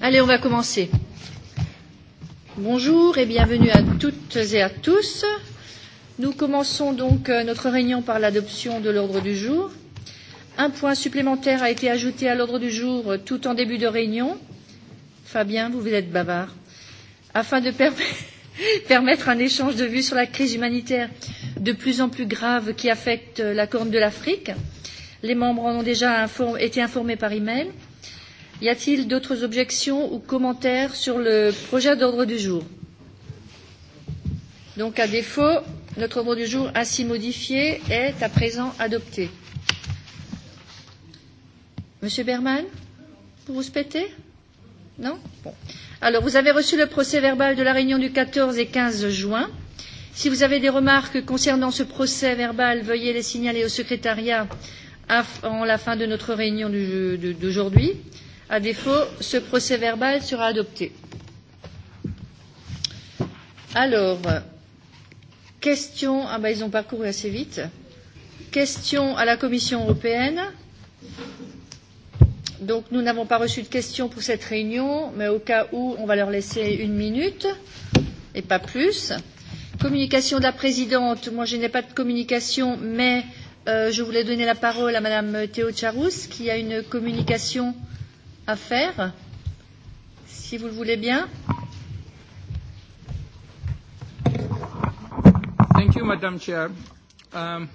Allez, on va commencer. Bonjour et bienvenue à toutes et à tous. Nous commençons donc euh, notre réunion par l'adoption de l'ordre du jour. Un point supplémentaire a été ajouté à l'ordre du jour euh, tout en début de réunion. Fabien, vous, vous êtes bavard. Afin de per permettre un échange de vues sur la crise humanitaire de plus en plus grave qui affecte euh, la Corne de l'Afrique, les membres en ont déjà inform été informés par email. mail Y a-t-il d'autres objections ou commentaires sur le projet d'ordre du jour Donc, à défaut, notre ordre du jour ainsi modifié est à présent adopté. Monsieur Berman, vous vous pétez Non Bon. Alors, vous avez reçu le procès verbal de la réunion du 14 et 15 juin. Si vous avez des remarques concernant ce procès verbal, veuillez les signaler au secrétariat avant la fin de notre réunion d'aujourd'hui. Du, de, À défaut, ce procès verbal sera adopté. Alors, question. Ah ben, ils ont parcouru assez vite. Question à la Commission européenne. Donc, nous n'avons pas reçu de questions pour cette réunion, mais au cas où, on va leur laisser une minute et pas plus. Communication de la présidente. Moi, je n'ai pas de communication, mais euh, je voulais donner la parole à Madame Théo Charous, qui a une communication euh, à faire, si vous le voulez bien. Thank you, Madam Chair. Um,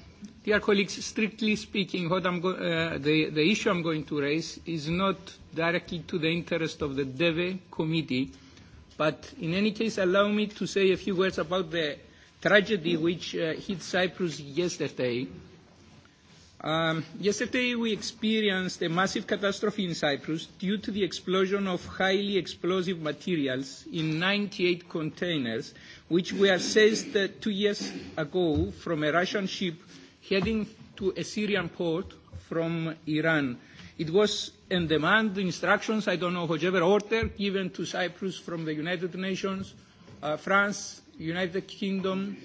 dear colleagues, strictly speaking, what I'm go- uh, the, the issue I'm going to raise is not directly to the interest of the DEVE e committee, but in any case, allow me to say a few words about the tragedy which uh, hit Cyprus yesterday Um, yesterday we experienced a massive catastrophe in Cyprus due to the explosion of highly explosive materials in 98 containers, which were seized two years ago from a Russian ship heading to a Syrian port from Iran. It was in demand, the instructions, I don't know, whichever order given to Cyprus from the United Nations, uh, France, United Kingdom,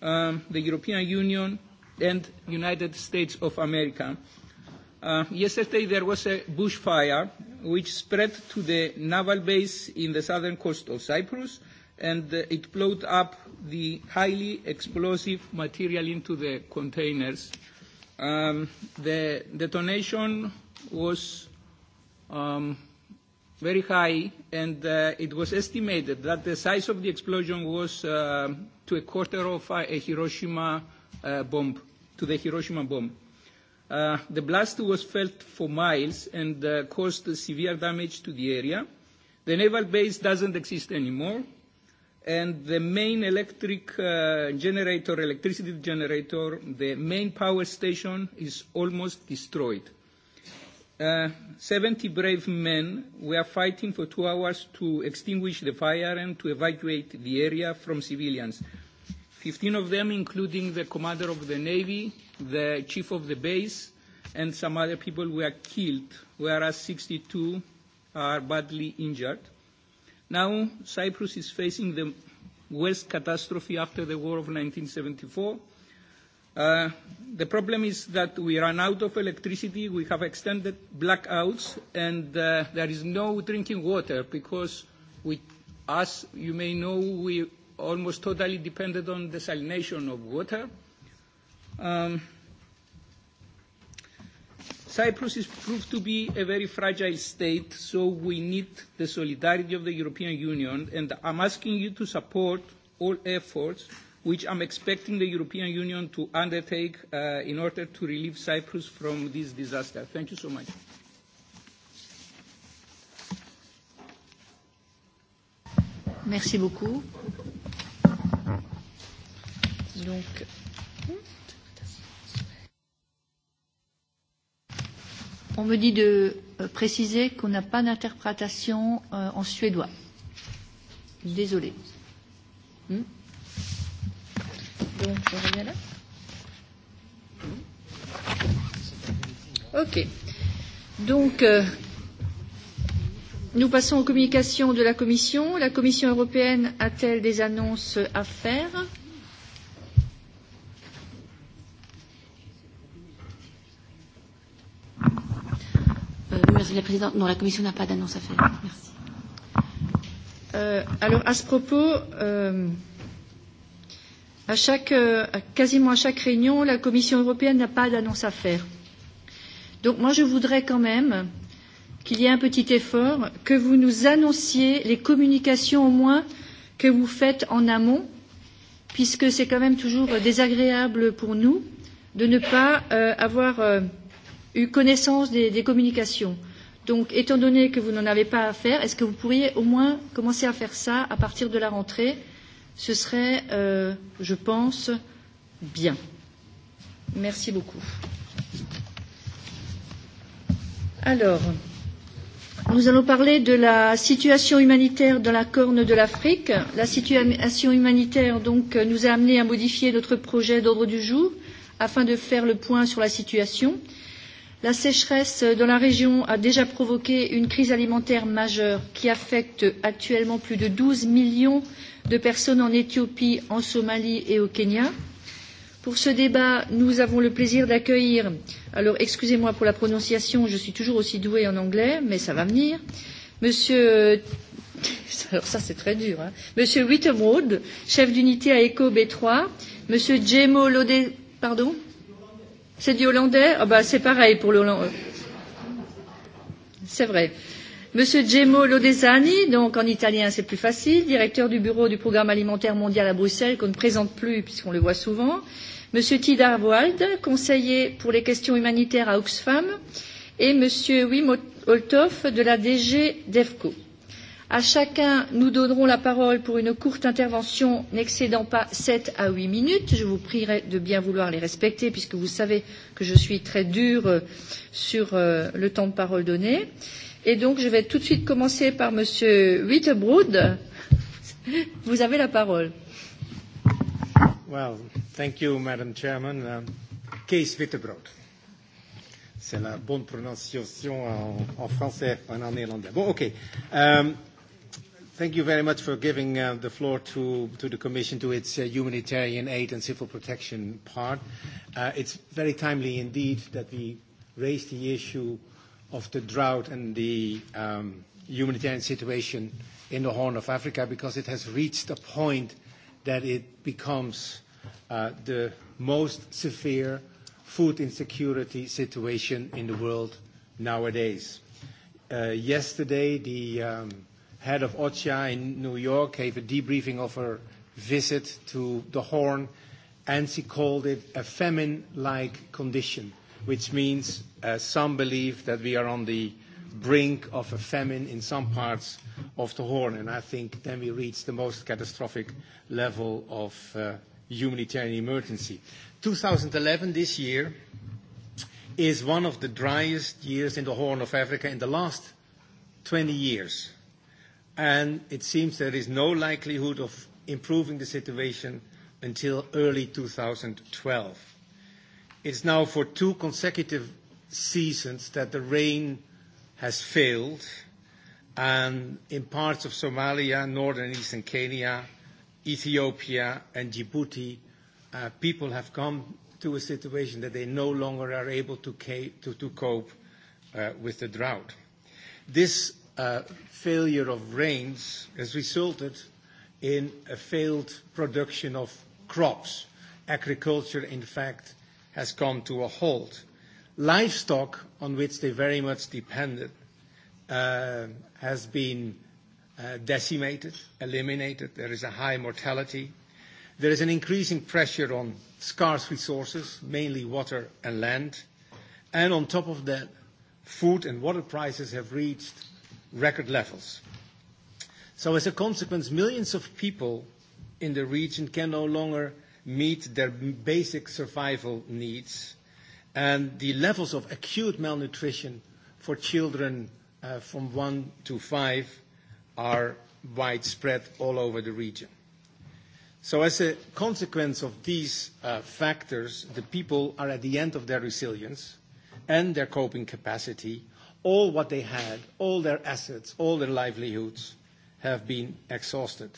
um, the European Union, and United States of America. Uh, yesterday there was a bushfire which spread to the naval base in the southern coast of Cyprus and uh, it blowed up the highly explosive material into the containers. Um, the detonation was um, very high and uh, it was estimated that the size of the explosion was uh, to a quarter of a Hiroshima uh, bomb, to the Hiroshima bomb. Uh, the blast was felt for miles and uh, caused severe damage to the area. The naval base doesn't exist anymore, and the main electric uh, generator, electricity generator, the main power station is almost destroyed. Uh, 70 brave men were fighting for two hours to extinguish the fire and to evacuate the area from civilians. 15 of them, including the commander of the Navy, the chief of the base, and some other people were killed, whereas 62 are badly injured. Now, Cyprus is facing the worst catastrophe after the war of 1974. Uh, the problem is that we run out of electricity, we have extended blackouts, and uh, there is no drinking water because, we, as you may know, we almost totally dependent on desalination of water. Um, Cyprus is proved to be a very fragile state, so we need the solidarity of the European Union, and I'm asking you to support all efforts which I'm expecting the European Union to undertake uh, in order to relieve Cyprus from this disaster. Thank you so much. Merci beaucoup. Donc, on me dit de euh, préciser qu'on n'a pas d'interprétation euh, en suédois. Désolé. Hmm Donc, je reviens là. OK. Donc, euh, nous passons aux communications de la Commission. La Commission européenne a-t-elle des annonces à faire Madame la Présidente, non, la Commission n'a pas d'annonce à faire. Merci. Euh, alors, à ce propos, euh, à chaque, euh, quasiment à chaque réunion, la Commission européenne n'a pas d'annonce à faire. Donc, moi, je voudrais quand même qu'il y ait un petit effort, que vous nous annonciez les communications au moins que vous faites en amont, puisque c'est quand même toujours désagréable pour nous de ne pas euh, avoir euh, eu connaissance des, des communications. Donc, étant donné que vous n'en avez pas à faire, est-ce que vous pourriez au moins commencer à faire ça à partir de la rentrée Ce serait, euh, je pense, bien. Merci beaucoup. Alors, nous allons parler de la situation humanitaire dans la Corne de l'Afrique. La situation humanitaire donc, nous a amené à modifier notre projet d'ordre du jour afin de faire le point sur la situation. Euh, La sécheresse dans la région a déjà provoqué une crise alimentaire majeure qui affecte actuellement plus de 12 millions de personnes en Éthiopie, en Somalie et au Kenya. Pour ce débat, nous avons le plaisir d'accueillir, alors excusez-moi pour la prononciation, je suis toujours aussi douée en anglais, mais ça va venir, Monsieur, alors ça c'est très dur, hein, Monsieur Wittemrode, chef d'unité à ECO B3, Monsieur Jemo Lode, pardon, C'est du hollandais Ah oh bah c'est pareil pour le hollandais. Euh, c'est vrai. Monsieur Gemmo Lodesani, donc en italien c'est plus facile, directeur du bureau du programme alimentaire mondial à Bruxelles, qu'on ne présente plus puisqu'on le voit souvent. Monsieur Tidar Wald, conseiller pour les questions humanitaires à Oxfam. Et Monsieur Wim Oltoff de la DG DEFCO. À chacun, nous donnerons la parole pour une courte intervention n'excédant pas 7 à 8 minutes. Je vous prierai de bien vouloir les respecter puisque vous savez que je suis très dure euh, sur euh, le temps de parole donné. Et donc, je vais tout de suite commencer par Monsieur Wittebrood. Vous avez la parole. Well, thank you, Madam Chairman. Um, Case Wittebrood. C'est la bonne prononciation en, en français, en néerlandais. Bon, ok. Um, Thank you very much for giving uh, the floor to, to the Commission to its uh, humanitarian aid and civil protection part. Uh, it's very timely indeed that we raise the issue of the drought and the um, humanitarian situation in the Horn of Africa because it has reached a point that it becomes uh, the most severe food insecurity situation in the world nowadays. Uh, yesterday, the um, head of OCHA in New York gave a debriefing of her visit to the Horn, and she called it a famine-like condition, which means uh, some believe that we are on the brink of a famine in some parts of the Horn, and I think then we reach the most catastrophic level of uh, humanitarian emergency. 2011, this year, is one of the driest years in the Horn of Africa in the last 20 years and it seems there is no likelihood of improving the situation until early 2012. It's now for two consecutive seasons that the rain has failed, and in parts of Somalia, northern and eastern Kenya, Ethiopia, and Djibouti, uh, people have come to a situation that they no longer are able to, to, to cope uh, with the drought. This uh, failure of rains has resulted in a failed production of crops. Agriculture, in fact, has come to a halt. Livestock, on which they very much depended, uh, has been uh, decimated, eliminated. There is a high mortality. There is an increasing pressure on scarce resources, mainly water and land. And on top of that, food and water prices have reached record levels. So as a consequence, millions of people in the region can no longer meet their basic survival needs, and the levels of acute malnutrition for children uh, from one to five are widespread all over the region. So as a consequence of these uh, factors, the people are at the end of their resilience and their coping capacity, all what they had, all their assets, all their livelihoods have been exhausted.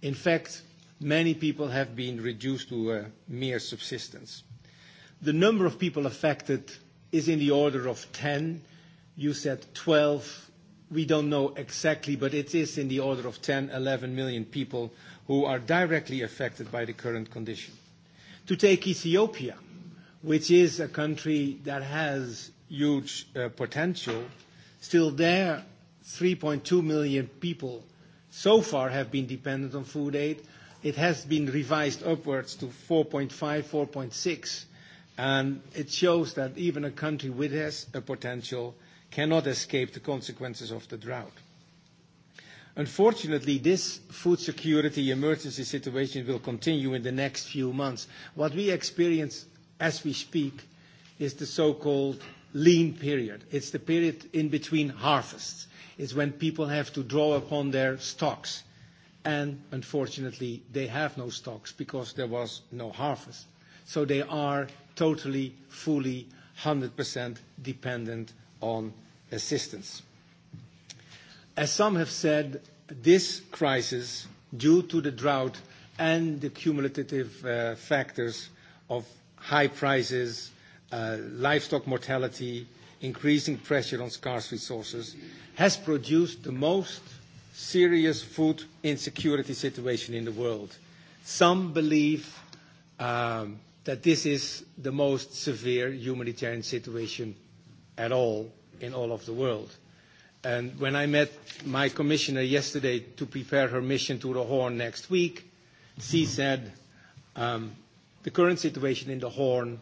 In fact, many people have been reduced to a uh, mere subsistence. The number of people affected is in the order of 10. You said 12. We don't know exactly, but it is in the order of 10, 11 million people who are directly affected by the current condition. To take Ethiopia, which is a country that has huge uh, potential. Still there, 3.2 million people so far have been dependent on food aid. It has been revised upwards to 4.5, 4.6, and it shows that even a country with has a potential cannot escape the consequences of the drought. Unfortunately, this food security emergency situation will continue in the next few months. What we experience as we speak is the so-called lean period. It's the period in between harvests. It's when people have to draw upon their stocks. And unfortunately, they have no stocks because there was no harvest. So they are totally, fully, 100% dependent on assistance. As some have said, this crisis, due to the drought and the cumulative uh, factors of high prices, Uh, livestock mortality, increasing pressure on scarce resources, has produced the most serious food insecurity situation in the world. Some believe um, that this is the most severe humanitarian situation at all in all of the world. And when I met my commissioner yesterday to prepare her mission to the Horn next week, she said um, the current situation in the Horn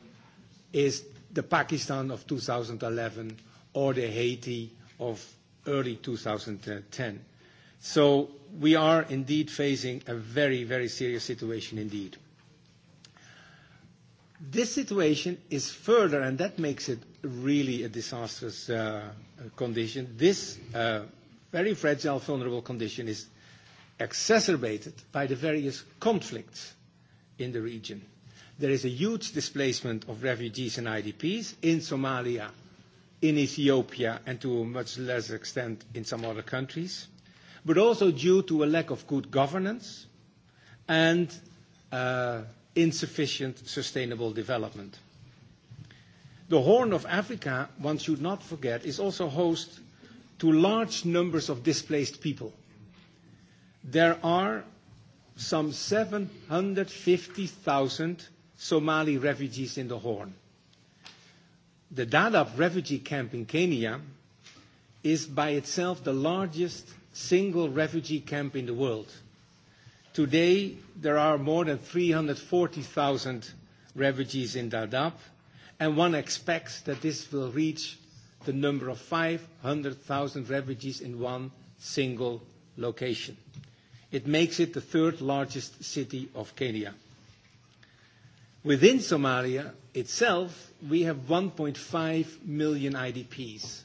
is the Pakistan of 2011 or the Haiti of early 2010. So we are indeed facing a very, very serious situation indeed. This situation is further, and that makes it really a disastrous uh, condition. This uh, very fragile, vulnerable condition is exacerbated by the various conflicts in the region there is a huge displacement of refugees and IDPs in Somalia, in Ethiopia, and to a much lesser extent in some other countries, but also due to a lack of good governance and uh, insufficient sustainable development. The Horn of Africa, one should not forget, is also host to large numbers of displaced people. There are some 750,000 Somali refugees in the Horn. The Dadaab refugee camp in Kenya is by itself the largest single refugee camp in the world. Today, there are more than 340,000 refugees in Dadaab, and one expects that this will reach the number of 500,000 refugees in one single location. It makes it the third largest city of Kenya. Within Somalia itself, we have 1.5 million IDPs.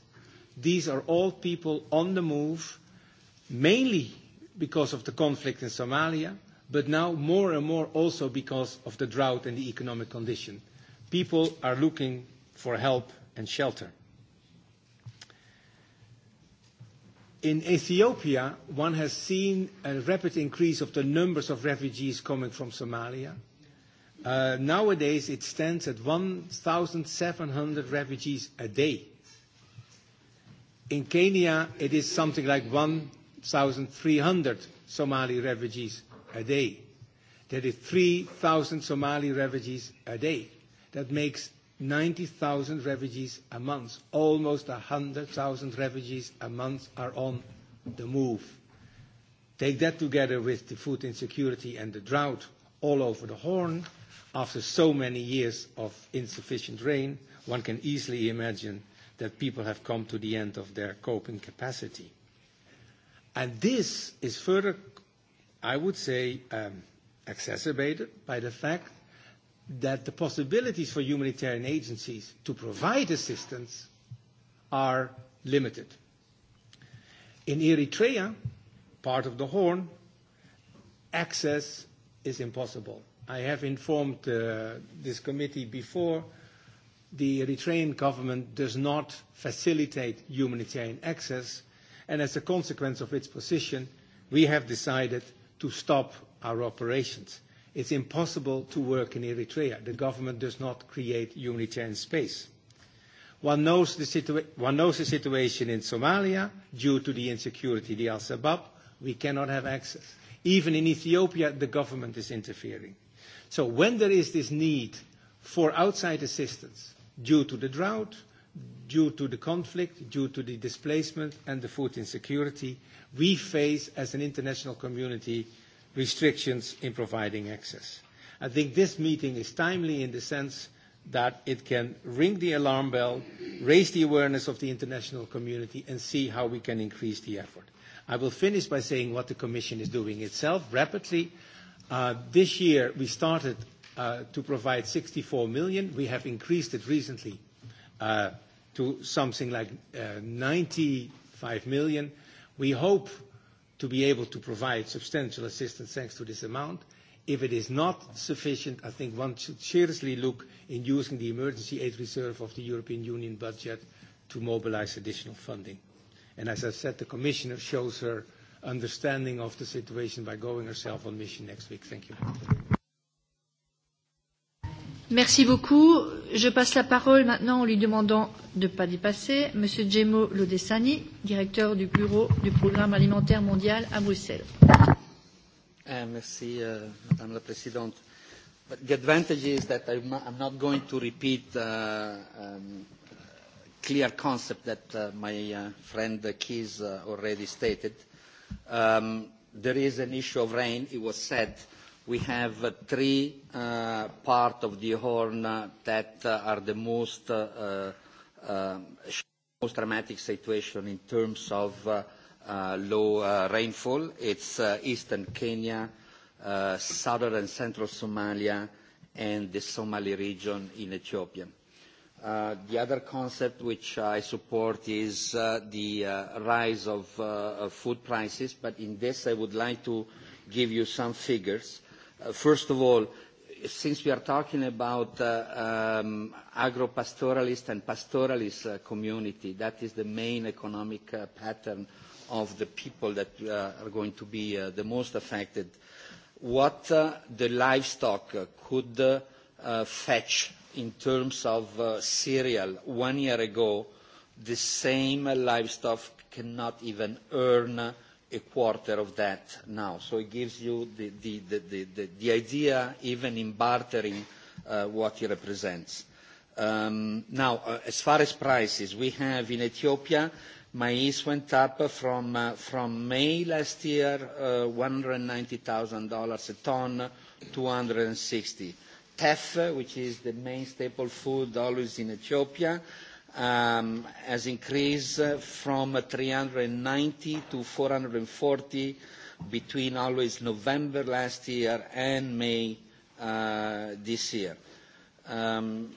These are all people on the move, mainly because of the conflict in Somalia, but now more and more also because of the drought and the economic condition. People are looking for help and shelter. In Ethiopia, one has seen a rapid increase of the numbers of refugees coming from Somalia – Uh, nowadays, it stands at 1,700 refugees a day. In Kenya, it is something like 1,300 Somali refugees a day. That is 3,000 Somali refugees a day. That makes 90,000 refugees a month. Almost 100,000 refugees a month are on the move. Take that together with the food insecurity and the drought all over the Horn, After so many years of insufficient rain, one can easily imagine that people have come to the end of their coping capacity. And this is further, I would say, um, exacerbated by the fact that the possibilities for humanitarian agencies to provide assistance are limited. In Eritrea, part of the Horn, access is impossible. I have informed uh, this committee before, the Eritrean government does not facilitate humanitarian access, and as a consequence of its position, we have decided to stop our operations. It's impossible to work in Eritrea. The government does not create humanitarian space. One knows the, situa- one knows the situation in Somalia due to the insecurity, the Al-Shabaab. We cannot have access. Even in Ethiopia, the government is interfering. So when there is this need for outside assistance due to the drought, due to the conflict, due to the displacement and the food insecurity, we face as an international community restrictions in providing access. I think this meeting is timely in the sense that it can ring the alarm bell, raise the awareness of the international community, and see how we can increase the effort. I will finish by saying what the Commission is doing itself rapidly Uh, this year, we started uh, to provide 64 million. We have increased it recently uh, to something like 95 million. We hope to be able to provide substantial assistance thanks to this amount. If it is not sufficient, I think one should seriously look in using the emergency aid reserve of the European Union budget to mobilize additional funding. as I said, the commissioner shows her understanding of the situation by going herself on mission next week. Thank you. Merci beaucoup. Je passe la parole maintenant en lui demandant de ne pas dépasser Monsieur Gemmo Lodessani, directeur du bureau du Programme alimentaire mondial à Bruxelles. Eh, merci, euh, Madame la Présidente. But the advantage is that I'm, I'm not going to repeat uh, um, clear concept that uh, my uh, friend Keys uh, already stated. Uh, Um, there is an issue of rain. It was said we have uh, three uh, parts of the horn uh, that uh, are the most, uh, uh, uh, most dramatic situation in terms of uh, uh, low uh, rainfall. It's uh, eastern Kenya, uh, southern and central Somalia, and the Somali region in Ethiopia. Uh, the other concept which I support is uh, the uh, rise of, food prices, but in this I would like to give you some figures. first of all, since we are talking about agropastoralist um, agro-pastoralist and pastoralist community, that is the main economic pattern of the people that are going to be the most affected, what the livestock could fetch in terms of uh, cereal one year ago, the same livestock cannot even earn a quarter of that now. So it gives you the, the, the, the, the, the idea, even in bartering, uh, what it represents. Um, now, uh, as far as prices, we have in Ethiopia, maize went up from, uh, from May last year, uh, $190,000 a ton, 260 teff, which is the main staple food always in Ethiopia, um, has increased uh, from 390 to 440 between always November last year and May uh, this year. Um,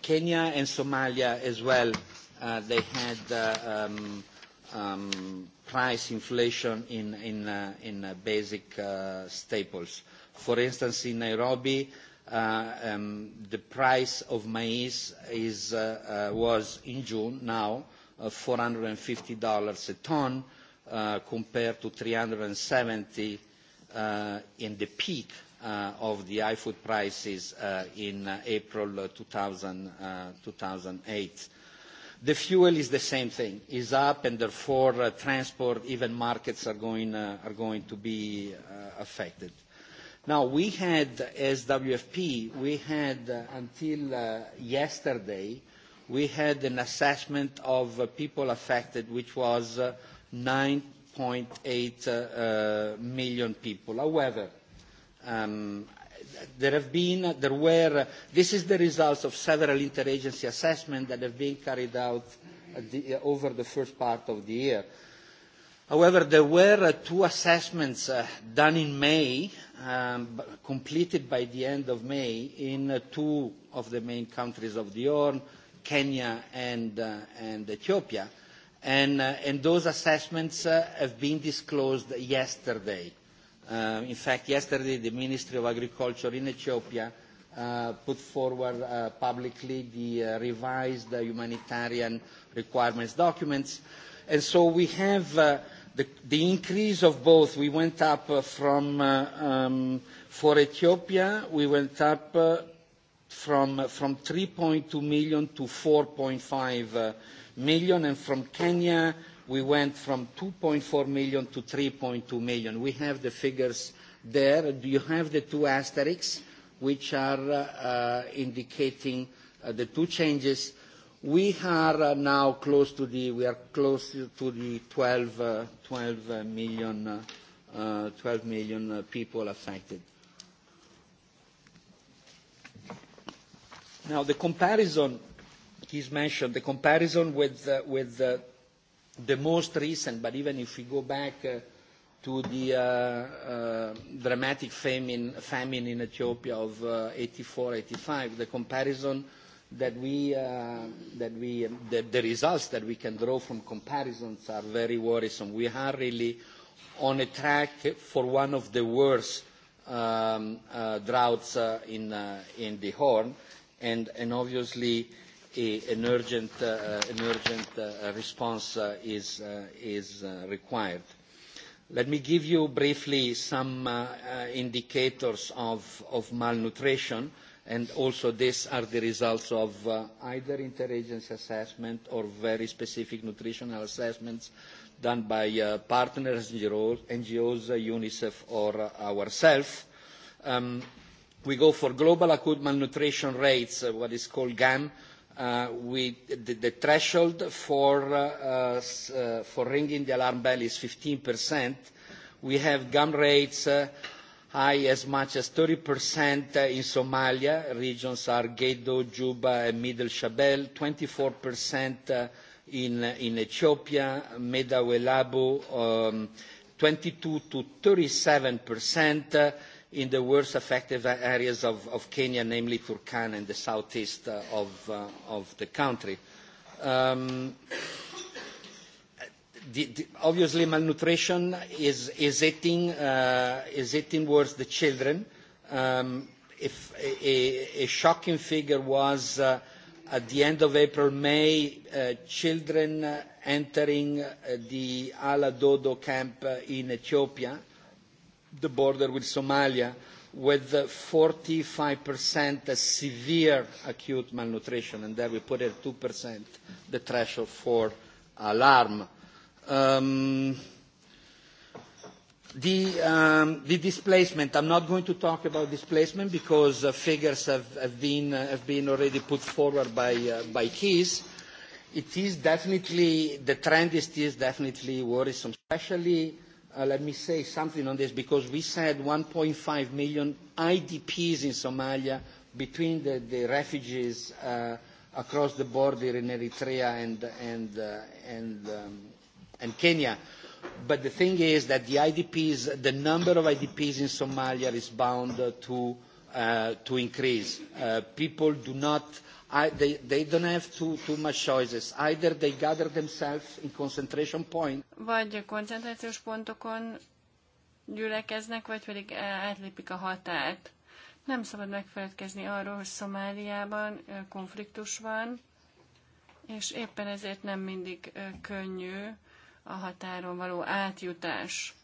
Kenya and Somalia as well, uh, they had uh, um, um, price inflation in, in, uh, in uh, basic uh, staples. For instance, in Nairobi, uh, um, the price of maize is, uh, uh, was in June now uh, $450 a ton uh, compared to 370 uh, in the peak uh, of the high food prices uh, in uh, April 2000, uh, 2008. Uh, the fuel is the same thing, is up, and therefore uh, transport, even markets are going, uh, are going to be uh, affected. Now, we had, as WFP, we had uh, until uh, yesterday, we had an assessment of uh, people affected, which was uh, 9.8 uh, uh, million people. However, um, there have been, there were, uh, this is the results of several interagency assessments that have been carried out uh, the, over the first part of the year. However, there were two assessments done in May um, completed by the end of May in uh, two of the main countries of the Horn, Kenya and, uh, and Ethiopia. And, uh, and those assessments uh, have been disclosed yesterday. Uh, in fact, yesterday the Ministry of Agriculture in Ethiopia uh, put forward uh, publicly the uh, revised uh, humanitarian requirements documents. And so we have uh, The, increase of both, we went up uh, from, uh, um, for Ethiopia, we went up uh, from, from 3.2 million to 4.5 million, and from Kenya, we went from 2.4 million to 3.2 million. We have the figures there. Do You have the two asterisks, which are indicating the two changes We are uh, now close to the, we are close to the 12, uh, 12 million, uh, 12 uh, million uh, people affected. Now, the comparison, he's mentioned, the comparison with, uh, with uh, the most recent, but even if we go back uh, to the uh, uh, dramatic famine, famine in Ethiopia of 1984-1985, uh, 84, 85, the comparison that we, uh, that we, um, the, the results that we can draw from comparisons are very worrisome. We are really on a track for one of the worst um, uh, droughts uh, in, uh, in the Horn, and, and obviously a, an urgent, uh, an urgent uh, response uh, is, uh, is uh, required. Let me give you briefly some uh, uh, indicators of, of malnutrition. Uh, and also these are the results of uh, either interagency assessment or very specific nutritional assessments done by uh, partners, NGOs, NGOs uh, UNICEF, or uh, ourselves. Um, we go for global acute malnutrition rates, uh, what is called GAM, uh, we, the, the threshold for, uh, uh, uh for ringing the alarm bell is 15%. We have GAM rates uh, high as much as 30% in Somalia. Regions are Gedo, Juba, and Middle Shabelle, 24% uh, in, uh, in Ethiopia, Medawelabu, um, 22 to 37% uh, in the worst affected areas of, of Kenya, namely Turkana and the southeast of, uh, of the country. Um, the, the, obviously malnutrition is, is, eating, uh, is worse the children. Um, if a, a, shocking figure was uh, at the end of April, May, uh, children entering uh, the Ala Dodo camp uh, in Ethiopia, the border with Somalia, with 45% severe acute malnutrition, and there we put at 2% the threshold for alarm Um, the, um, the displacement, I'm not going to talk about displacement because uh, figures have, have, been, uh, have been already put forward by, uh, by Keys. It is definitely, the trend is, is definitely worrisome, especially, uh, let me say something on this, because we said 1.5 million IDPs in Somalia between the, the refugees uh, across the border in Eritrea and, and, uh, and um, and Kenya. But the thing is that the IDPs, the number of IDPs in Somalia is bound to, uh, to increase. Uh, people do not, I, they, they don't have too, too much choices. Either they gather themselves in concentration point. Vagy koncentrációs pontokon gyülekeznek, vagy pedig uh, átlépik a határt. Nem szabad megfeledkezni arról, hogy Szomáliában uh, konfliktus van, és éppen ezért nem mindig uh, könnyű a határon való átjutás.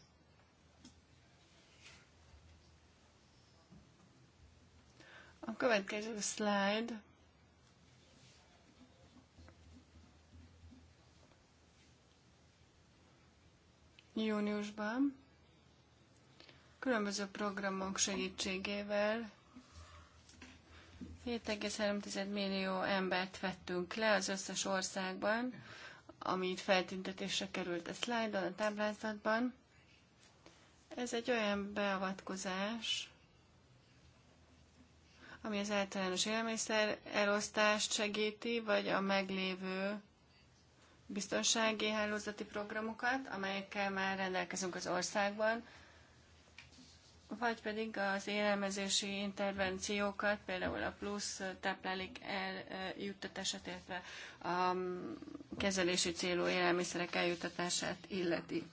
A következő slide júniusban különböző programok segítségével 7,3 millió embert vettünk le az összes országban, ami itt feltüntetésre került a szlájdon, a táblázatban. Ez egy olyan beavatkozás, ami az általános élelmiszer elosztást segíti, vagy a meglévő biztonsági hálózati programokat, amelyekkel már rendelkezünk az országban, vagy pedig az élelmezési intervenciókat, például a plusz táplálék eljuttatását, illetve a kezelési célú élelmiszerek eljuttatását illeti.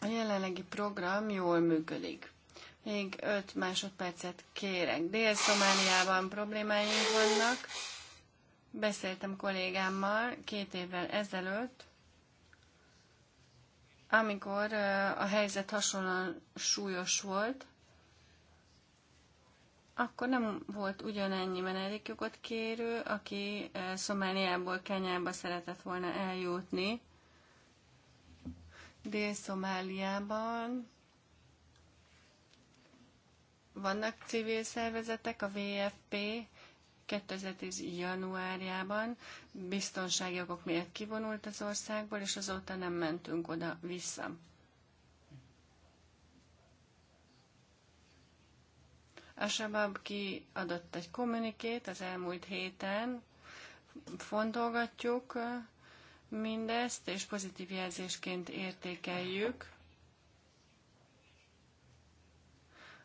A jelenlegi program jól működik. Még 5 másodpercet kérek. Dél-Szomáliában problémáink vannak. Beszéltem kollégámmal két évvel ezelőtt, amikor a helyzet hasonlóan súlyos volt, akkor nem volt ugyanennyi menedékjogot kérő, aki Szomáliából Kenyába szeretett volna eljutni. Dél-Szomáliában vannak civil szervezetek, a VFP, 2010. januárjában biztonsági okok miatt kivonult az országból, és azóta nem mentünk oda-vissza. A Shabab kiadott egy kommunikét az elmúlt héten, fontolgatjuk mindezt, és pozitív jelzésként értékeljük.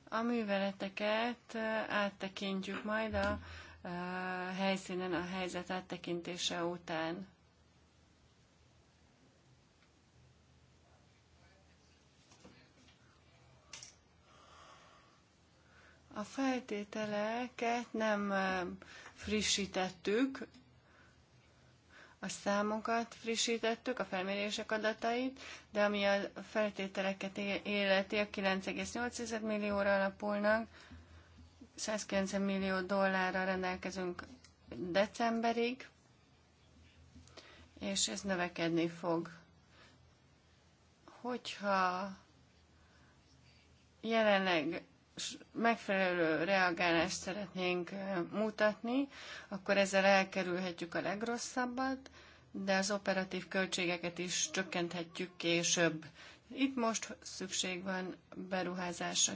A műveleteket áttekintjük majd a helyszínen a helyzet áttekintése után. A feltételeket nem frissítettük, a számokat frissítettük, a felmérések adatait, de ami a feltételeket életi, a 9,8 millióra alapulnak, 190 millió dollárra rendelkezünk decemberig, és ez növekedni fog. Hogyha jelenleg megfelelő reagálást szeretnénk mutatni, akkor ezzel elkerülhetjük a legrosszabbat, de az operatív költségeket is csökkenthetjük később. Itt most szükség van beruházásra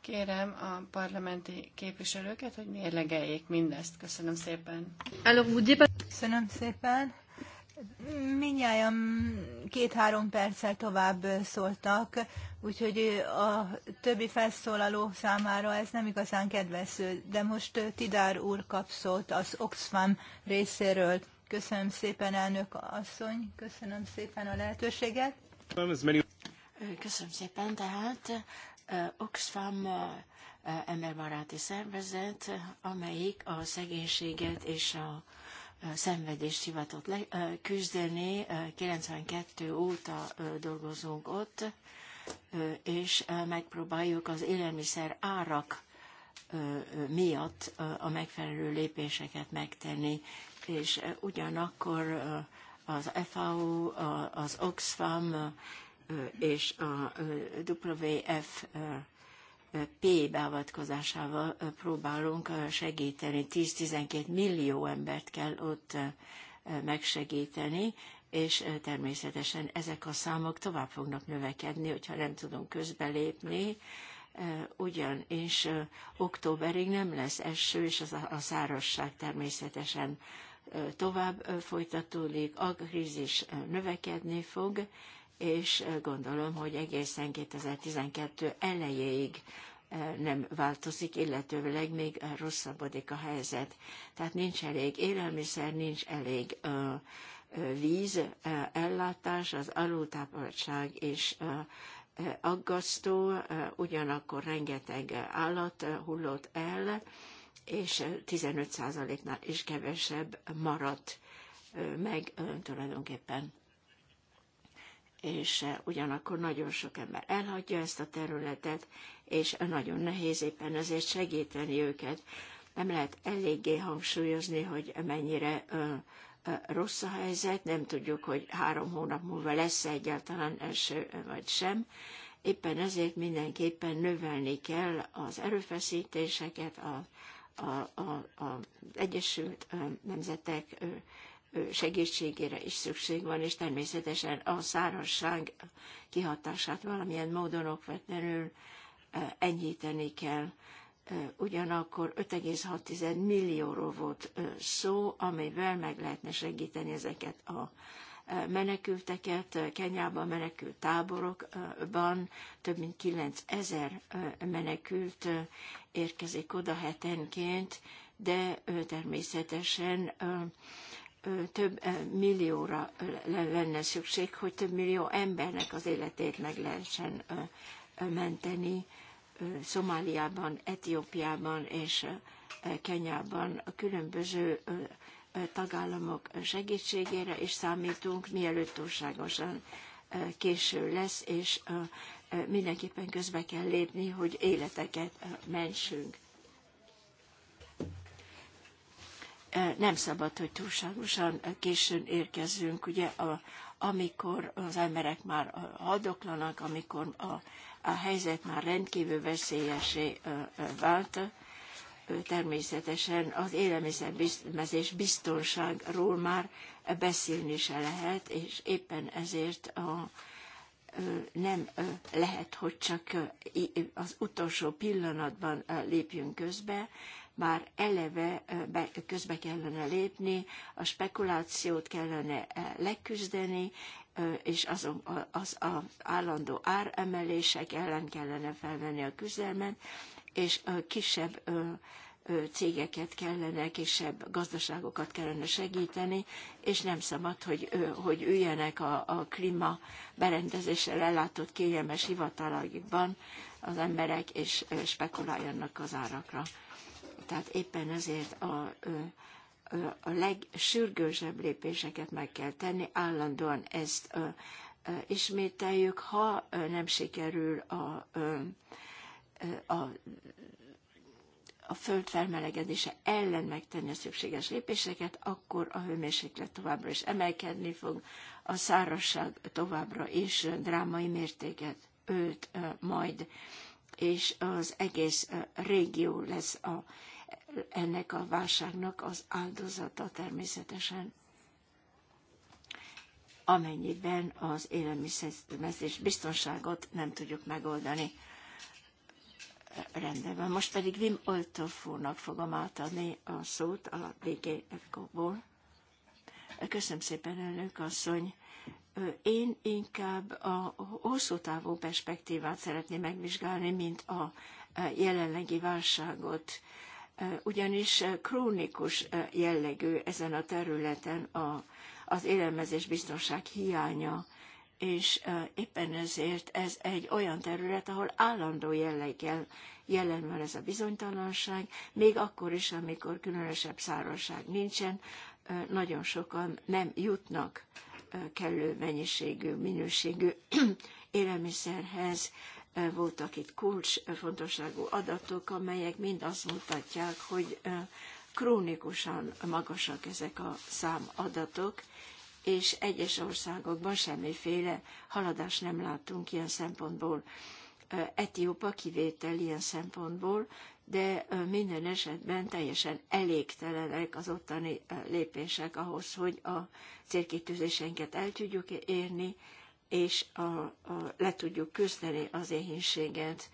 Kérem a parlamenti képviselőket, hogy mérlegeljék mindezt. Köszönöm szépen. Köszönöm szépen. Mindjárt két-három perccel tovább szóltak, úgyhogy a többi felszólaló számára ez nem igazán kedvező, de most Tidár úr kap szót az Oxfam részéről. Köszönöm szépen, elnök asszony, köszönöm szépen a lehetőséget. Köszönöm szépen, tehát Eh, Oxfam eh, emberbaráti szervezet, amelyik a szegénységet és a eh, szenvedést hivatott le, küzdeni. 92 óta dolgozunk ott, és megpróbáljuk az élelmiszer árak miatt a megfelelő lépéseket megtenni, és ugyanakkor az FAO, az Oxfam és a WFP beavatkozásával próbálunk segíteni. 10-12 millió embert kell ott megsegíteni, és természetesen ezek a számok tovább fognak növekedni, hogyha nem tudunk közbelépni, ugyanis októberig nem lesz eső, és az a szárazság természetesen tovább folytatódik, a krízis növekedni fog, és eh, gondolom, hogy egészen 2012 elejéig eh, nem változik, illetőleg még eh, rosszabbodik a helyzet. Tehát nincs elég élelmiszer, nincs elég víz, ellátás, az alultápoltság és aggasztó, ugyanakkor rengeteg állat hullott el, és 15%-nál is kevesebb maradt meg tulajdonképpen és eh, ugyanakkor nagyon sok ember elhagyja ezt a területet, és nagyon nehéz éppen ezért segíteni őket. Nem lehet eléggé hangsúlyozni, hogy mennyire rossz a helyzet, nem tudjuk, hogy három hónap múlva lesz -e egyáltalán első vagy sem. Éppen ezért mindenképpen növelni kell az erőfeszítéseket, az a, a, a Egyesült Nemzetek segítségére is szükség van, és természetesen a szárazság kihatását valamilyen módon okvetlenül e, enyhíteni kell. E, ugyanakkor 5,6 millióról volt e, szó, amivel meg lehetne segíteni ezeket a menekülteket. Kenyában menekült táborokban több mint 9 ezer menekült érkezik oda hetenként, de természetesen több millióra lenne szükség, hogy több millió embernek az életét meg lehessen menteni Szomáliában, Etiópiában és Kenyában a különböző tagállamok segítségére, és számítunk, mielőtt túlságosan késő lesz, és mindenképpen közbe kell lépni, hogy életeket mentsünk. nem szabad, hogy túlságosan későn érkezzünk, ugye, a, amikor az emberek már hadoklanak, amikor a, a helyzet már rendkívül veszélyesé vált, természetesen az élelmiszerbiztonság biztonságról már beszélni se lehet, és éppen ezért a, nem lehet, hogy csak az utolsó pillanatban lépjünk közbe, már eleve be, közbe kellene lépni, a spekulációt kellene leküzdeni, és azon, az, az állandó áremelések ellen kellene felvenni a küzdelmet, és kisebb cégeket kellene, kisebb gazdaságokat kellene segíteni, és nem szabad, hogy, hogy üljenek a, a klíma berendezéssel ellátott kényelmes hivatalaikban az emberek, és spekuláljanak az árakra. Tehát éppen ezért a, a legsürgősebb lépéseket meg kell tenni, állandóan ezt ismételjük, ha nem sikerül a, a a föld felmelegedése ellen megtenni a szükséges lépéseket, akkor a hőmérséklet továbbra is emelkedni fog, a szárazság továbbra is drámai mértéket őt majd, és az egész régió lesz a ennek a válságnak az áldozata természetesen amennyiben az élelmiszermezés biztonságot nem tudjuk megoldani. Rendben van. Most pedig Wim Oltofónak fogom átadni a szót a DGFK-ból. Köszönöm szépen, elnök asszony. Én inkább a hosszú távú perspektívát szeretném megvizsgálni, mint a jelenlegi válságot ugyanis krónikus jellegű ezen a területen a, az élelmezés biztonság hiánya, és éppen ezért ez egy olyan terület, ahol állandó jelleggel jelen van ez a bizonytalanság, még akkor is, amikor különösebb szárazság nincsen, nagyon sokan nem jutnak kellő mennyiségű, minőségű élelmiszerhez, voltak itt kulcsfontosságú adatok, amelyek mind azt mutatják, hogy krónikusan magasak ezek a számadatok, és egyes országokban semmiféle haladás nem látunk ilyen szempontból. Etiópa kivétel ilyen szempontból, de minden esetben teljesen elégtelenek az ottani lépések ahhoz, hogy a célkitűzésenket el tudjuk érni, és a, a, le tudjuk küzdeni az éhínséget.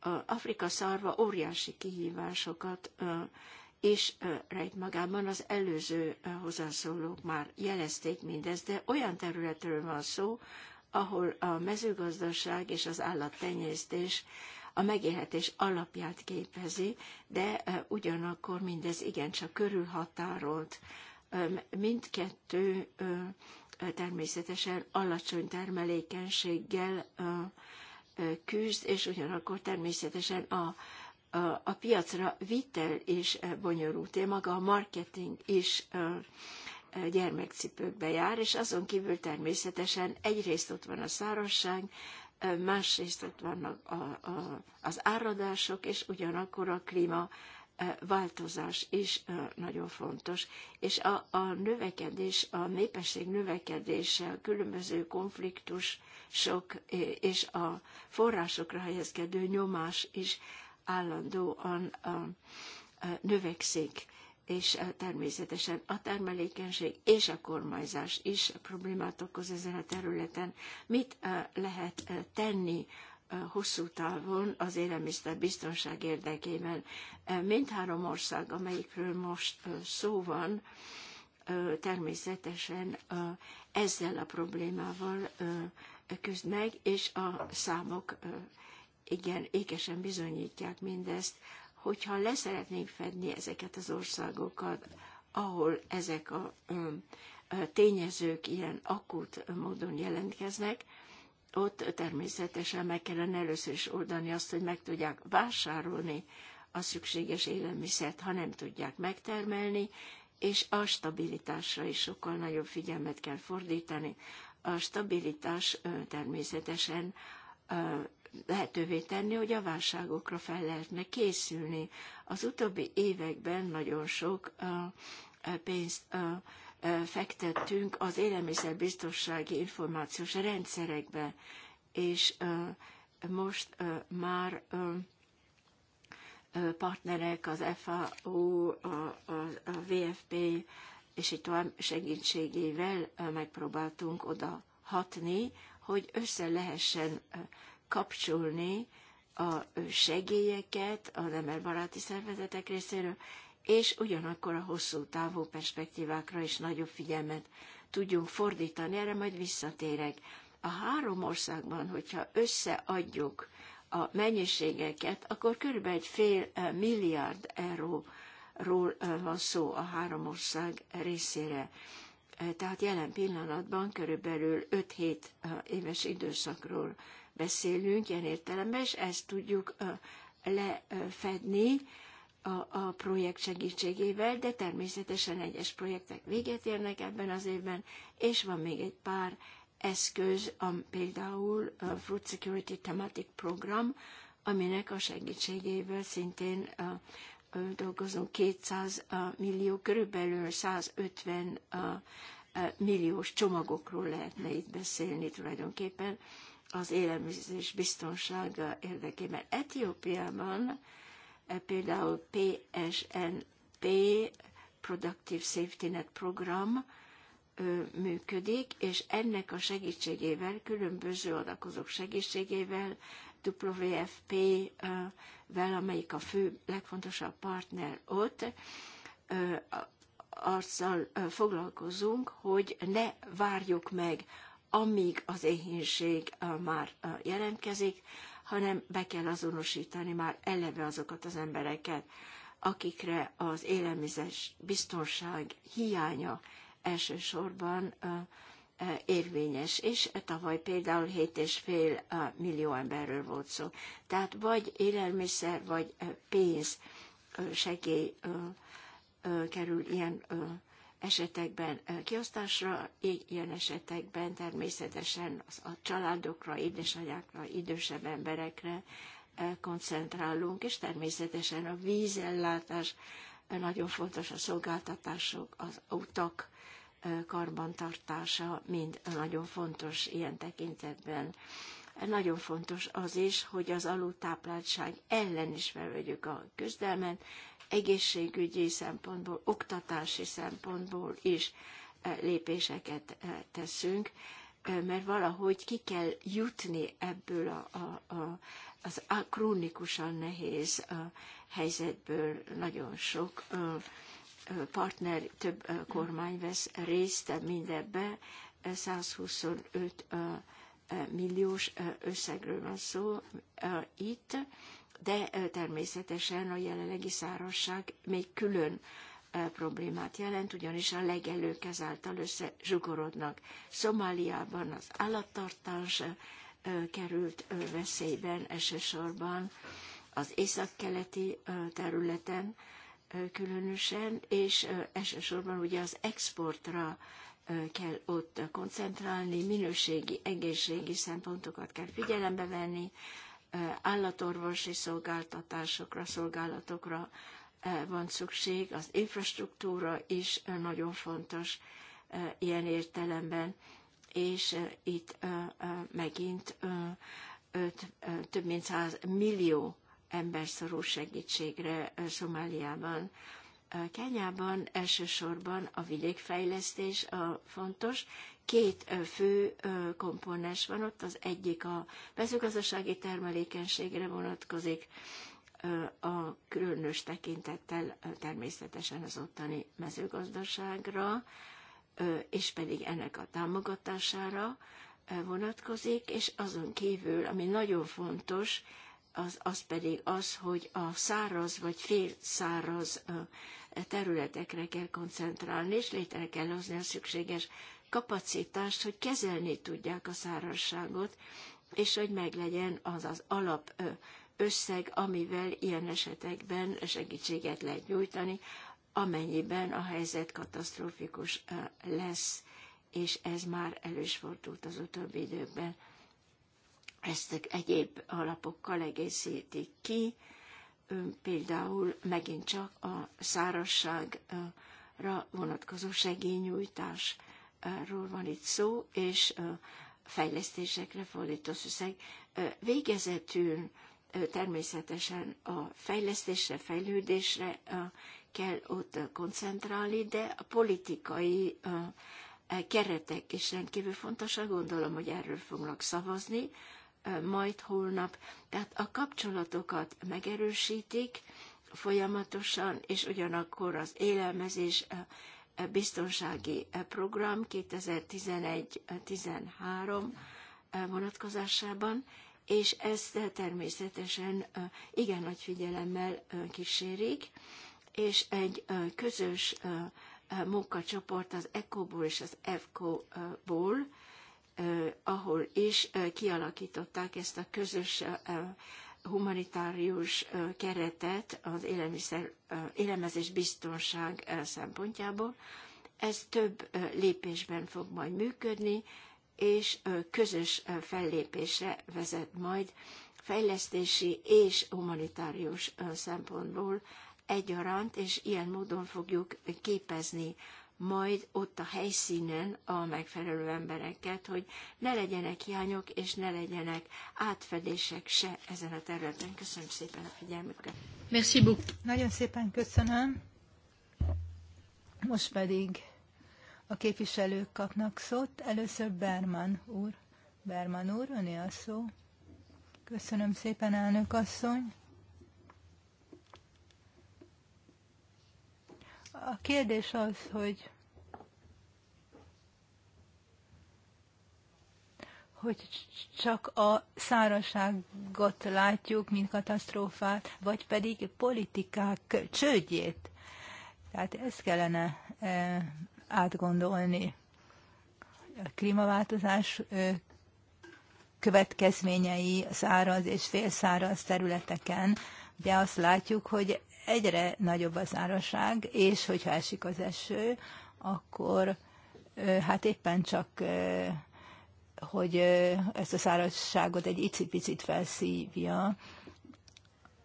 A Afrika szarva óriási kihívásokat és rejt magában az előző hozzászólók már jelezték mindezt, de olyan területről van szó, ahol a mezőgazdaság és az állattenyésztés a megélhetés alapját képezi, de ugyanakkor mindez igencsak körülhatárolt. Mindkettő természetesen alacsony termelékenységgel küzd, és ugyanakkor természetesen a, a, a piacra vitel is bonyolult, és maga a marketing is gyermekcipőkbe jár, és azon kívül természetesen egyrészt ott van a szárazság, másrészt ott vannak a, a, az áradások, és ugyanakkor a klíma változás is nagyon fontos, és a, a növekedés, a népesség növekedése, a különböző konfliktus, sok és a forrásokra helyezkedő nyomás is állandóan növekszik, és természetesen a termelékenység és a kormányzás is problémát okoz ezen a területen. Mit lehet tenni hosszú távon az élelmiszer biztonság érdekében. Mindhárom ország, amelyikről most szó van, természetesen ezzel a problémával küzd meg, és a számok igen, ékesen bizonyítják mindezt, hogyha leszeretnénk fedni ezeket az országokat, ahol ezek a tényezők ilyen akut módon jelentkeznek, ott természetesen meg kellene először is oldani azt, hogy meg tudják vásárolni a szükséges élelmiszert, ha nem tudják megtermelni, és a stabilitásra is sokkal nagyobb figyelmet kell fordítani. A stabilitás természetesen lehetővé tenni, hogy a válságokra fel lehetne készülni. Az utóbbi években nagyon sok pénzt fektettünk az élelmiszerbiztonsági információs rendszerekbe, és most már partnerek, az FAO, a VFP és egy tovább segítségével megpróbáltunk oda hatni, hogy össze lehessen kapcsolni a segélyeket a emberbaráti szervezetek részéről, és ugyanakkor a hosszú távú perspektívákra is nagyobb figyelmet tudjunk fordítani, erre majd visszatérek. A három országban, hogyha összeadjuk a mennyiségeket, akkor körülbelül egy fél eh, milliárd euróról eh, van szó a három ország részére. Eh, tehát jelen pillanatban körülbelül 5-7 éves időszakról beszélünk ilyen értelemben, és ezt tudjuk lefedni a, a projekt segítségével, de természetesen egyes projektek véget érnek ebben az évben, és van még egy pár eszköz, a, például a Food Security Thematic Program, aminek a segítségével szintén a, a, dolgozunk 200 a, millió, körülbelül 150 a, a, milliós csomagokról lehetne itt beszélni tulajdonképpen az élelmiszer biztonsága érdekében. Etiópiában E, például PSNP, Productive Safety Net program működik, és ennek a segítségével, különböző adakozók segítségével, WFP-vel, amelyik a fő, legfontosabb partner ott, arccal foglalkozunk, hogy ne várjuk meg, amíg az éhínség már jelentkezik, hanem be kell azonosítani már eleve azokat az embereket, akikre az élelmiszer biztonság hiánya elsősorban érvényes, és tavaly például 7,5 millió emberről volt szó. Tehát vagy élelmiszer, vagy pénz segély kerül ilyen esetekben kiosztásra, ilyen esetekben természetesen a családokra, édesanyákra, idősebb emberekre koncentrálunk, és természetesen a vízellátás nagyon fontos, a szolgáltatások, az utak karbantartása mind nagyon fontos ilyen tekintetben. Nagyon fontos az is, hogy az alultápláltság ellen is felvegyük a küzdelmet, egészségügyi szempontból, oktatási szempontból is e, lépéseket e, teszünk, e, mert valahogy ki kell jutni ebből a, a, a, az a krónikusan nehéz a helyzetből. Nagyon sok partner, több kormány vesz részt mindebbe, 125 milliós összegről van szó itt, de természetesen a jelenlegi szárazság még külön problémát jelent, ugyanis a legelők ezáltal összezsugorodnak. Szomáliában az állattartás került veszélyben elsősorban az északkeleti területen különösen, és elsősorban ugye az exportra kell ott koncentrálni, minőségi, egészségi szempontokat kell figyelembe venni, állatorvosi szolgáltatásokra, szolgálatokra van szükség, az infrastruktúra is nagyon fontos ilyen értelemben, és itt megint több mint 100 millió ember szorul segítségre Szomáliában. Kenyában elsősorban a vidékfejlesztés a fontos, két fő komponens van ott, az egyik a mezőgazdasági termelékenységre vonatkozik, a különös tekintettel természetesen az ottani mezőgazdaságra, és pedig ennek a támogatására vonatkozik, és azon kívül, ami nagyon fontos, az, az pedig az, hogy a száraz vagy félszáraz területekre kell koncentrálni, és létre kell hozni a szükséges kapacitást, hogy kezelni tudják a szárazságot, és hogy meglegyen az az alap összeg, amivel ilyen esetekben segítséget lehet nyújtani, amennyiben a helyzet katasztrofikus lesz, és ez már elő is fordult az utóbbi időkben. Ezt egyéb alapokkal egészítik ki, például megint csak a szárazságra vonatkozó segélynyújtás ról van itt szó, és fejlesztésekre fordított összeg. Végezetül természetesen a fejlesztésre, fejlődésre kell ott koncentrálni, de a politikai e, keretek is rendkívül fontosak, gondolom, hogy erről fognak szavazni majd holnap. Tehát a kapcsolatokat megerősítik folyamatosan, és ugyanakkor az élelmezés biztonsági eh, program 2011-13 eh, vonatkozásában, és ezt természetesen eh, igen nagy figyelemmel kísérik, és egy közös munkacsoport az ECO-ból és az EFCO-ból, ahol is kialakították ezt a közös humanitárius keretet az élelmiszer, élelmezés biztonság szempontjából. Ez több lépésben fog majd működni, és közös fellépésre vezet majd fejlesztési és humanitárius szempontból egyaránt, és ilyen módon fogjuk képezni majd ott a helyszínen a megfelelő embereket, hogy ne legyenek hiányok és ne legyenek átfedések se ezen a területen. Köszönöm szépen a figyelmüket. Merci beaucoup. Nagyon szépen köszönöm. Most pedig a képviselők kapnak szót. Először Berman úr. Berman úr, öné a szó. Köszönöm szépen, elnök asszony. A kérdés az, hogy hogy csak a szárazságot látjuk, mint katasztrófát, vagy pedig politikák csődjét. Tehát ezt kellene e, átgondolni. A klímaváltozás e, következményei száraz és félszáraz területeken. Ugye azt látjuk, hogy egyre nagyobb az áraság, és hogyha esik az eső, akkor hát éppen csak hogy ezt a szárazságot egy icipicit felszívja,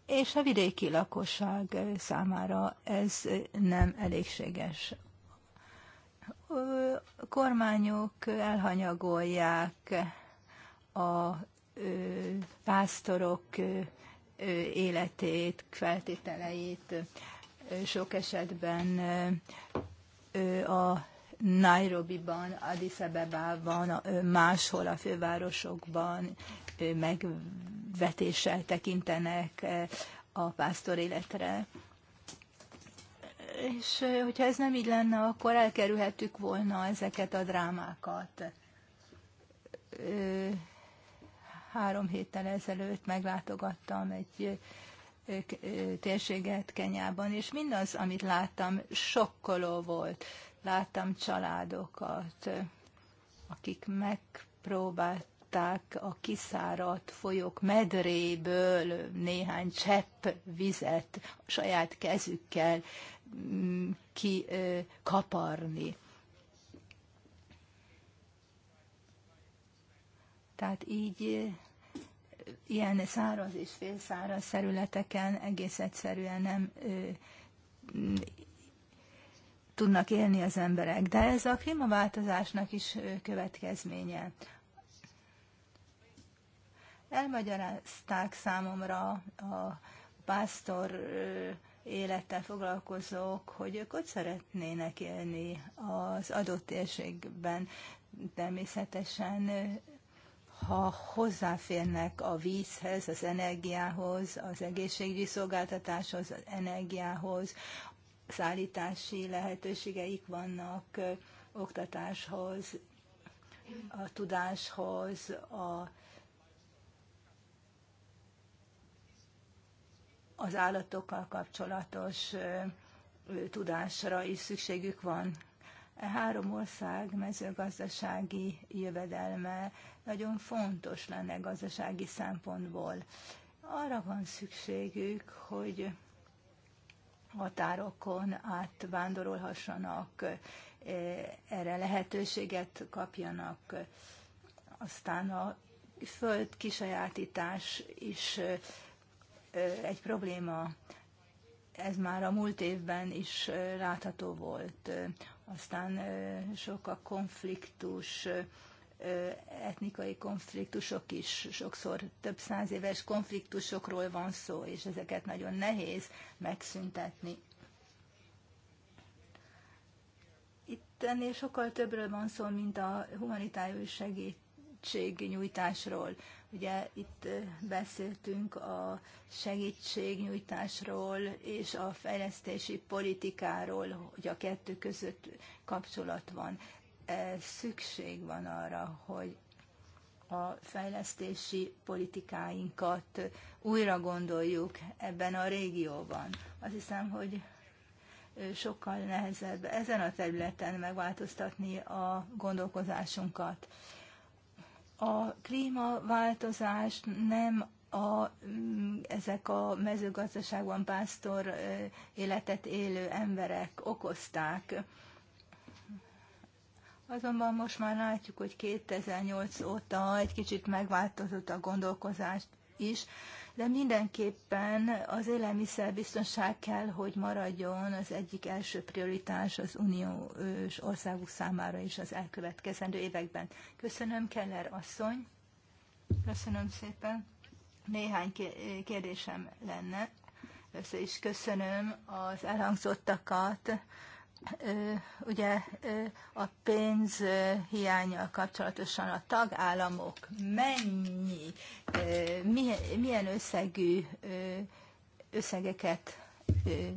és a vidéki lakosság számára ez nem elégséges. A kormányok elhanyagolják a pásztorok életét, feltételeit. Sok esetben a Nairobi-ban, Nairobi-ban, Addis Abeba-ban, máshol a fővárosokban megvetéssel tekintenek a pásztor életre. És hogyha ez nem így lenne, akkor elkerülhettük volna ezeket a drámákat Három héttel ezelőtt meglátogattam egy térséget Kenyában, és mindaz, amit láttam, sokkoló volt. Láttam családokat, akik megpróbálták a kiszáradt folyók medréből néhány csepp vizet saját kezükkel mm, kikaparni. tehát így ilyen száraz és félszáraz területeken egész egyszerűen nem ö, tudnak élni az emberek. De ez a klímaváltozásnak is következménye. Elmagyarázták számomra a pásztor élettel foglalkozók, hogy ők ott szeretnének élni az adott térségben. Természetesen ha hozzáférnek a vízhez, az energiához, az egészségügyi szolgáltatáshoz, az energiához, szállítási lehetőségeik vannak, oktatáshoz, a tudáshoz, a, az állatokkal kapcsolatos tudásra is szükségük van. E három ország mezőgazdasági jövedelme nagyon fontos lenne gazdasági szempontból. Arra van szükségük, hogy határokon átvándorolhassanak, eh, erre lehetőséget kapjanak. Aztán a föld kisajátítás is eh, egy probléma. Ez már a múlt évben is eh, látható volt. Aztán sok a konfliktus, etnikai konfliktusok is, sokszor több száz éves konfliktusokról van szó, és ezeket nagyon nehéz megszüntetni. Itt ennél sokkal többről van szó, mint a humanitárius segítségnyújtásról. Ugye itt beszéltünk a segítségnyújtásról és a fejlesztési politikáról, hogy a kettő között kapcsolat van. E, szükség van arra, hogy a fejlesztési politikáinkat újra gondoljuk ebben a régióban. Azt hiszem, hogy sokkal nehezebb ezen a területen megváltoztatni a gondolkozásunkat. A klímaváltozás nem a, ezek a mezőgazdaságban pásztor e, életet élő emberek okozták. Azonban most már látjuk, hogy 2008 óta egy kicsit megváltozott a gondolkozást is, de mindenképpen az élelmiszerbiztonság kell, hogy maradjon az egyik első prioritás az uniós országok számára is az elkövetkezendő években. Köszönöm, Keller asszony. Köszönöm szépen. Néhány kérdésem lenne. Össze is köszönöm az elhangzottakat ugye a pénz hiánya kapcsolatosan a tagállamok mennyi, milyen összegű összegeket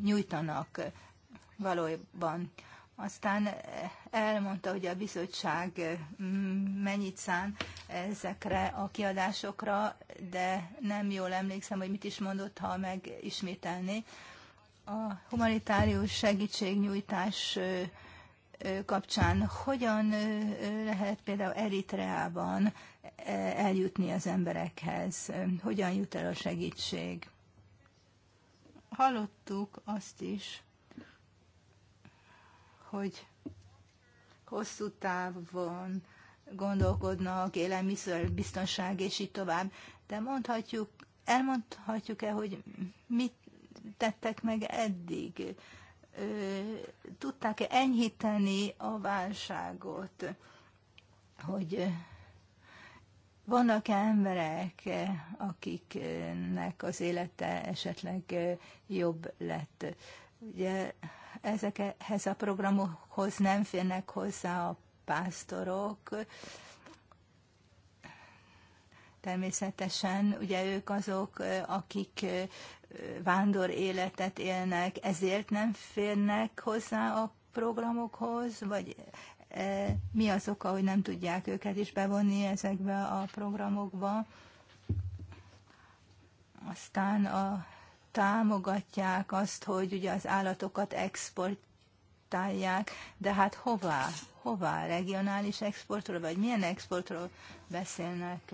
nyújtanak valójában. Aztán elmondta, hogy a bizottság mennyit szán ezekre a kiadásokra, de nem jól emlékszem, hogy mit is mondott, ha megismételné a humanitárius segítségnyújtás kapcsán hogyan lehet például Eritreában eljutni az emberekhez? Hogyan jut el a segítség? Hallottuk azt is, hogy hosszú távon gondolkodnak, élelmiszer, biztonság és így tovább. De mondhatjuk, elmondhatjuk-e, hogy mit tettek meg eddig? Tudták-e enyhíteni a válságot? Hogy vannak -e emberek, akiknek az élete esetleg jobb lett? Ugye ezekhez a programokhoz nem férnek hozzá a pásztorok, Természetesen ugye ők azok, akik vándor életet élnek, ezért nem férnek hozzá a programokhoz, vagy mi az oka, hogy nem tudják őket is bevonni ezekbe a programokba. Aztán a, támogatják azt, hogy ugye az állatokat exportálják, de hát hová? Hová? Regionális exportról, vagy milyen exportról beszélnek?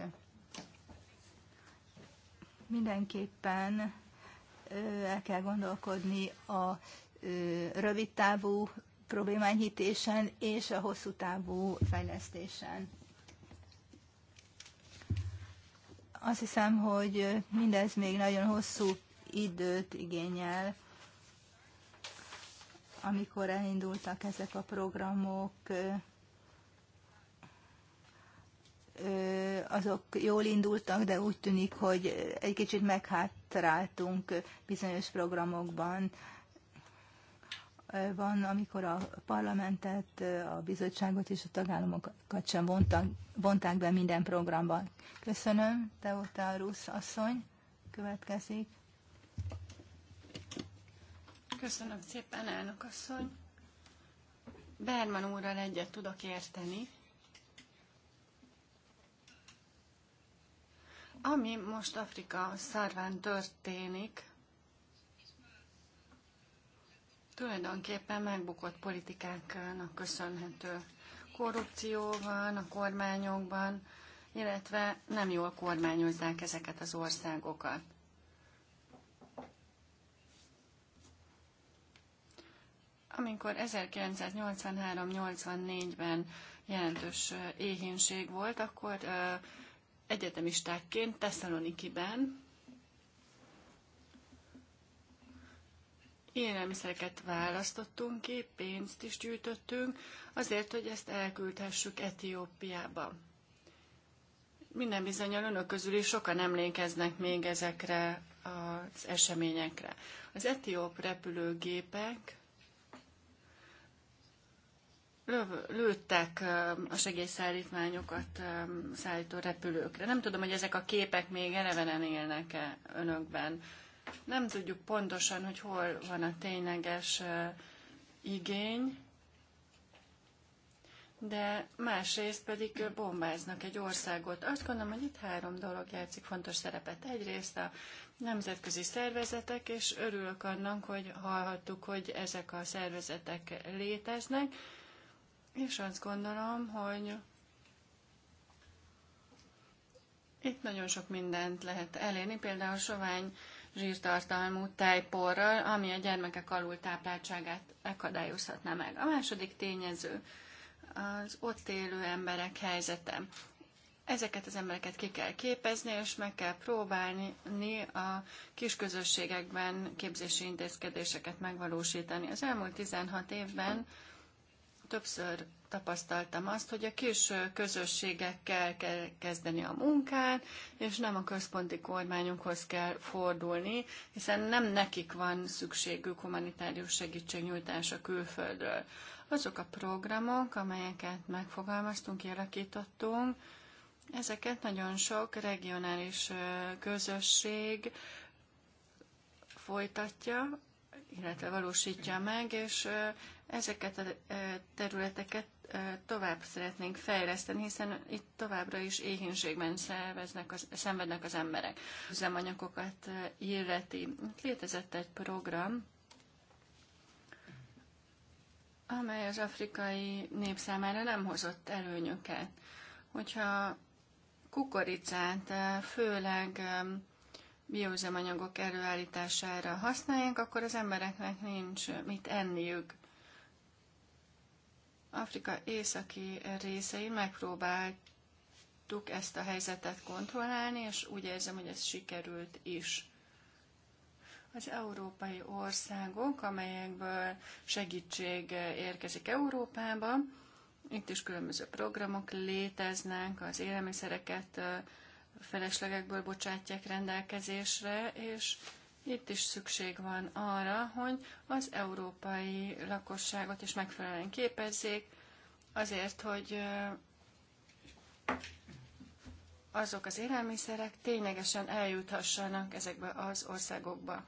mindenképpen el kell gondolkodni a rövidtávú problémányhítésen és a hosszú távú fejlesztésen. Azt hiszem, hogy mindez még nagyon hosszú időt igényel, amikor elindultak ezek a programok, azok jól indultak, de úgy tűnik, hogy egy kicsit meghátráltunk bizonyos programokban. Van, amikor a parlamentet, a bizottságot és a tagállamokat sem vontak, vonták be minden programban. Köszönöm, Rusz asszony. Következik. Köszönöm szépen, elnök asszony. Berman úrral egyet tudok érteni Ami most Afrika szarván történik, tulajdonképpen megbukott politikáknak köszönhető. Korrupció van a kormányokban, illetve nem jól kormányozzák ezeket az országokat. Amikor 1983-84-ben jelentős éhínség volt, akkor egyetemistákként Tesszalonikiben élelmiszereket választottunk ki, pénzt is gyűjtöttünk, azért, hogy ezt elküldhessük Etiópiába. Minden bizonyal önök közül is sokan emlékeznek még ezekre az eseményekre. Az etióp repülőgépek löv, lőttek a segélyszállítmányokat szállító repülőkre. Nem tudom, hogy ezek a képek még elevenen élnek-e önökben. Nem tudjuk pontosan, hogy hol van a tényleges igény, de másrészt pedig bombáznak egy országot. Azt gondolom, hogy itt három dolog játszik fontos szerepet. Egyrészt a nemzetközi szervezetek, és örülök annak, hogy hallhattuk, hogy ezek a szervezetek léteznek, és azt gondolom, hogy itt nagyon sok mindent lehet elérni, például sovány zsírtartalmú tejporral, ami a gyermekek alul tápláltságát akadályozhatná meg. A második tényező az ott élő emberek helyzete. Ezeket az embereket ki kell képezni, és meg kell próbálni a kis közösségekben képzési intézkedéseket megvalósítani. Az elmúlt 16 évben többször tapasztaltam azt, hogy a kis közösségekkel kell kezdeni a munkát, és nem a központi kormányunkhoz kell fordulni, hiszen nem nekik van szükségük humanitárius segítségnyújtása külföldről. Azok a programok, amelyeket megfogalmaztunk, kialakítottunk, ezeket nagyon sok regionális közösség folytatja, illetve valósítja meg, és Ezeket a területeket tovább szeretnénk fejleszteni, hiszen itt továbbra is éhénységben szerveznek az, szenvednek az emberek. Üzemanyagokat illeti. létezett egy program, amely az afrikai nép számára nem hozott előnyöket. Hogyha kukoricát főleg bióüzemanyagok előállítására használják, akkor az embereknek nincs mit enniük. Afrika északi részei megpróbáltuk ezt a helyzetet kontrollálni, és úgy érzem, hogy ez sikerült is. Az európai országok, amelyekből segítség érkezik Európába, itt is különböző programok léteznek, az élelmiszereket feleslegekből bocsátják rendelkezésre, és itt is szükség van arra, hogy az európai lakosságot is megfelelően képezzék, azért, hogy azok az élelmiszerek ténylegesen eljuthassanak ezekbe az országokba.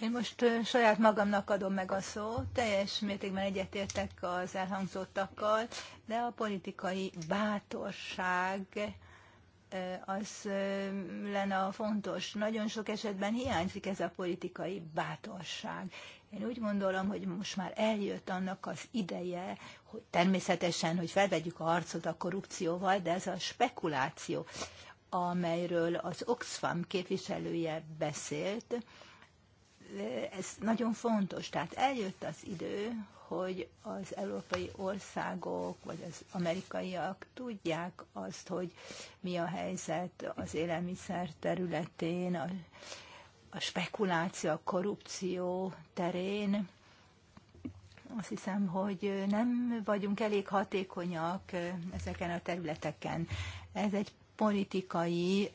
Én most saját magamnak adom meg a szó, teljes mértékben egyetértek az elhangzottakkal, de a politikai bátorság az lenne a fontos. Nagyon sok esetben hiányzik ez a politikai bátorság. Én úgy gondolom, hogy most már eljött annak az ideje, hogy természetesen, hogy felvegyük a harcot a korrupcióval, de ez a spekuláció, amelyről az Oxfam képviselője beszélt, ez nagyon fontos. Tehát eljött az idő, hogy az európai országok, vagy az amerikaiak tudják azt, hogy mi a helyzet az élelmiszer területén, a, a spekuláció, a korrupció terén. Azt hiszem, hogy nem vagyunk elég hatékonyak ezeken a területeken. Ez egy politikai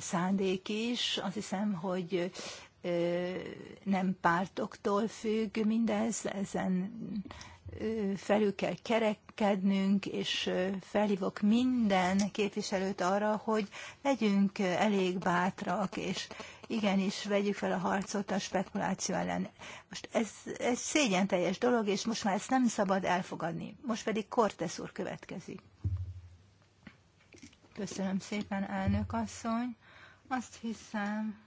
szándék is. Azt hiszem, hogy nem pártoktól függ mindez, ezen felül kell kerekednünk, és felhívok minden képviselőt arra, hogy legyünk elég bátrak, és igenis vegyük fel a harcot a spekuláció ellen. Most ez, ez szégyen teljes dolog, és most már ezt nem szabad elfogadni. Most pedig Cortesz úr következik. Köszönöm szépen, elnök asszony. Azt hiszem,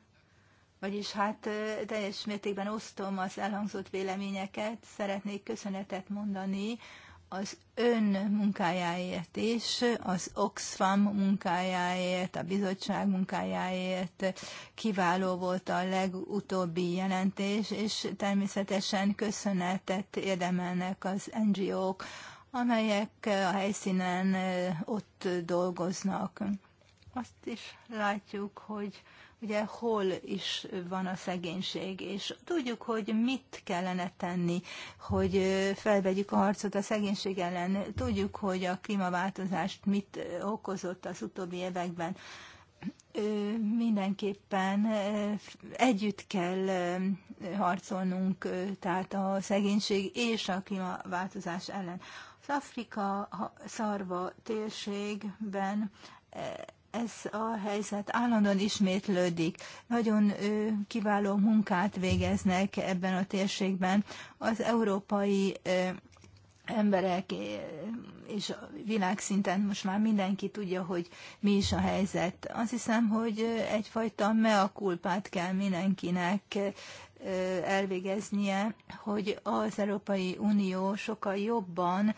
vagyis hát teljes mértékben osztom az elhangzott véleményeket, szeretnék köszönetet mondani az ön munkájáért is, az Oxfam munkájáért, a bizottság munkájáért kiváló volt a legutóbbi jelentés, és természetesen köszönetet érdemelnek az NGO-k, amelyek a helyszínen ott dolgoznak. Azt is látjuk, hogy ugye hol is van a szegénység, és tudjuk, hogy mit kellene tenni, hogy felvegyük a harcot a szegénység ellen. Tudjuk, hogy a klímaváltozást mit okozott az utóbbi években. Mindenképpen együtt kell harcolnunk, tehát a szegénység és a klímaváltozás ellen. Az Afrika szarva térségben ez a helyzet állandóan ismétlődik. Nagyon ő, kiváló munkát végeznek ebben a térségben az európai emberek és a világszinten most már mindenki tudja, hogy mi is a helyzet. Azt hiszem, hogy egyfajta mea kulpát kell mindenkinek elvégeznie, hogy az Európai Unió sokkal jobban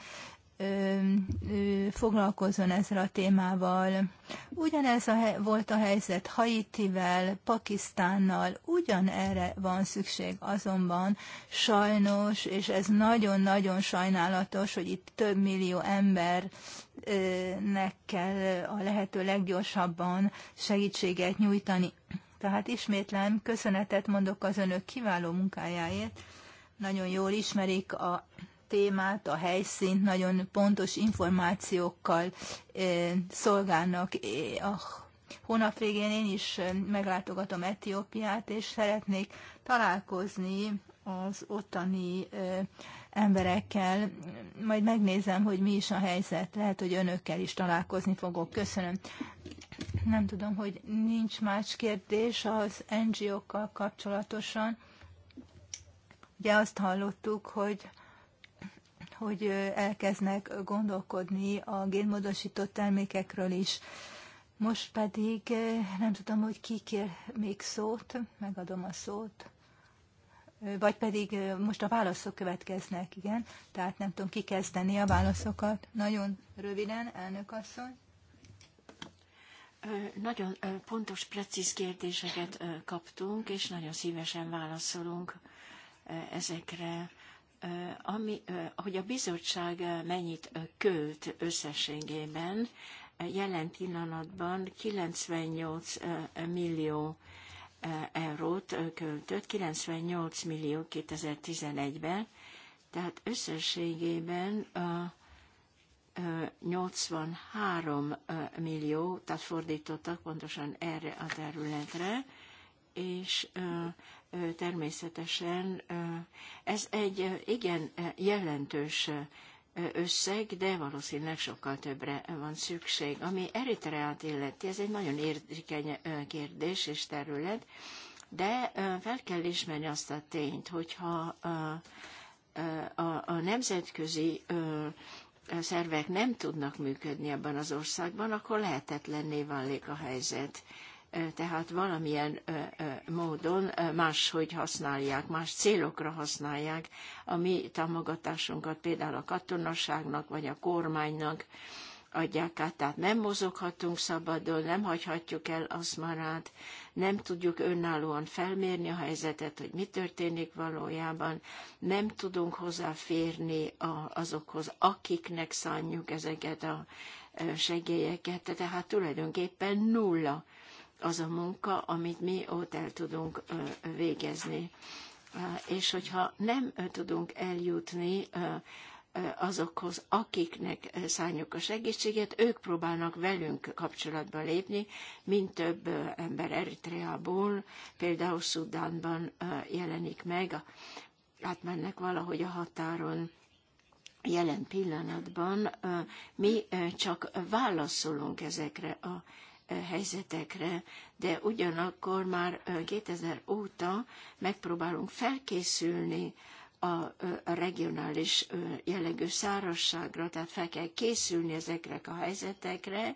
foglalkozzon ezzel a témával. Ugyanez a volt a helyzet Haitivel, Pakisztánnal, ugyanerre van szükség azonban sajnos, és ez nagyon-nagyon sajnálatos, hogy itt több millió embernek kell a lehető leggyorsabban segítséget nyújtani. Tehát ismétlen köszönetet mondok az önök kiváló munkájáért. Nagyon jól ismerik a témát, a helyszínt nagyon pontos információkkal eh, szolgálnak. A hónap végén én is eh, meglátogatom Etiópiát, és szeretnék találkozni az ottani eh, emberekkel. Majd megnézem, hogy mi is a helyzet. Lehet, hogy önökkel is találkozni fogok. Köszönöm. Nem tudom, hogy nincs más kérdés az NGO-kkal kapcsolatosan. Ugye azt hallottuk, hogy hogy elkeznek gondolkodni a génmódosított termékekről is. Most pedig nem tudom, hogy ki kér még szót, megadom a szót. Vagy pedig most a válaszok következnek, igen. Tehát nem tudom kikezdeni a válaszokat. Nagyon röviden, elnök asszony. Nagyon pontos, precíz kérdéseket kaptunk, és nagyon szívesen válaszolunk ezekre ami, hogy a bizottság mennyit költ összességében, jelen pillanatban 98 millió eurót költött, 98 millió 2011-ben, tehát összességében 83 millió, tehát fordítottak pontosan erre a területre, és természetesen ez egy igen jelentős összeg, de valószínűleg sokkal többre van szükség. Ami Eritreát illeti, ez egy nagyon érzékeny kérdés és terület, de fel kell ismerni azt a tényt, hogyha a, a, a nemzetközi szervek nem tudnak működni ebben az országban, akkor lehetetlenné válik a helyzet tehát valamilyen módon máshogy használják, más célokra használják a mi támogatásunkat, például a katonaságnak vagy a kormánynak adják át. Tehát nem mozoghatunk szabadon, nem hagyhatjuk el aszmarát, nem tudjuk önállóan felmérni a helyzetet, hogy mi történik valójában, nem tudunk hozzáférni azokhoz, akiknek szánjuk ezeket a segélyeket, tehát tulajdonképpen nulla az a munka, amit mi ott el tudunk végezni. És hogyha nem tudunk eljutni azokhoz, akiknek szálljuk a segítséget, ők próbálnak velünk kapcsolatba lépni, mint több ember Eritreából, például Szudánban jelenik meg, átmennek valahogy a határon, jelen pillanatban mi csak válaszolunk ezekre a helyzetekre, de ugyanakkor már 2000 óta megpróbálunk felkészülni a, regionális jellegű szárazságra, tehát fel kell készülni ezekre a helyzetekre,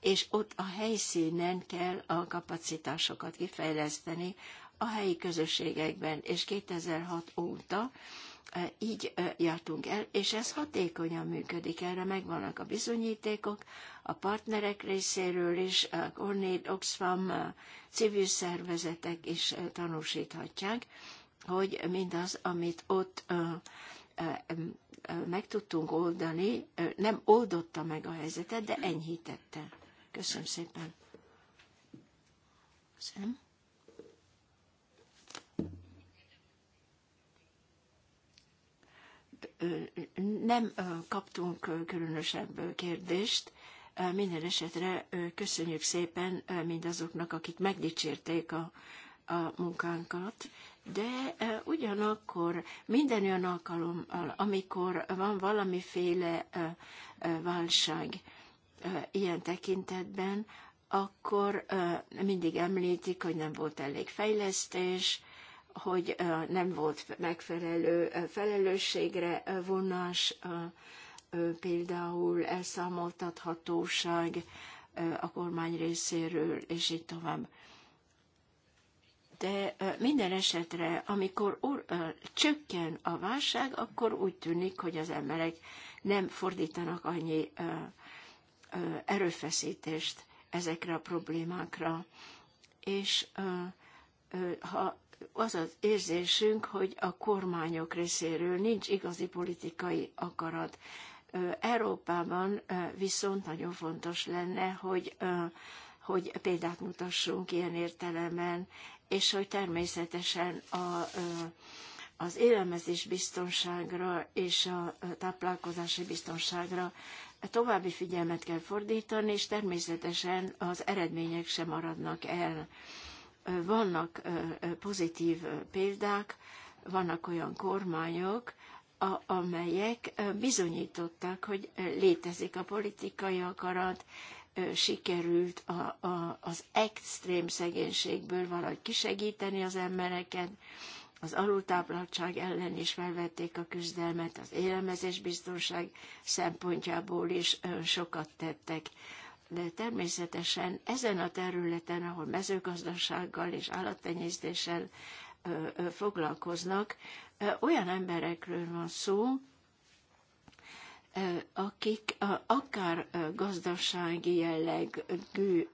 és ott a helyszínen kell a kapacitásokat kifejleszteni a helyi közösségekben, és 2006 óta E, így e, jártunk el, és ez hatékonyan működik, erre megvannak a bizonyítékok, a partnerek részéről is, a Cornél, Oxfam, a civil szervezetek is e, tanúsíthatják, hogy mindaz, amit ott meg tudtunk oldani, nem oldotta meg a helyzetet, de enyhítette. Köszönöm szépen. Köszönöm. nem kaptunk különösebb kérdést. Minden esetre köszönjük szépen mindazoknak, akik megdicsérték a, a munkánkat, de ugyanakkor minden olyan alkalommal, amikor van valamiféle válság ilyen tekintetben, akkor mindig említik, hogy nem volt elég fejlesztés, hogy nem volt megfelelő felelősségre vonás, például elszámoltathatóság a kormány részéről, és így tovább. De minden esetre, amikor csökken a válság, akkor úgy tűnik, hogy az emberek nem fordítanak annyi erőfeszítést ezekre a problémákra. És ha az az érzésünk, hogy a kormányok részéről nincs igazi politikai akarat. Európában viszont nagyon fontos lenne, hogy, hogy példát mutassunk ilyen értelemben, és hogy természetesen a, az élelmezés biztonságra és a táplálkozási biztonságra további figyelmet kell fordítani, és természetesen az eredmények sem maradnak el. Vannak pozitív példák, vannak olyan kormányok, amelyek bizonyították, hogy létezik a politikai akarat, sikerült a, a, az extrém szegénységből valahogy kisegíteni az embereket, az alultápláltság ellen is felvették a küzdelmet, az élelmezés biztonság szempontjából is sokat tettek de természetesen ezen a területen, ahol mezőgazdasággal és állattenyésztéssel foglalkoznak, olyan emberekről van szó, akik akár gazdasági jellegű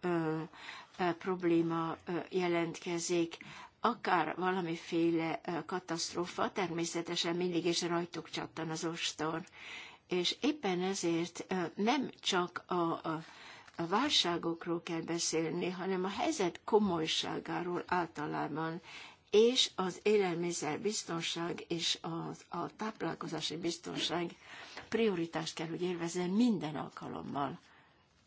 probléma jelentkezik, akár valamiféle katasztrófa, természetesen mindig is rajtuk csattan az ostor. És éppen ezért nem csak a, a a válságokról kell beszélni, hanem a helyzet komolyságáról általában, és az élelmiszer biztonság és a, a táplálkozási biztonság prioritást kell, hogy élvezzen minden alkalommal.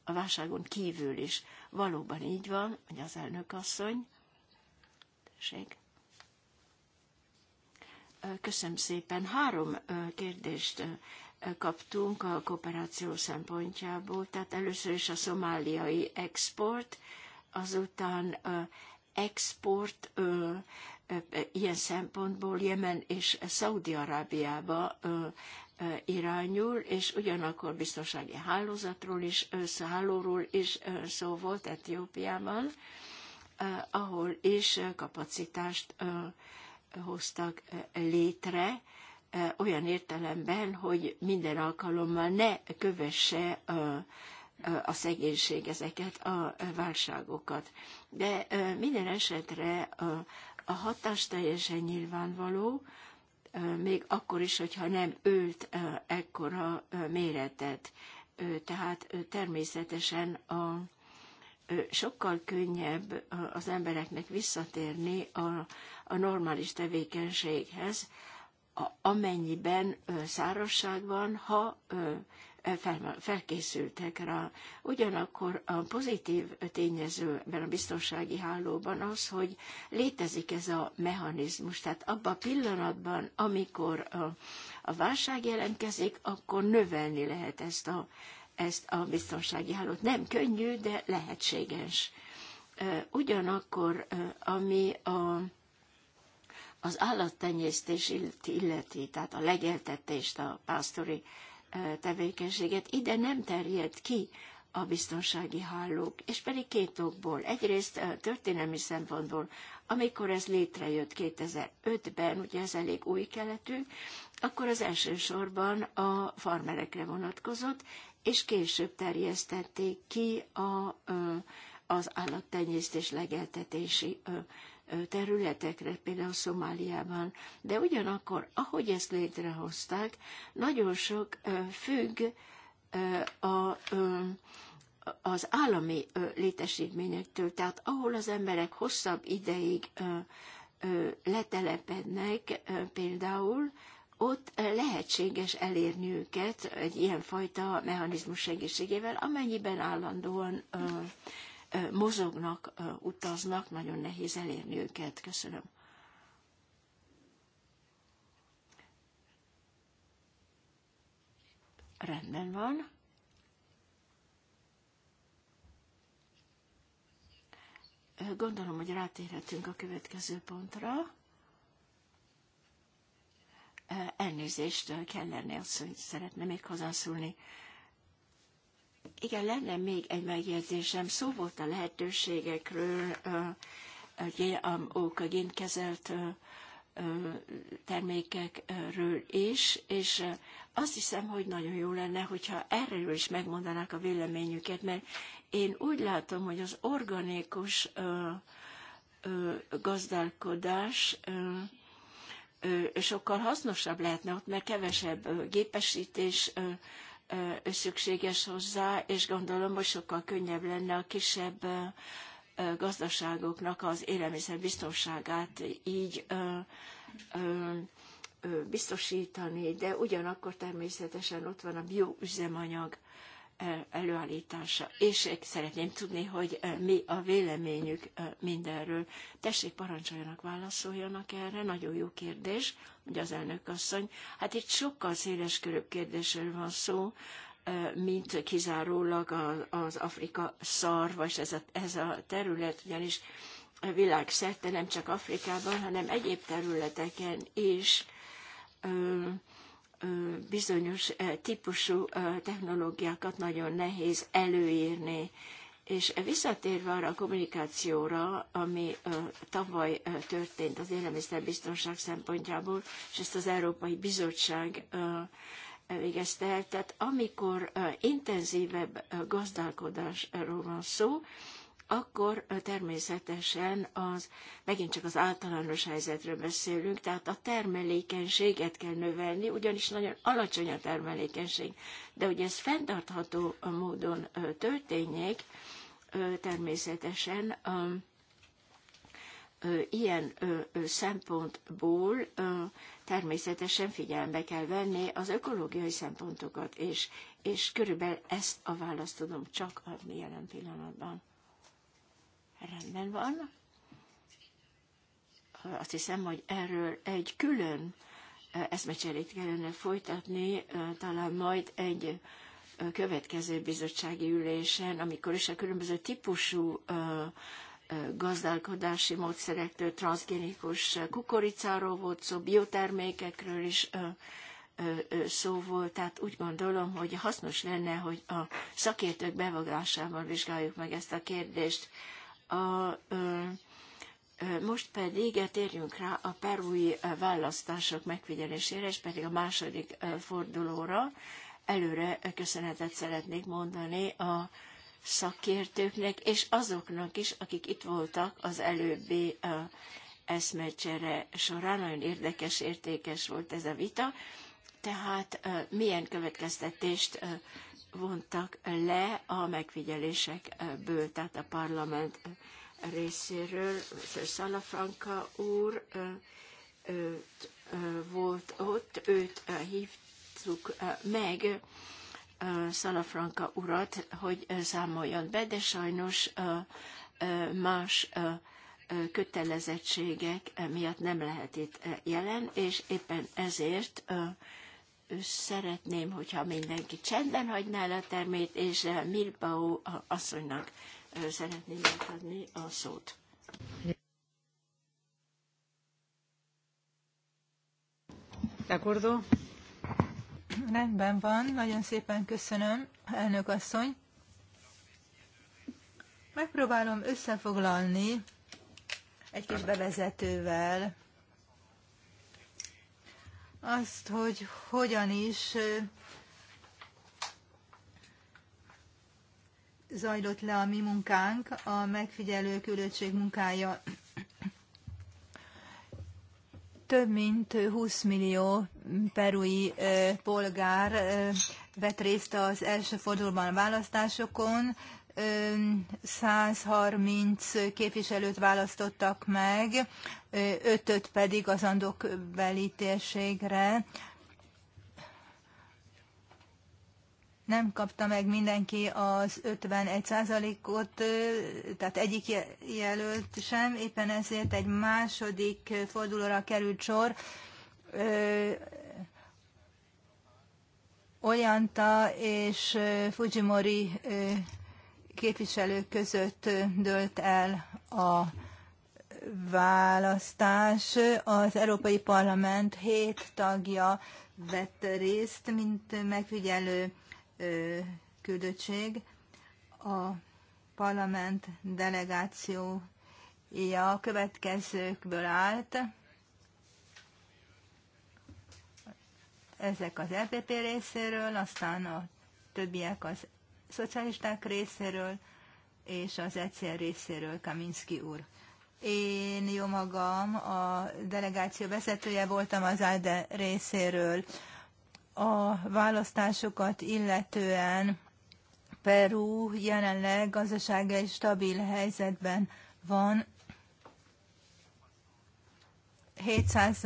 A válságon kívül is. Valóban így van, hogy az elnök asszony. Tessék. Köszönöm szépen. Három kérdést kaptunk a kooperáció szempontjából. Tehát először is a szomáliai export, azután export ilyen szempontból Jemen és Szaudi-Arábiába irányul, és ugyanakkor biztonsági hálózatról is, hálóról is szó volt Etiópiában, ahol is kapacitást hoztak létre, olyan értelemben, hogy minden alkalommal ne kövesse a, a szegénység ezeket a válságokat. De minden esetre a hatás teljesen nyilvánvaló, még akkor is, hogyha nem ölt ekkora méretet. Tehát természetesen a, sokkal könnyebb az embereknek visszatérni a, a normális tevékenységhez, amennyiben szárasság van, ha fel, felkészültek rá. Ugyanakkor a pozitív tényező a biztonsági hálóban az, hogy létezik ez a mechanizmus. Tehát abban a pillanatban, amikor a, a válság jelentkezik, akkor növelni lehet ezt a, ezt a biztonsági hálót. Nem könnyű, de lehetséges. Ugyanakkor, ami a az állattenyésztés illeti, tehát a legeltetést, a pásztori tevékenységet, ide nem terjed ki a biztonsági hálók, és pedig két okból. Egyrészt történelmi szempontból, amikor ez létrejött 2005-ben, ugye ez elég új keletű, akkor az elsősorban a farmerekre vonatkozott, és később terjesztették ki a, az állattenyésztés legeltetési területekre, például Szomáliában. De ugyanakkor, ahogy ezt létrehozták, nagyon sok függ a az állami létesítményektől, tehát ahol az emberek hosszabb ideig letelepednek, például ott lehetséges elérni őket egy ilyenfajta mechanizmus segítségével, amennyiben állandóan mozognak, utaznak, nagyon nehéz elérni őket. Köszönöm. Rendben van. Gondolom, hogy rátérhetünk a következő pontra. Elnézést kell lenni, hogy szeretne még hozzászólni. Igen, lenne még egy megjegyzésem. Szó volt a lehetőségekről, a génkezelt termékekről is, és azt hiszem, hogy nagyon jó lenne, hogyha erről is megmondanák a véleményüket, mert én úgy látom, hogy az organikus gazdálkodás sokkal hasznosabb lehetne ott, mert kevesebb gépesítés szükséges hozzá, és gondolom, hogy sokkal könnyebb lenne a kisebb gazdaságoknak az élelmiszer biztonságát így biztosítani, de ugyanakkor természetesen ott van a bioüzemanyag előállítása. És szeretném tudni, hogy mi a véleményük mindenről. Tessék, parancsoljanak, válaszoljanak erre. Nagyon jó kérdés, hogy az elnök asszony. Hát itt sokkal széles köröbb kérdésről van szó, mint kizárólag az Afrika szar, vagy ez a, ez a terület, ugyanis világszerte, nem csak Afrikában, hanem egyéb területeken is bizonyos típusú technológiákat nagyon nehéz előírni. És visszatérve arra a kommunikációra, ami tavaly történt az élelmiszerbiztonság szempontjából, és ezt az Európai Bizottság végezte el, tehát amikor intenzívebb gazdálkodásról van szó, akkor természetesen az, megint csak az általános helyzetről beszélünk, tehát a termelékenységet kell növelni, ugyanis nagyon alacsony a termelékenység. De hogy ez fenntartható módon történjék, természetesen ilyen szempontból természetesen figyelembe kell venni az ökológiai szempontokat, és, és körülbelül ezt a választ tudom csak adni jelen pillanatban. Rendben van. Azt hiszem, hogy erről egy külön eszmecserét kellene folytatni, talán majd egy következő bizottsági ülésen, amikor is a különböző típusú gazdálkodási módszerektől, transzgenikus kukoricáról volt szó, biotermékekről is szó volt, tehát úgy gondolom, hogy hasznos lenne, hogy a szakértők bevagásával vizsgáljuk meg ezt a kérdést. A, most pedig térjünk rá a perui választások megfigyelésére, és pedig a második fordulóra. Előre köszönetet szeretnék mondani a szakértőknek, és azoknak is, akik itt voltak az előbbi eszmecsere során. Nagyon érdekes, értékes volt ez a vita. Tehát milyen következtetést vontak le a megfigyelésekből, tehát a parlament részéről. Salafranca úr volt ott, őt hívtuk meg, Salafranca urat, hogy számoljon be, de sajnos más kötelezettségek miatt nem lehet itt jelen, és éppen ezért szeretném, hogyha mindenki csendben hagyná el a termét, és eh, Milbao asszonynak eh, szeretném megadni a szót. De acuerdo? Rendben van, nagyon szépen köszönöm, elnök asszony. Megpróbálom összefoglalni egy kis bevezetővel azt, hogy hogyan is zajlott le a mi munkánk, a megfigyelő küldöttség munkája több mint 20 millió perui polgár vett részt az első fordulóban a választásokon, 130 képviselőt választottak meg, ötöt pedig az andok belítérségre. Nem kapta meg mindenki az 51 százalékot, tehát egyik jelölt sem, éppen ezért egy második fordulóra került sor. Olyanta és Fujimori képviselők között dölt el a választás. Az Európai Parlament hét tagja vett részt, mint megfigyelő küldöttség. A parlament delegációja a következőkből állt. Ezek az EPP részéről, aztán a többiek az szocialisták részéről és az ECR részéről Kaminski úr. Én jó magam a delegáció vezetője voltam az ALDE részéről. A választásokat illetően Peru jelenleg gazdasága egy stabil helyzetben van. 700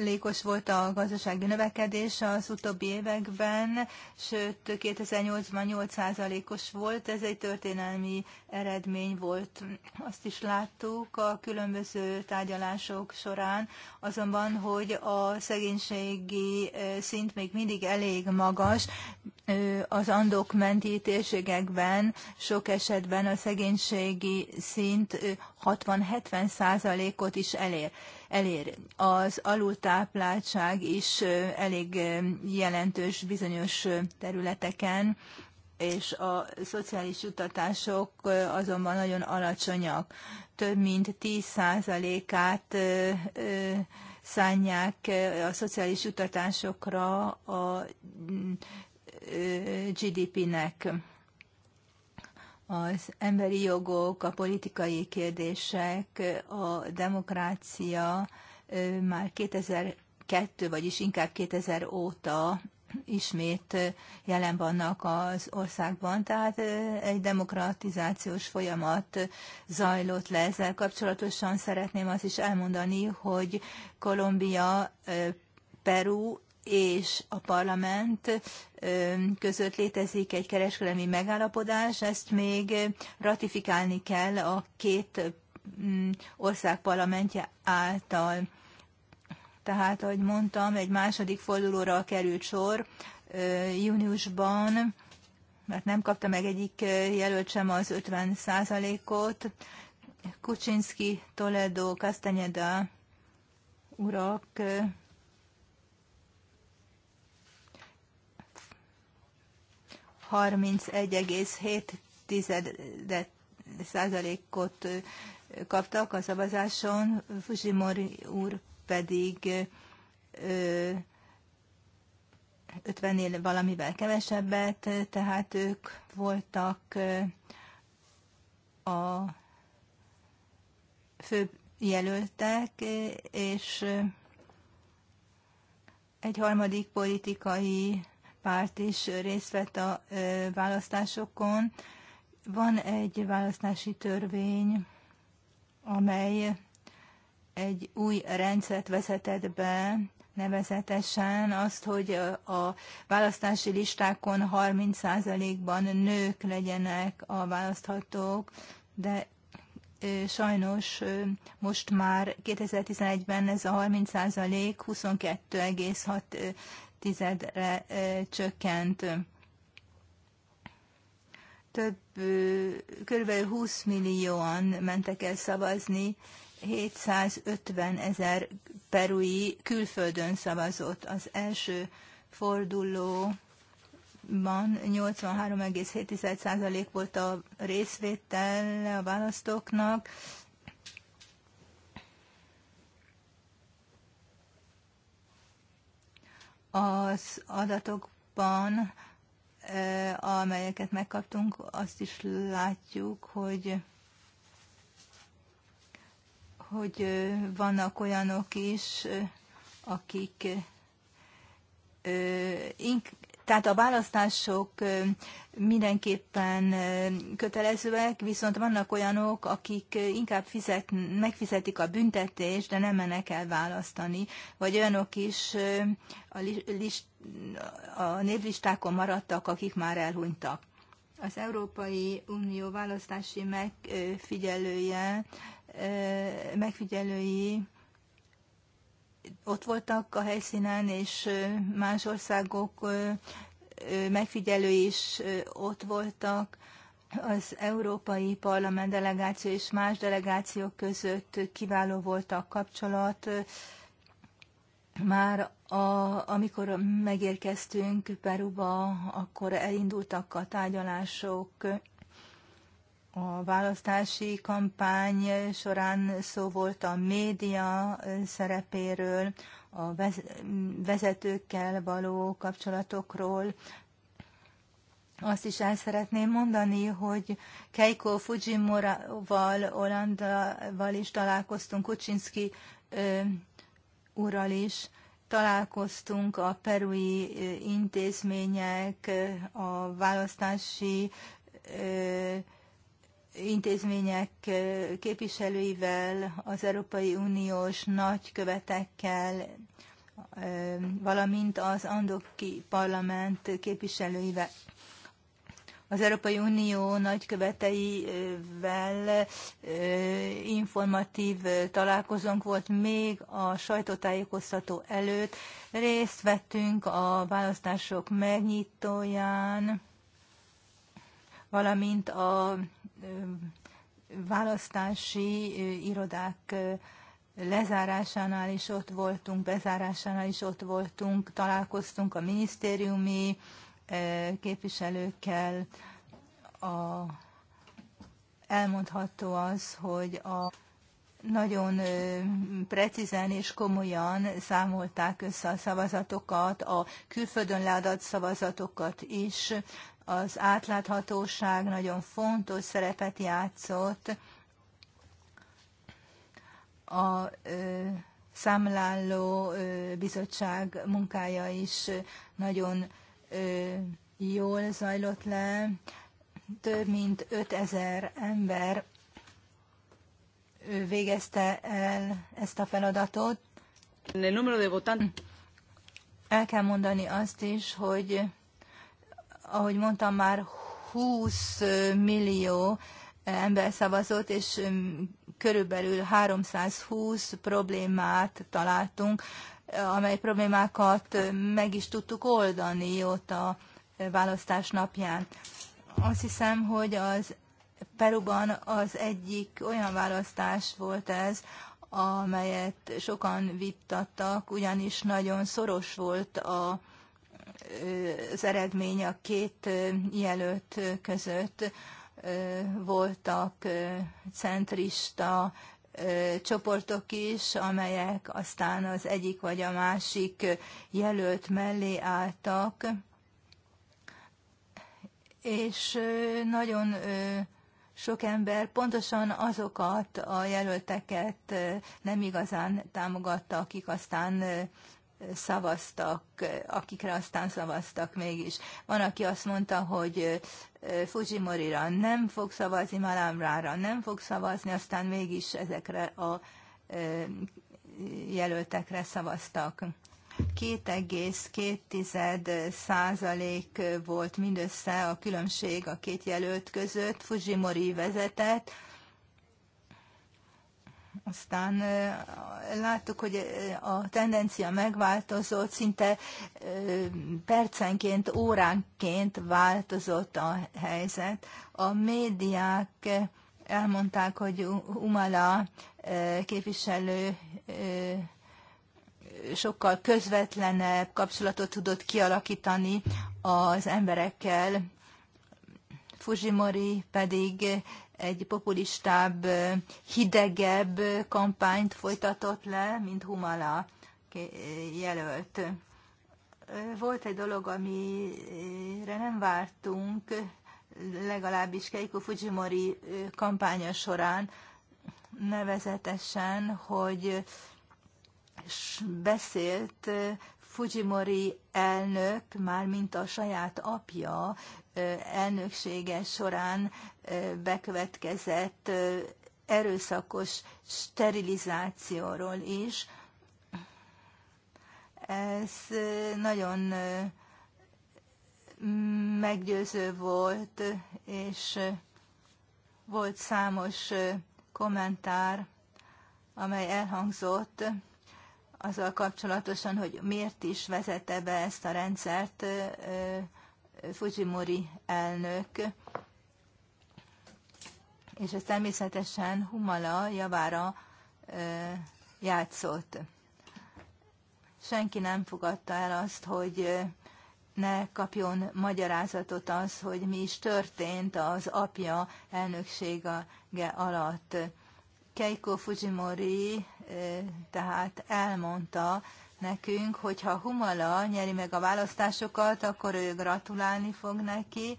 százalékos volt a gazdasági növekedés az utóbbi években, sőt 2008-ban 8 százalékos volt, ez egy történelmi eredmény volt. Azt is láttuk a különböző tárgyalások során, azonban, hogy a szegénységi szint még mindig elég magas, az andok menti sok esetben a szegénységi szint 60-70 százalékot is elér elér. Az alultápláltság is elég jelentős bizonyos területeken, és a szociális jutatások azonban nagyon alacsonyak. Több mint 10%-át szánják a szociális jutatásokra a mm, GDP-nek az emberi jogok, a politikai kérdések, a demokrácia már 2002, vagyis inkább 2000 óta ismét jelen vannak az országban, tehát egy demokratizációs folyamat zajlott le. Ezzel kapcsolatosan szeretném azt is elmondani, hogy Kolumbia, Peru és a parlament között létezik egy kereskedelmi megállapodás, ezt még ratifikálni kell a két mm, ország parlamentje által. Tehát, ahogy mondtam, egy második fordulóra került sor júniusban, mert nem kapta meg egyik jelölt sem az 50 ot Kuczynski Toledo, Castaneda urak 31,7 százalékot kaptak a szavazáson, Fujimori úr pedig 50-nél valamivel kevesebbet, tehát ők voltak a fő jelöltek, és egy harmadik politikai párt is részt vett a választásokon. Van egy választási törvény, amely egy új rendszert vezetett be, nevezetesen azt, hogy a választási listákon 30%-ban nők legyenek a választhatók, de sajnos most már 2011-ben ez a 30% 22,6 tizedre csökkent. Több, kb. 20 millióan mentek el szavazni, 750 ezer perui külföldön szavazott. Az első fordulóban 83,7% volt a részvétel a választóknak, Az adatokban, amelyeket megkaptunk, azt is látjuk, hogy hogy vannak olyanok is, akik tehát a választások mindenképpen kötelezőek, viszont vannak olyanok, akik inkább fizet, megfizetik a büntetést, de nem mennek el választani, vagy olyanok is a, list, a névlistákon maradtak, akik már elhunytak. Az Európai Unió választási megfigyelője, megfigyelői ott voltak a helyszínen, és más országok megfigyelői is ott voltak, az Európai Parlament delegáció és más delegációk között kiváló volt a kapcsolat. Már a, amikor megérkeztünk Peruba, akkor elindultak a tárgyalások a választási kampány során szó volt a média szerepéről, a vezetőkkel való kapcsolatokról. Azt is el szeretném mondani, hogy Keiko Fujimoraval, Olandával is találkoztunk, Kuczynski úrral is találkoztunk a perui intézmények, a választási intézmények képviselőivel, az Európai Uniós nagykövetekkel, valamint az Andoki Parlament képviselőivel. Az Európai Unió nagyköveteivel informatív találkozónk volt még a sajtótájékoztató előtt. Részt vettünk a választások megnyitóján valamint a választási irodák lezárásánál is ott voltunk, bezárásánál is ott voltunk, találkoztunk a minisztériumi képviselőkkel. A, elmondható az, hogy a nagyon precízen és komolyan számolták össze a szavazatokat, a külföldön leadott szavazatokat is az átláthatóság nagyon fontos szerepet játszott a ö, számláló ö, bizottság munkája is nagyon ö, jól zajlott le. Több mint 5000 ember végezte el ezt a feladatot. El kell mondani azt is, hogy ahogy mondtam már, 20 millió ember szavazott, és mm, körülbelül 320 problémát találtunk, amely problémákat mm, meg is tudtuk oldani ott a választás napján. Azt hiszem, hogy az Peruban az egyik olyan választás volt ez, amelyet sokan vittattak, ugyanis nagyon szoros volt a az eredmény a két jelölt között. Voltak centrista csoportok is, amelyek aztán az egyik vagy a másik jelölt mellé álltak, és nagyon sok ember pontosan azokat a jelölteket nem igazán támogatta, akik aztán szavaztak, akikre aztán szavaztak mégis. Van, aki azt mondta, hogy fujimori Fujimori-ra nem fog szavazni, Malamrára nem fog szavazni, aztán mégis ezekre a jelöltekre szavaztak. 2,2 százalék volt mindössze a különbség a két jelölt között. Fujimori vezetett, aztán láttuk, hogy a tendencia megváltozott, szinte percenként, óránként változott a helyzet. A médiák elmondták, hogy Umala képviselő sokkal közvetlenebb kapcsolatot tudott kialakítani az emberekkel, Fujimori pedig egy populistább, hidegebb kampányt folytatott le, mint Humala jelölt. Volt egy dolog, amire nem vártunk, legalábbis Keiko Fujimori kampánya során, nevezetesen, hogy beszélt Fujimori elnök, már mint a saját apja elnöksége során bekövetkezett erőszakos sterilizációról is. Ez nagyon meggyőző volt, és volt számos kommentár, amely elhangzott azzal kapcsolatosan, hogy miért is vezette be ezt a rendszert Fujimori elnök, és ez természetesen Humala javára játszott. Senki nem fogadta el azt, hogy ne kapjon magyarázatot az, hogy mi is történt az apja elnöksége alatt. Keiko Fujimori tehát elmondta nekünk, hogyha Humala nyeri meg a választásokat, akkor ő gratulálni fog neki.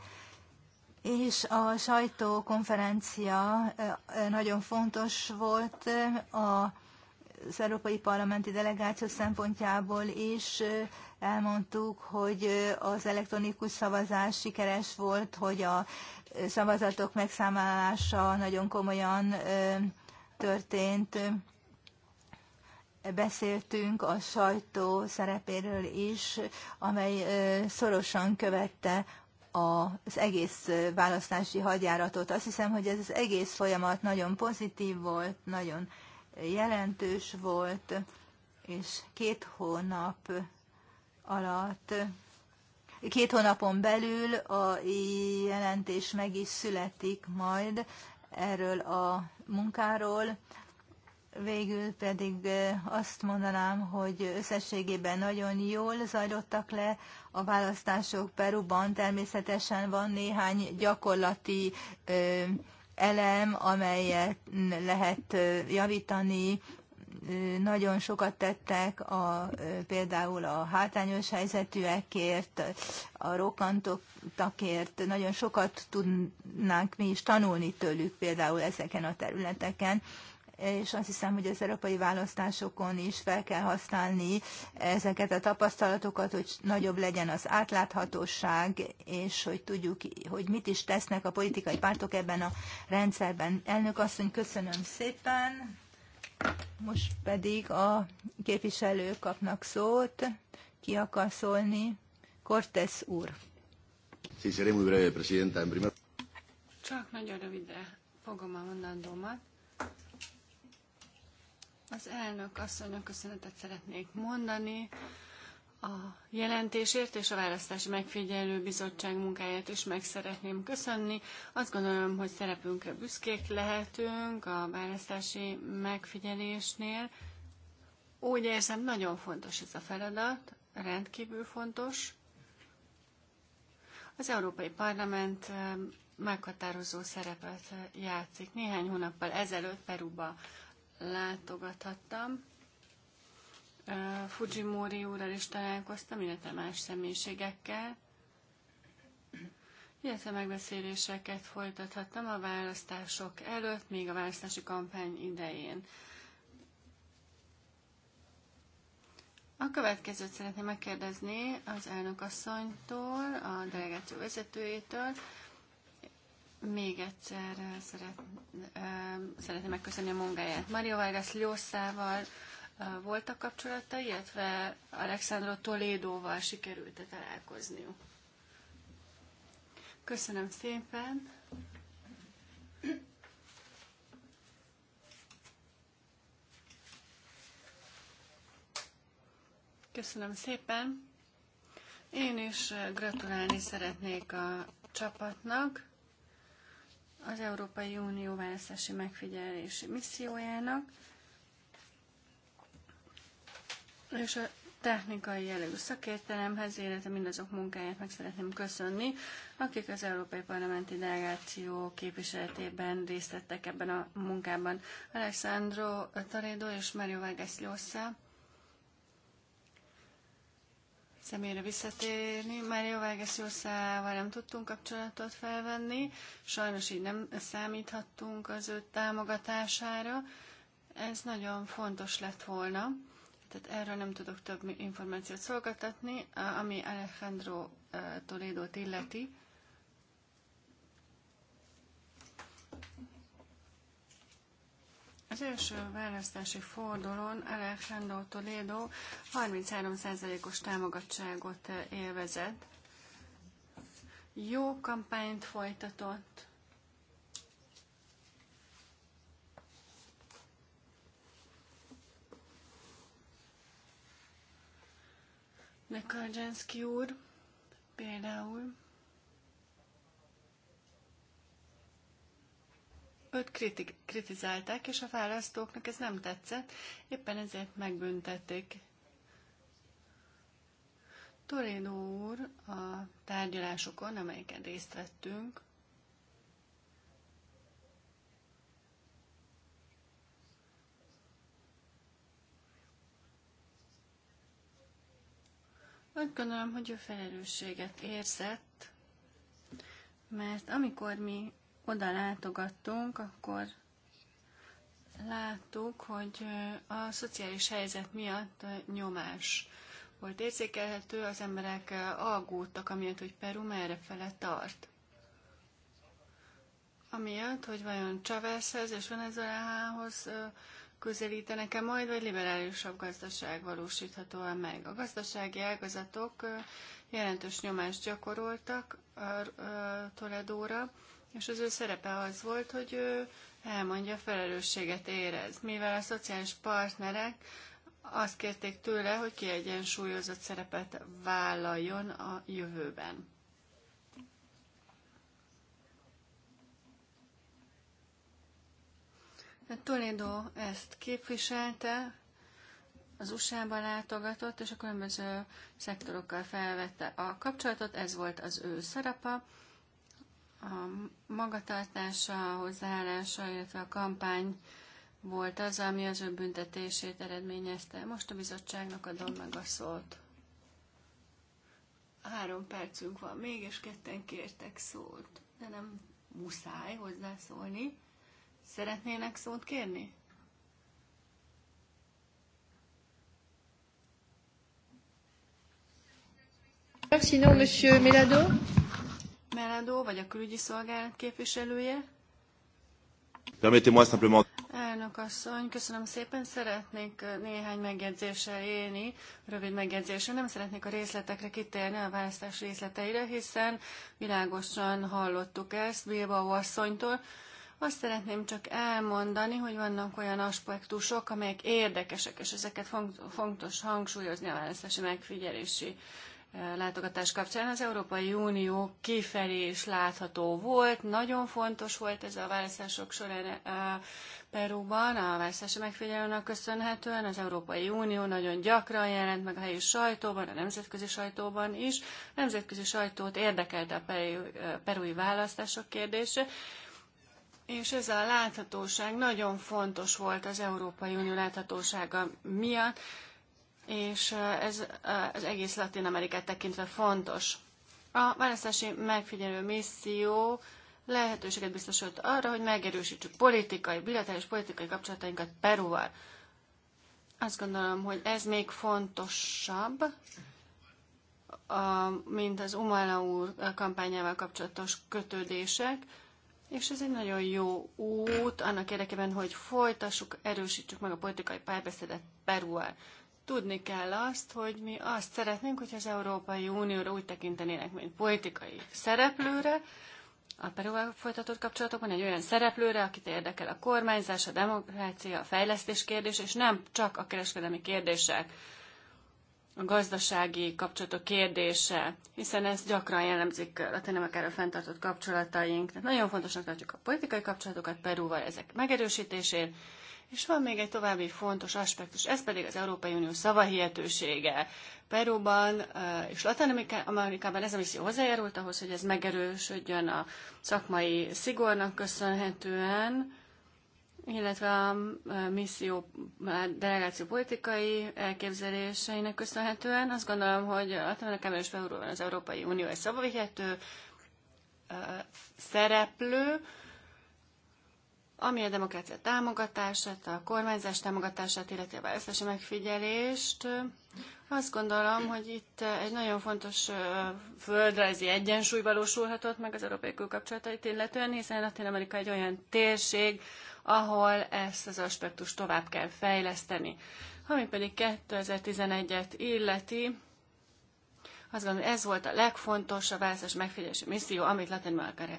És a sajtókonferencia eh, nagyon fontos volt eh, az Európai Parlamenti Delegáció szempontjából is. Eh, elmondtuk, hogy az elektronikus szavazás sikeres volt, hogy a szavazatok megszámlálása nagyon komolyan történt beszéltünk a sajtó szerepéről is, amely szorosan követte az egész választási hadjáratot. Azt hiszem, hogy ez az egész folyamat nagyon pozitív volt, nagyon jelentős volt, és két hónap alatt, két hónapon belül a jelentés meg is születik majd erről a munkáról. Végül pedig azt mondanám, hogy összességében nagyon jól zajlottak le a választások Peruban. Természetesen van néhány gyakorlati elem, amelyet lehet javítani. Nagyon sokat tettek a, például a hátrányos helyzetűekért, a rokantakért, nagyon sokat tudnánk mi is tanulni tőlük például ezeken a területeken és azt hiszem, hogy az európai választásokon is fel kell használni ezeket a tapasztalatokat, hogy nagyobb legyen az átláthatóság, és hogy tudjuk, hogy mit is tesznek a politikai pártok ebben a rendszerben. Elnök asszony, köszönöm szépen. Most pedig a képviselők kapnak szót. Ki akar szólni? Cortez úr. Sí, seré muy breve, Csak nagyon rövidre fogom a mondandómat. Az elnök asszonynak köszönetet szeretnék mondani a jelentésért és a Választási Megfigyelő Bizottság munkáját is meg szeretném köszönni. Azt gondolom, hogy szerepünkre büszkék lehetünk a választási megfigyelésnél. Úgy érzem, nagyon fontos ez a feladat, rendkívül fontos. Az Európai Parlament eh, meghatározó szerepet eh, játszik. Néhány hónappal ezelőtt Peruba látogathattam. Fujimori úrral is találkoztam, illetve más személyiségekkel, illetve megbeszéléseket folytathattam a választások előtt, még a választási kampány idején. A következőt szeretném megkérdezni az elnökasszonytól, a delegáció vezetőjétől. Még egyszer eh, szeret, eh, szeretném megköszönni a munkáját. Mario Vargas Ljószával eh, voltak kapcsolata, illetve Alexandro Tolédóval sikerült -e találkozniuk. Köszönöm szépen! Köszönöm szépen! Én is gratulálni szeretnék a csapatnak az Európai Unió választási megfigyelési missziójának, és a technikai jellegű szakértelemhez, illetve mindazok munkáját meg szeretném köszönni, akik az Európai Parlamenti Delegáció képviseletében részt vettek ebben a munkában. Alexandro Taredo és Mario Vargas Llosa személyre visszatérni. Már Jóváges Jószával nem tudtunk kapcsolatot felvenni, sajnos így nem számíthattunk az ő támogatására. Ez nagyon fontos lett volna, tehát erről nem tudok több információt szolgáltatni. Ami Alejandro eh, Toledo illeti, Az első választási fordulón Alejandro Toledo 33%-os támogatságot eh, élvezett. Jó kampányt folytatott. Nekarjanszki úr például Őt kritik, kritizálták, és a választóknak ez nem tetszett, éppen ezért megbüntették. Torino úr a tárgyalásokon, amelyeken részt vettünk, Úgy gondolom, hogy ő felelősséget érzett, mert amikor mi oda látogattunk, akkor láttuk, hogy a szociális helyzet miatt nyomás volt érzékelhető, az emberek aggódtak, amiatt, hogy Peru merre fele tart. Amiatt, hogy vajon Chavezhez és Venezuelához közelítenek-e majd, vagy liberálisabb gazdaság valósítható-e meg. A gazdasági ágazatok jelentős nyomást gyakoroltak Toledóra, és az ő szerepe az volt, hogy ő elmondja, felelősséget érez. Mivel a szociális partnerek azt kérték tőle, hogy kiegyensúlyozott szerepet vállaljon a jövőben. Hát Toledo ezt képviselte, az USA-ba látogatott, és a különböző szektorokkal felvette a kapcsolatot, ez volt az ő szerepe a magatartása, a hozzáállása, illetve a kampány volt az, ami az ő büntetését eredményezte. Most a bizottságnak adom meg a szót. Három percünk van még, és ketten kértek szót, de nem muszáj hozzászólni. Szeretnének szót kérni? Köszönöm, Monsieur Melado. Meladó, vagy a külügyi szolgálat képviselője. Permettez-moi simplement... Elnök asszony, köszönöm szépen. Szeretnék néhány megjegyzéssel élni, rövid megjegyzéssel. Nem szeretnék a részletekre kitérni, a választás részleteire, hiszen világosan hallottuk ezt Bilbao asszonytól. Azt szeretném csak elmondani, hogy vannak olyan aspektusok, amelyek érdekesek, és ezeket fontos hangsúlyozni a választási megfigyelési látogatás kapcsán az Európai Unió kifelé is látható volt. Nagyon fontos volt ez a választások során eh, Perúban, a választási megfigyelőnek köszönhetően. Az Európai Unió nagyon gyakran jelent meg a helyi sajtóban, a nemzetközi sajtóban is. A nemzetközi sajtót érdekelte a eh, Perúi választások kérdése. És ez a láthatóság nagyon fontos volt az Európai Unió láthatósága miatt, és ez az egész Latin Amerikát tekintve fontos. A választási megfigyelő misszió lehetőséget biztosult arra, hogy megerősítsük politikai, bilaterális politikai kapcsolatainkat Peruval. Azt gondolom, hogy ez még fontosabb, mint az Umala úr kampányával kapcsolatos kötődések, és ez egy nagyon jó út annak érdekében, hogy folytassuk, erősítsük meg a politikai párbeszédet Peruval. Tudni kell azt, hogy mi azt szeretnénk, hogy az Európai Unióra úgy tekintenének, mint politikai szereplőre, a Perúval folytatott kapcsolatokban egy olyan szereplőre, akit érdekel a kormányzás, a demokrácia, a fejlesztés kérdés, és nem csak a kereskedelmi kérdések, a gazdasági kapcsolatok kérdése, hiszen ez gyakran jellemzik Latin-Amerikára fenntartott kapcsolataink. Tehát nagyon fontosnak tartjuk a politikai kapcsolatokat Perúval, ezek megerősítését, és van még egy további fontos aspektus, ez pedig az Európai Unió szavahihetősége. Peruban eh, és Latin Amerikában ez a misszió hozzájárult ahhoz, hogy ez megerősödjön a szakmai szigornak köszönhetően, illetve a eh, misszió a delegáció politikai elképzeléseinek köszönhetően. Azt gondolom, hogy Latin Amerikában és Peruban az Európai Unió egy szavahihető eh, szereplő, ami a demokrácia támogatását, a kormányzás támogatását, illetve a választási megfigyelést. Azt gondolom, hogy itt egy nagyon fontos földrajzi egyensúly valósulhatott meg az európai külkapcsolatait illetően, hiszen Latin-Amerika egy olyan térség, ahol ezt az aspektust tovább kell fejleszteni. Ami pedig 2011-et illeti, azt gondolom, ez volt a legfontosabb választás megfigyelési misszió, amit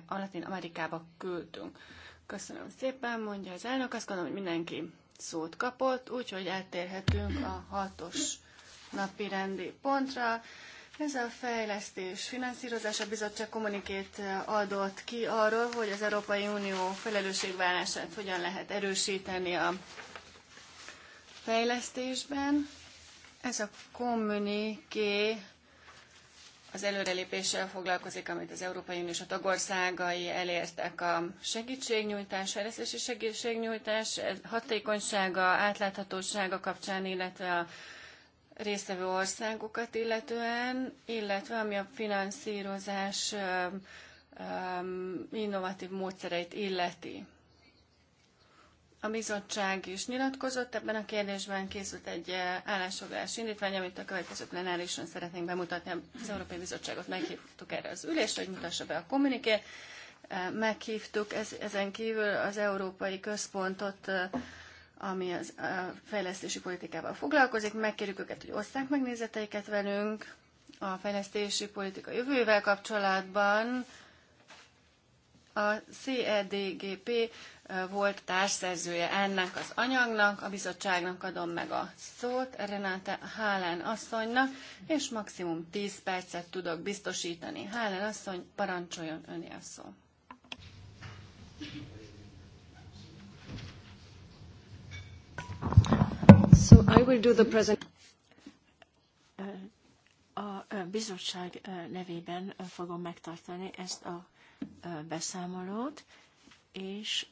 Latin-Amerikába küldtünk. Köszönöm szépen, mondja az elnök. Azt gondolom, hogy mindenki szót kapott, úgyhogy eltérhetünk a hatos napi rendi pontra. Ez a fejlesztés finanszírozása bizottság kommunikét adott ki arról, hogy az Európai Unió felelősségvállását hogyan lehet erősíteni a fejlesztésben. Ez a kommuniké az előrelépéssel foglalkozik, amit az Európai Unió és a tagországai elértek a segítségnyújtás, fejlesztési segítségnyújtás hatékonysága, átláthatósága kapcsán, illetve a résztvevő országokat illetően, illetve ami a finanszírozás innovatív módszereit illeti. A bizottság is nyilatkozott, ebben a kérdésben készült egy eh, állásfoglalás indítvány, amit a következő plenárison szeretnénk bemutatni. Az Európai Bizottságot meghívtuk erre az ülésre, hogy mutassa be a kommunikét. Eh, meghívtuk ez, ezen kívül az Európai Központot, eh, ami az fejlesztési politikával foglalkozik. Megkérjük őket, hogy osszák meg nézeteiket velünk a fejlesztési politika jövővel kapcsolatban. A CEDGP volt társszerzője ennek az anyagnak, a bizottságnak adom meg a szót, Renáta Hálán asszonynak, és maximum 10 percet tudok biztosítani. Hálán asszony, parancsoljon öné a szó. So I will do the present. A bizottság nevében fogom megtartani ezt a beszámolót, és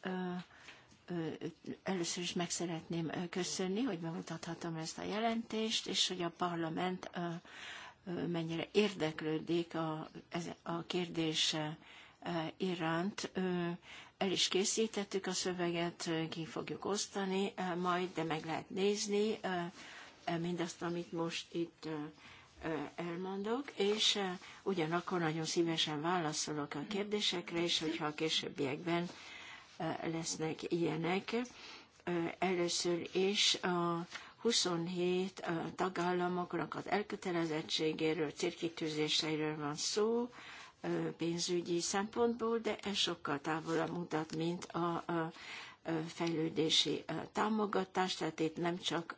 először is meg szeretném köszönni, hogy bemutathatom ezt a jelentést, és hogy a parlament mennyire érdeklődik a, a kérdés iránt. El is készítettük a szöveget, ki fogjuk osztani majd, de meg lehet nézni e mindazt, amit most itt elmondok, és ugyanakkor nagyon szívesen válaszolok a kérdésekre, és hogyha a későbbiekben lesznek ilyenek. Először is a 27 tagállamoknak az elkötelezettségéről, cirkítőzéseiről van szó, pénzügyi szempontból, de ez sokkal távolabb mutat, mint a, a fejlődési támogatás, tehát itt nem csak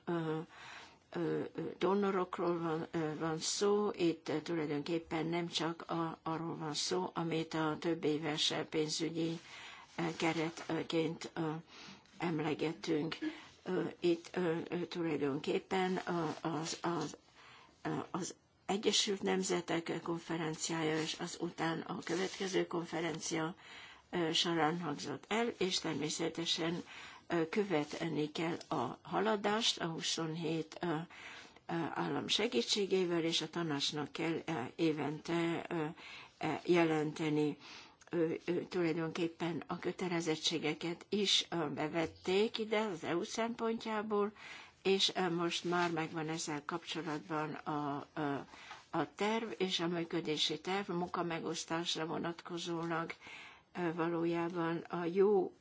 donorokról van, van szó, itt tulajdonképpen nem csak a, arról van szó, amit a több éves pénzügyi keretként emlegetünk. Itt tulajdonképpen az, az, az Egyesült Nemzetek konferenciája, és azután a következő konferencia során hangzott el, és természetesen követni kell a haladást a 27 állam segítségével, és a tanácsnak kell évente jelenteni tulajdonképpen a kötelezettségeket is bevették ide az EU szempontjából, és most már megvan ezzel kapcsolatban a, a, a terv és a működési terv a munkamegosztásra vonatkozólag valójában a jó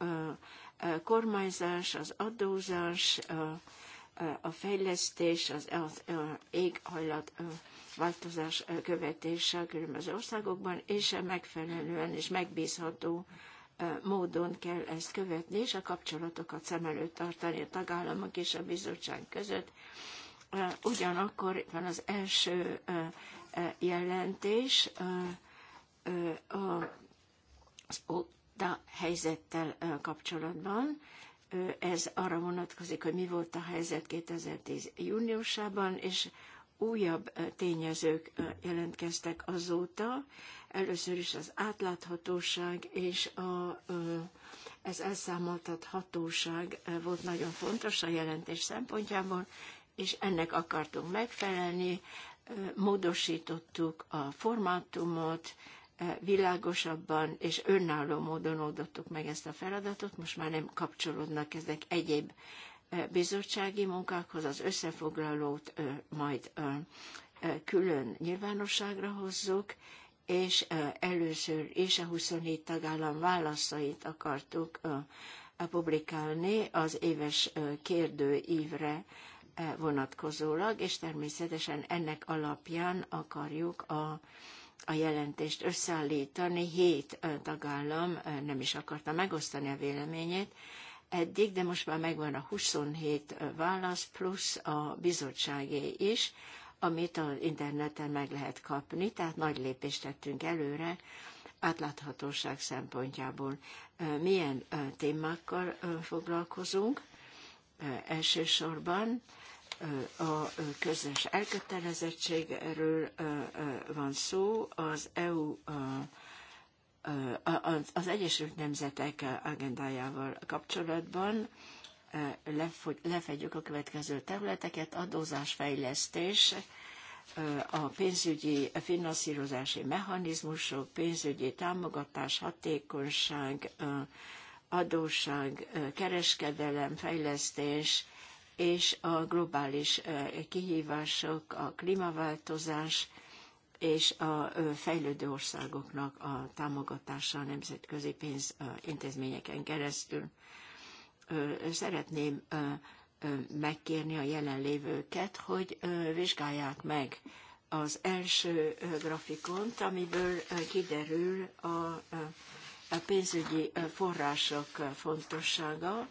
kormányzás, az adózás, a fejlesztés, az, éghajlat változás követése a különböző országokban, és megfelelően és megbízható módon kell ezt követni, és a kapcsolatokat szem előtt tartani a tagállamok és a bizottság között. Ugyanakkor itt van az első jelentés, az a helyzettel kapcsolatban. Ez arra vonatkozik, hogy mi volt a helyzet 2010 júniusában, és újabb tényezők jelentkeztek azóta. Először is az átláthatóság és a, ez elszámoltathatóság volt nagyon fontos a jelentés szempontjából, és ennek akartunk megfelelni, módosítottuk a formátumot, E, világosabban és önálló módon oldottuk meg ezt a feladatot, most már nem kapcsolódnak ezek egyéb e, bizottsági munkákhoz, az összefoglalót e, majd külön nyilvánosságra hozzuk, és először is a 24 tagállam válaszait akartuk publikálni az éves kérdőívre vonatkozólag, és természetesen ennek alapján akarjuk a a jelentést összeállítani, hét tagállam nem is akarta megosztani a véleményét eddig, de most már megvan a 27 válasz, plusz a bizottságé is, amit az interneten meg lehet kapni, tehát nagy lépést tettünk előre átláthatóság szempontjából. Milyen témákkal foglalkozunk elsősorban, a közös elkötelezettségről van szó, az EU az Egyesült Nemzetek agendájával kapcsolatban lefedjük a következő területeket, adózásfejlesztés, a pénzügyi finanszírozási mechanizmusok, pénzügyi támogatás, hatékonyság, adósság, kereskedelem, fejlesztés, és a globális kihívások, a klímaváltozás és a fejlődő országoknak a támogatása a nemzetközi pénzintézményeken keresztül. Szeretném megkérni a jelenlévőket, hogy vizsgálják meg az első grafikont, amiből kiderül a pénzügyi források fontossága,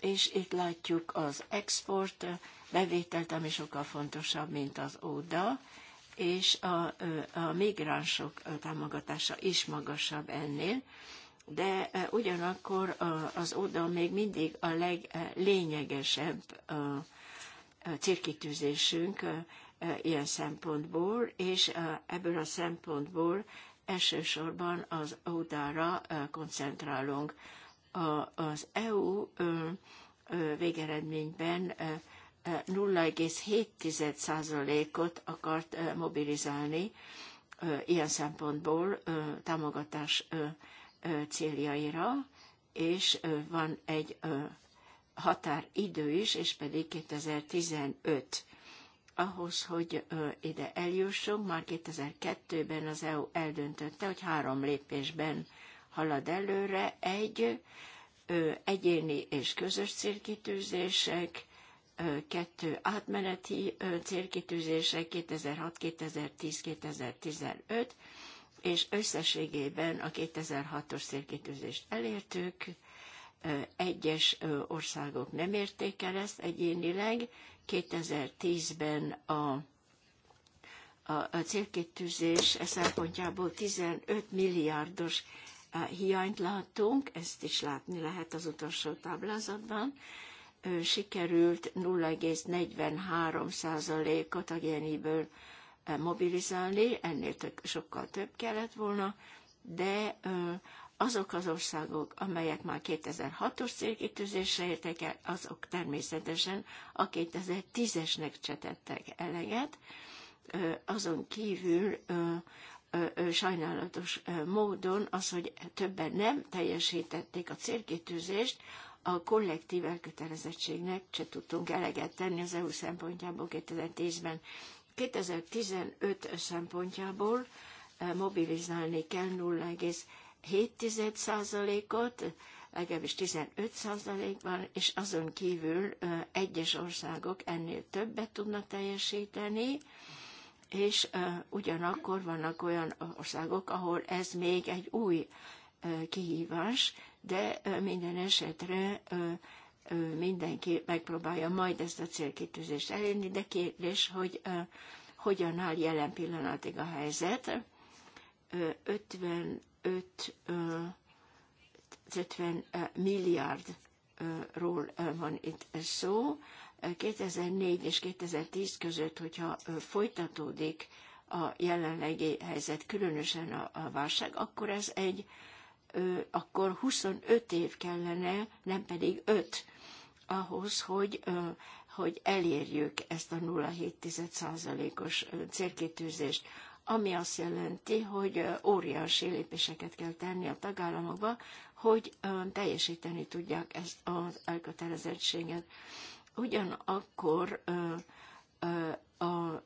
és itt látjuk az export bevételt, ami sokkal fontosabb, mint az óda, és a, a migránsok támogatása is magasabb ennél, de ugyanakkor az óda még mindig a leglényegesebb célkitűzésünk ilyen szempontból, és ebből a szempontból elsősorban az ódára koncentrálunk a, az EU ö, ö, végeredményben ö, 0,7%-ot akart mobilizálni ilyen szempontból támogatás céljaira, és van egy határidő is, és pedig 2015 ahhoz, hogy ide eljussunk, már 2002-ben az EU eldöntötte, hogy három lépésben halad előre egy egyéni és közös célkitűzések, kettő átmeneti célkitűzések 2006, 2010, 2015, és összességében a 2006-os célkitűzést elértük, egyes országok nem érték el ezt egyénileg, 2010-ben a a, célkétűzés e szempontjából 15 milliárdos hiányt láttunk, ezt is látni lehet az utolsó táblázatban. Sikerült 0,43%-ot a GNI-ből mobilizálni, ennél tök, sokkal több kellett volna, de azok az országok, amelyek már 2006-os célkitűzésre értek el, azok természetesen a 2010-esnek csetettek eleget. Azon kívül sajnálatos módon az, hogy többen nem teljesítették a célkitűzést, a kollektív elkötelezettségnek se tudtunk eleget tenni az EU szempontjából 2010-ben. 2015 szempontjából mobilizálni kell 0,7%-ot, legalábbis 15%-ban, és azon kívül egyes országok ennél többet tudnak teljesíteni, és ugyanakkor vannak olyan országok, ahol ez még egy új kihívás, de minden esetre mindenki megpróbálja majd ezt a célkitűzést elérni, de kérdés, hogy hogyan áll jelen pillanatig a helyzet. 55 50 milliárdról van itt szó, 2004 és 2010 között, hogyha folytatódik a jelenlegi helyzet, különösen a, a válság, akkor ez egy, akkor 25 év kellene, nem pedig 5 ahhoz, hogy, hogy elérjük ezt a 0,7%-os célkitűzést, ami azt jelenti, hogy óriási lépéseket kell tenni a tagállamokba, hogy teljesíteni tudják ezt az elkötelezettséget ugyanakkor a, a,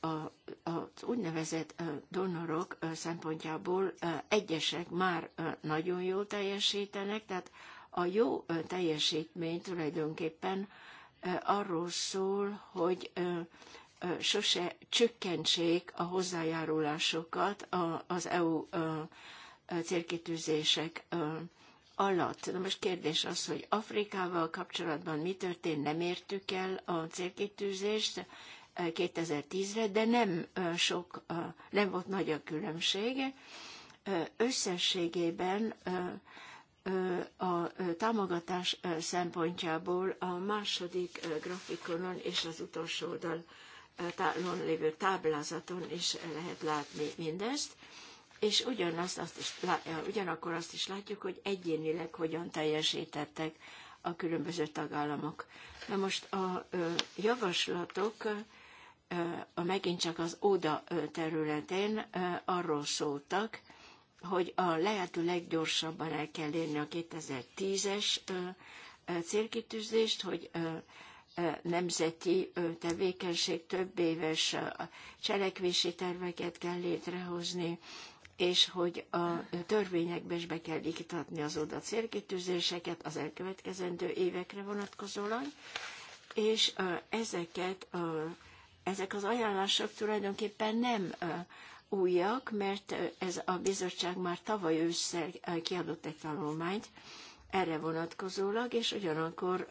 a, az úgynevezett donorok szempontjából egyesek már nagyon jól teljesítenek, tehát a jó teljesítmény tulajdonképpen arról szól, hogy sose csökkentsék a hozzájárulásokat az EU célkitűzések alatt. Na most kérdés az, hogy Afrikával kapcsolatban mi történt, nem értük el a célkitűzést 2010-re, eh, de nem eh, sok, eh, nem volt nagy a különbség. Összességében a támogatás szempontjából a második grafikonon és az utolsó oldalon lévő táblázaton is lehet látni mindezt és ugyanazt, azt is, ugyanakkor azt is látjuk, hogy egyénileg hogyan teljesítettek a különböző tagállamok. Na most a javaslatok a megint csak az oda területén arról szóltak, hogy a lehető leggyorsabban el kell érni a 2010-es célkitűzést, hogy nemzeti tevékenység, több éves cselekvési terveket kell létrehozni, és hogy a törvényekbe is be kell iktatni az oda célkitűzéseket az elkövetkezendő évekre vonatkozólag, és ezeket, ezek az ajánlások tulajdonképpen nem újak, mert ez a bizottság már tavaly ősszel kiadott egy tanulmányt erre vonatkozólag, és ugyanakkor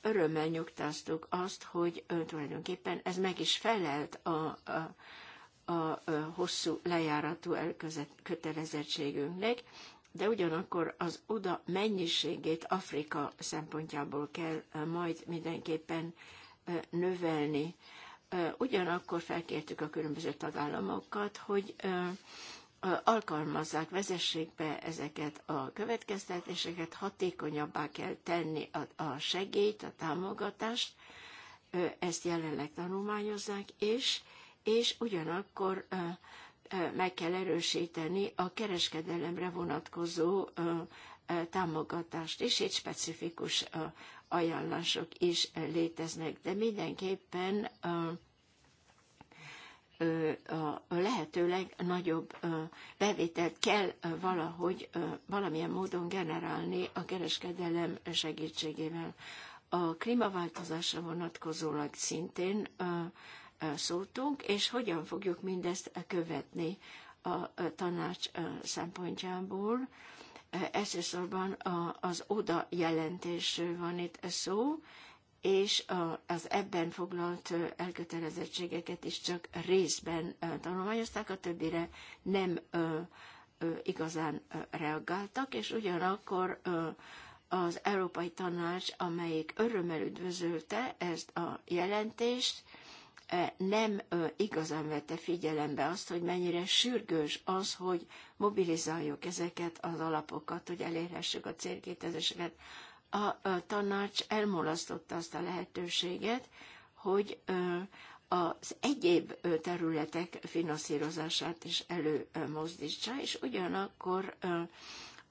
örömmel nyugtáztuk azt, hogy tulajdonképpen ez meg is felelt a, a a hosszú lejáratú elkötelezettségünknek, de ugyanakkor az oda mennyiségét Afrika szempontjából kell majd mindenképpen növelni. Ugyanakkor felkértük a különböző tagállamokat, hogy alkalmazzák, vezessék be ezeket a következtetéseket, hatékonyabbá kell tenni a, a segélyt, a támogatást, ezt jelenleg tanulmányozzák, és és ugyanakkor meg kell erősíteni a kereskedelemre vonatkozó támogatást, és itt specifikus ajánlások is léteznek, de mindenképpen a lehetőleg nagyobb bevételt kell valahogy, valamilyen módon generálni a kereskedelem segítségével. A klímaváltozásra vonatkozólag szintén szóltunk, és hogyan fogjuk mindezt követni a tanács szempontjából. Elsősorban az ODA jelentésről van itt szó, és az ebben foglalt elkötelezettségeket is csak részben tanulmányozták, a többire nem igazán reagáltak, és ugyanakkor az Európai Tanács, amelyik örömmel üdvözölte ezt a jelentést, E, nem igazán vette figyelembe azt, hogy mennyire sürgős az, hogy mobilizáljuk ezeket az alapokat, hogy elérhessük a célkétezéseket. A tanács elmulasztotta azt a lehetőséget, hogy az egyéb területek finanszírozását is előmozdítsa, és ugyanakkor,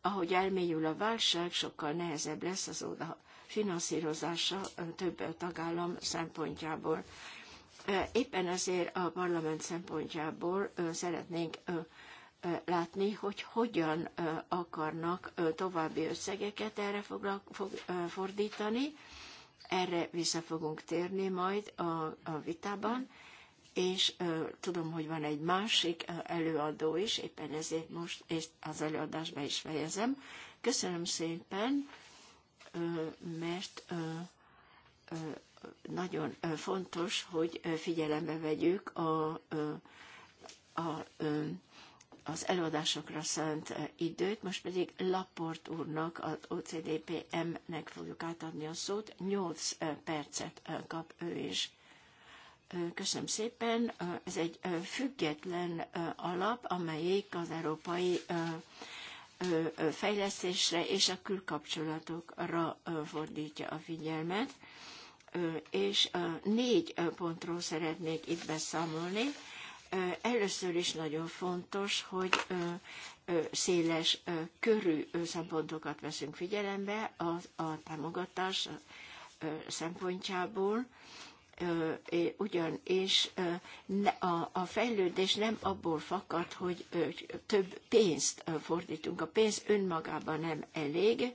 ahogy elmélyül a válság, sokkal nehezebb lesz az oda finanszírozása több tagállam szempontjából. Éppen ezért a parlament szempontjából szeretnénk látni, hogy hogyan akarnak további összegeket erre fordítani. Erre vissza fogunk térni majd a, vitában, és tudom, hogy van egy másik előadó is, éppen ezért most és az előadást be is fejezem. Köszönöm szépen, mert nagyon fontos, hogy figyelembe vegyük a, a, az előadásokra szánt időt, most pedig Laport úrnak, az OCDPM-nek fogjuk átadni a szót, 8 percet kap ő is. Köszönöm szépen. Ez egy független alap, amelyik az európai fejlesztésre és a külkapcsolatokra fordítja a figyelmet és négy pontról szeretnék itt beszámolni. Először is nagyon fontos, hogy széles körű szempontokat veszünk figyelembe a, a támogatás szempontjából, ugyanis a fejlődés nem abból fakad, hogy több pénzt fordítunk. A pénz önmagában nem elég,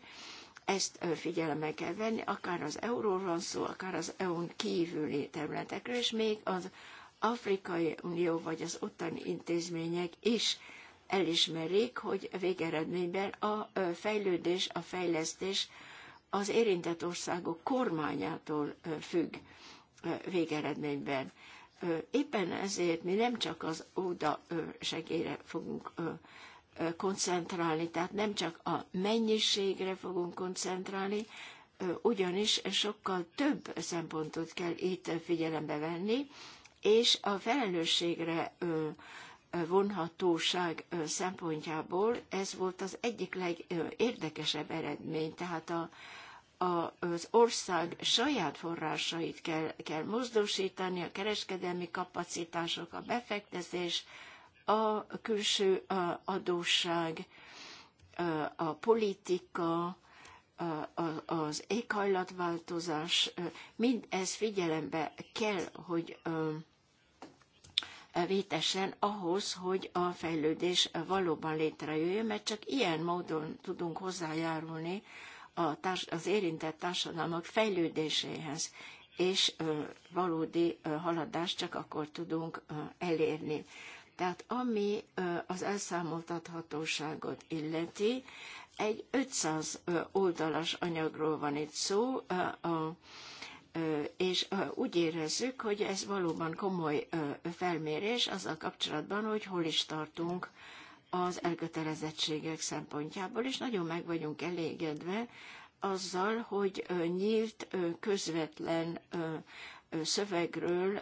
ezt figyelembe kell venni, akár az euróról van szó, akár az EU-n kívüli területekről, és még az Afrikai Unió vagy az ottani intézmények is elismerik, hogy végeredményben a fejlődés, a fejlesztés az érintett országok kormányától függ végeredményben. Éppen ezért mi nem csak az óda segélyre fogunk koncentrálni, tehát nem csak a mennyiségre fogunk koncentrálni, ugyanis sokkal több szempontot kell itt figyelembe venni, és a felelősségre vonhatóság szempontjából ez volt az egyik legérdekesebb eredmény, tehát a, a, az ország saját forrásait kell, kell mozdósítani, a kereskedelmi kapacitások, a befektetés, a külső adósság, a politika, az éghajlatváltozás, mind ez figyelembe kell, hogy vétesen ahhoz, hogy a fejlődés valóban létrejöjjön, mert csak ilyen módon tudunk hozzájárulni az érintett társadalmak fejlődéséhez, és valódi haladást csak akkor tudunk elérni. Tehát ami az elszámoltathatóságot illeti, egy 500 oldalas anyagról van itt szó, és úgy érezzük, hogy ez valóban komoly felmérés azzal kapcsolatban, hogy hol is tartunk az elkötelezettségek szempontjából, és nagyon meg vagyunk elégedve azzal, hogy nyílt, közvetlen szövegről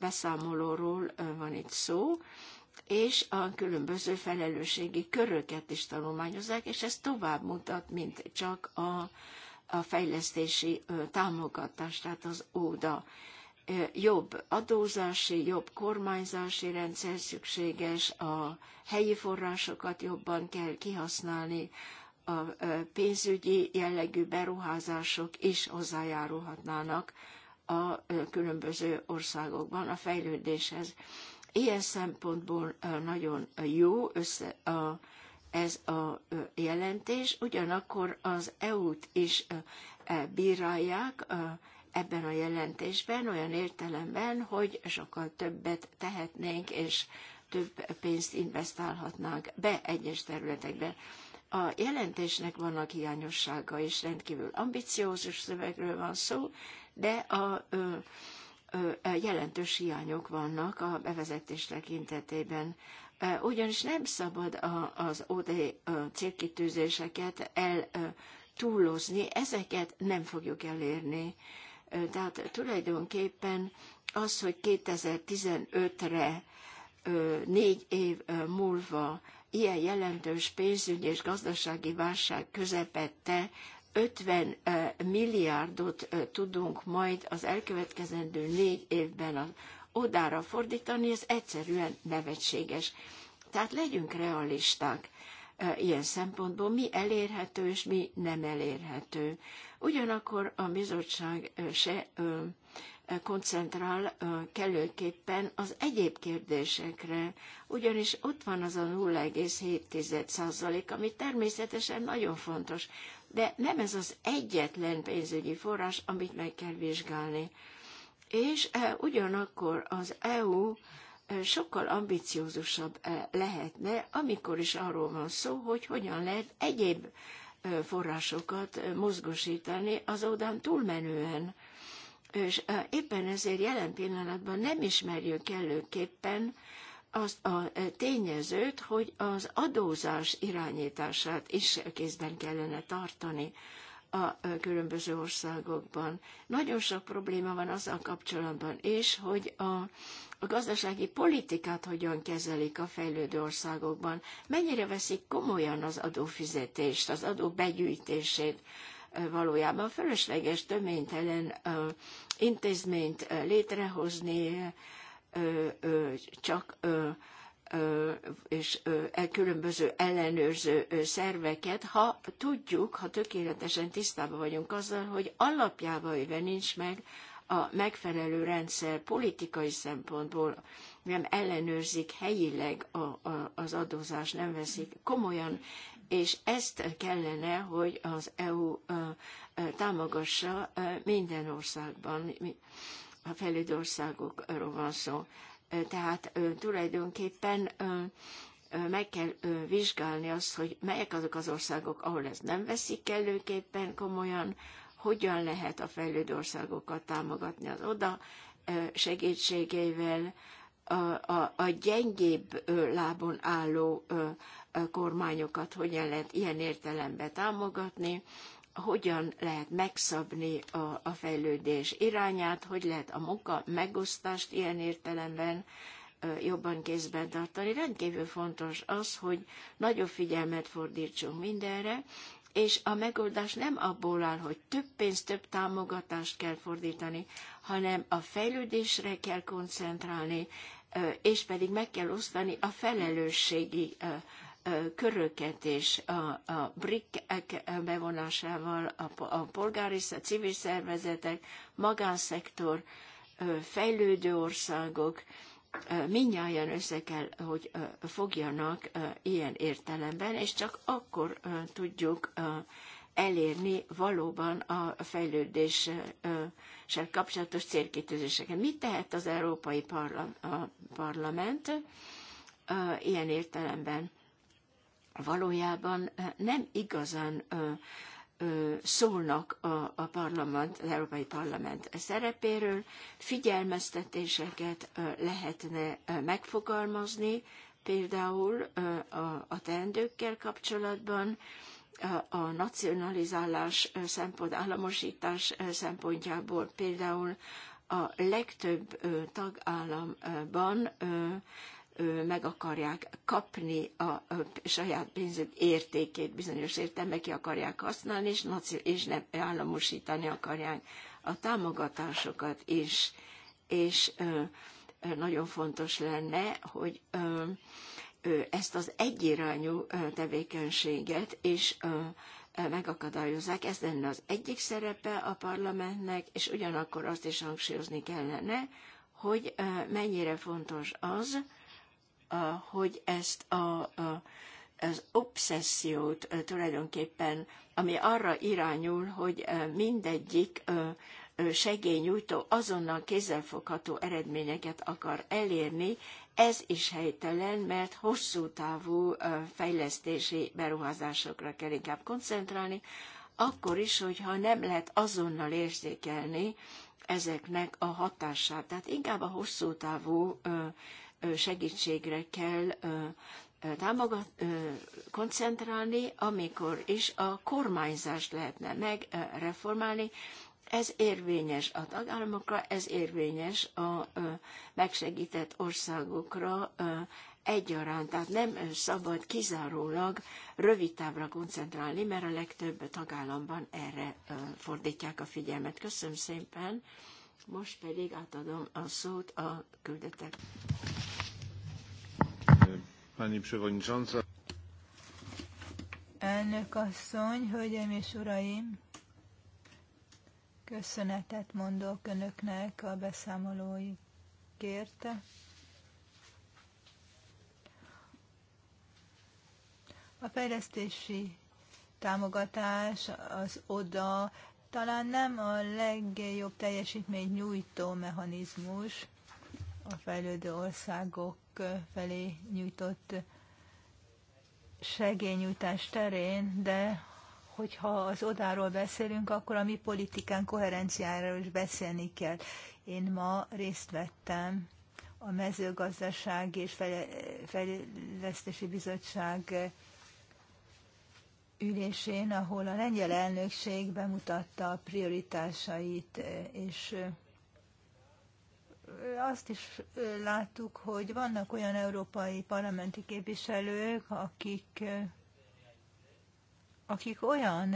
beszámolóról van itt szó, és a különböző felelősségi köröket is tanulmányozzák, és ez tovább mutat, mint csak a, a fejlesztési támogatás, tehát az óda. Jobb adózási, jobb kormányzási rendszer szükséges, a helyi forrásokat jobban kell kihasználni, a pénzügyi jellegű beruházások is hozzájárulhatnának a különböző országokban a fejlődéshez. Ilyen szempontból nagyon jó össze a, ez a jelentés, ugyanakkor az EU-t is e, bírálják ebben a jelentésben olyan értelemben, hogy sokkal többet tehetnénk, és több pénzt investálhatnánk be egyes területekben. A jelentésnek vannak hiányossága, és rendkívül ambiciózus szövegről van szó, de a jelentős hiányok vannak a bevezetés tekintetében. Ugyanis nem szabad a az OD célkitűzéseket el túlozni, ezeket nem fogjuk elérni. Tehát tulajdonképpen az, hogy 2015-re négy év múlva ilyen jelentős pénzügyi és gazdasági válság közepette 50 milliárdot tudunk majd az elkövetkezendő négy évben az odára fordítani, ez egyszerűen nevetséges. Tehát legyünk realisták ilyen szempontból, mi elérhető és mi nem elérhető. Ugyanakkor a bizottság se koncentrál kellőképpen az egyéb kérdésekre, ugyanis ott van az a 0,7% ami természetesen nagyon fontos, de nem ez az egyetlen pénzügyi forrás, amit meg kell vizsgálni. És e, ugyanakkor az EU e, sokkal ambiciózusabb e, lehetne, amikor is arról van szó, hogy hogyan lehet egyéb forrásokat mozgosítani odán túlmenően. És éppen ezért jelen pillanatban nem ismerjük előképpen azt a e, tényezőt, hogy az adózás irányítását is kézben kellene tartani a e, különböző országokban. Nagyon sok probléma van azzal kapcsolatban is, hogy a, a gazdasági politikát hogyan kezelik a fejlődő országokban, mennyire veszik komolyan az adófizetést, az adó begyűjtését, e, valójában fölösleges, töménytelen intézményt létrehozni, csak és e különböző ellenőrző szerveket, ha tudjuk, ha tökéletesen tisztában vagyunk azzal, hogy alapjában éve nincs meg a megfelelő rendszer politikai szempontból, nem ellenőrzik helyileg a, a, az adózás, nem veszik komolyan, és ezt kellene, hogy az EU támogassa minden országban a fejlődő országokról van szó. Tehát tulajdonképpen meg kell vizsgálni azt, hogy melyek azok az országok, ahol ez nem veszik kellőképpen komolyan, hogyan lehet a fejlődő országokat támogatni az oda segítségével, a, a, a gyengébb lábon álló kormányokat hogyan lehet ilyen értelemben támogatni, hogyan lehet megszabni a, a fejlődés irányát, hogy lehet a munka megosztást ilyen értelemben jobban kézben tartani. Rendkívül fontos az, hogy nagyobb figyelmet fordítsunk mindenre, és a megoldás nem abból áll, hogy több pénzt, több támogatást kell fordítani, hanem a fejlődésre kell koncentrálni, és pedig meg kell osztani a felelősségi köröket és a, a BRIC-ek bevonásával, a, a polgári, a civil szervezetek, magánszektor, fejlődő országok, mindnyáján össze kell, hogy fogjanak ilyen értelemben, és csak akkor tudjuk elérni valóban a fejlődéssel kapcsolatos célkitűzéseket. Mit tehet az Európai Parla Parlament ilyen értelemben? valójában nem igazán szólnak a, a parlament, az Európai Parlament szerepéről, figyelmeztetéseket lehetne megfogalmazni, például a, a teendőkkel kapcsolatban, a nacionalizálás szempont, államosítás szempontjából például a legtöbb tagállamban meg akarják kapni a saját pénzük értékét, bizonyos értelme ki akarják használni, és, és nem államosítani akarják a támogatásokat is. És nagyon fontos lenne, hogy ezt az egyirányú tevékenységet és megakadályozzák. Ez lenne az egyik szerepe a parlamentnek, és ugyanakkor azt is hangsúlyozni kellene, hogy mennyire fontos az, hogy ezt a, a, az obszessziót tulajdonképpen, ami arra irányul, hogy mindegyik segélynyújtó azonnal kézzelfogható eredményeket akar elérni, ez is helytelen, mert hosszú távú fejlesztési beruházásokra kell inkább koncentrálni, akkor is, hogyha nem lehet azonnal érzékelni ezeknek a hatását. Tehát inkább a hosszú távú segítségre kell támogat, koncentrálni, amikor is a kormányzást lehetne megreformálni. Ez érvényes a tagállamokra, ez érvényes a megsegített országokra egyaránt. Tehát nem szabad kizárólag rövid távra koncentrálni, mert a legtöbb tagállamban erre fordítják a figyelmet. Köszönöm szépen! Most pedig átadom a szót a küldetek. Pani Elnök asszony, hölgyeim és uraim! Köszönetet mondok Önöknek a beszámolóikért. A fejlesztési támogatás, az ODA talán nem a legjobb teljesítményt nyújtó mechanizmus a fejlődő országok felé nyújtott segélynyújtás terén, de hogyha az odáról beszélünk, akkor a mi politikán koherenciáról is beszélni kell. Én ma részt vettem a mezőgazdaság és fejlesztési bizottság ülésén, ahol a lengyel elnökség bemutatta a prioritásait, és azt is láttuk, hogy vannak olyan európai parlamenti képviselők, akik, akik olyan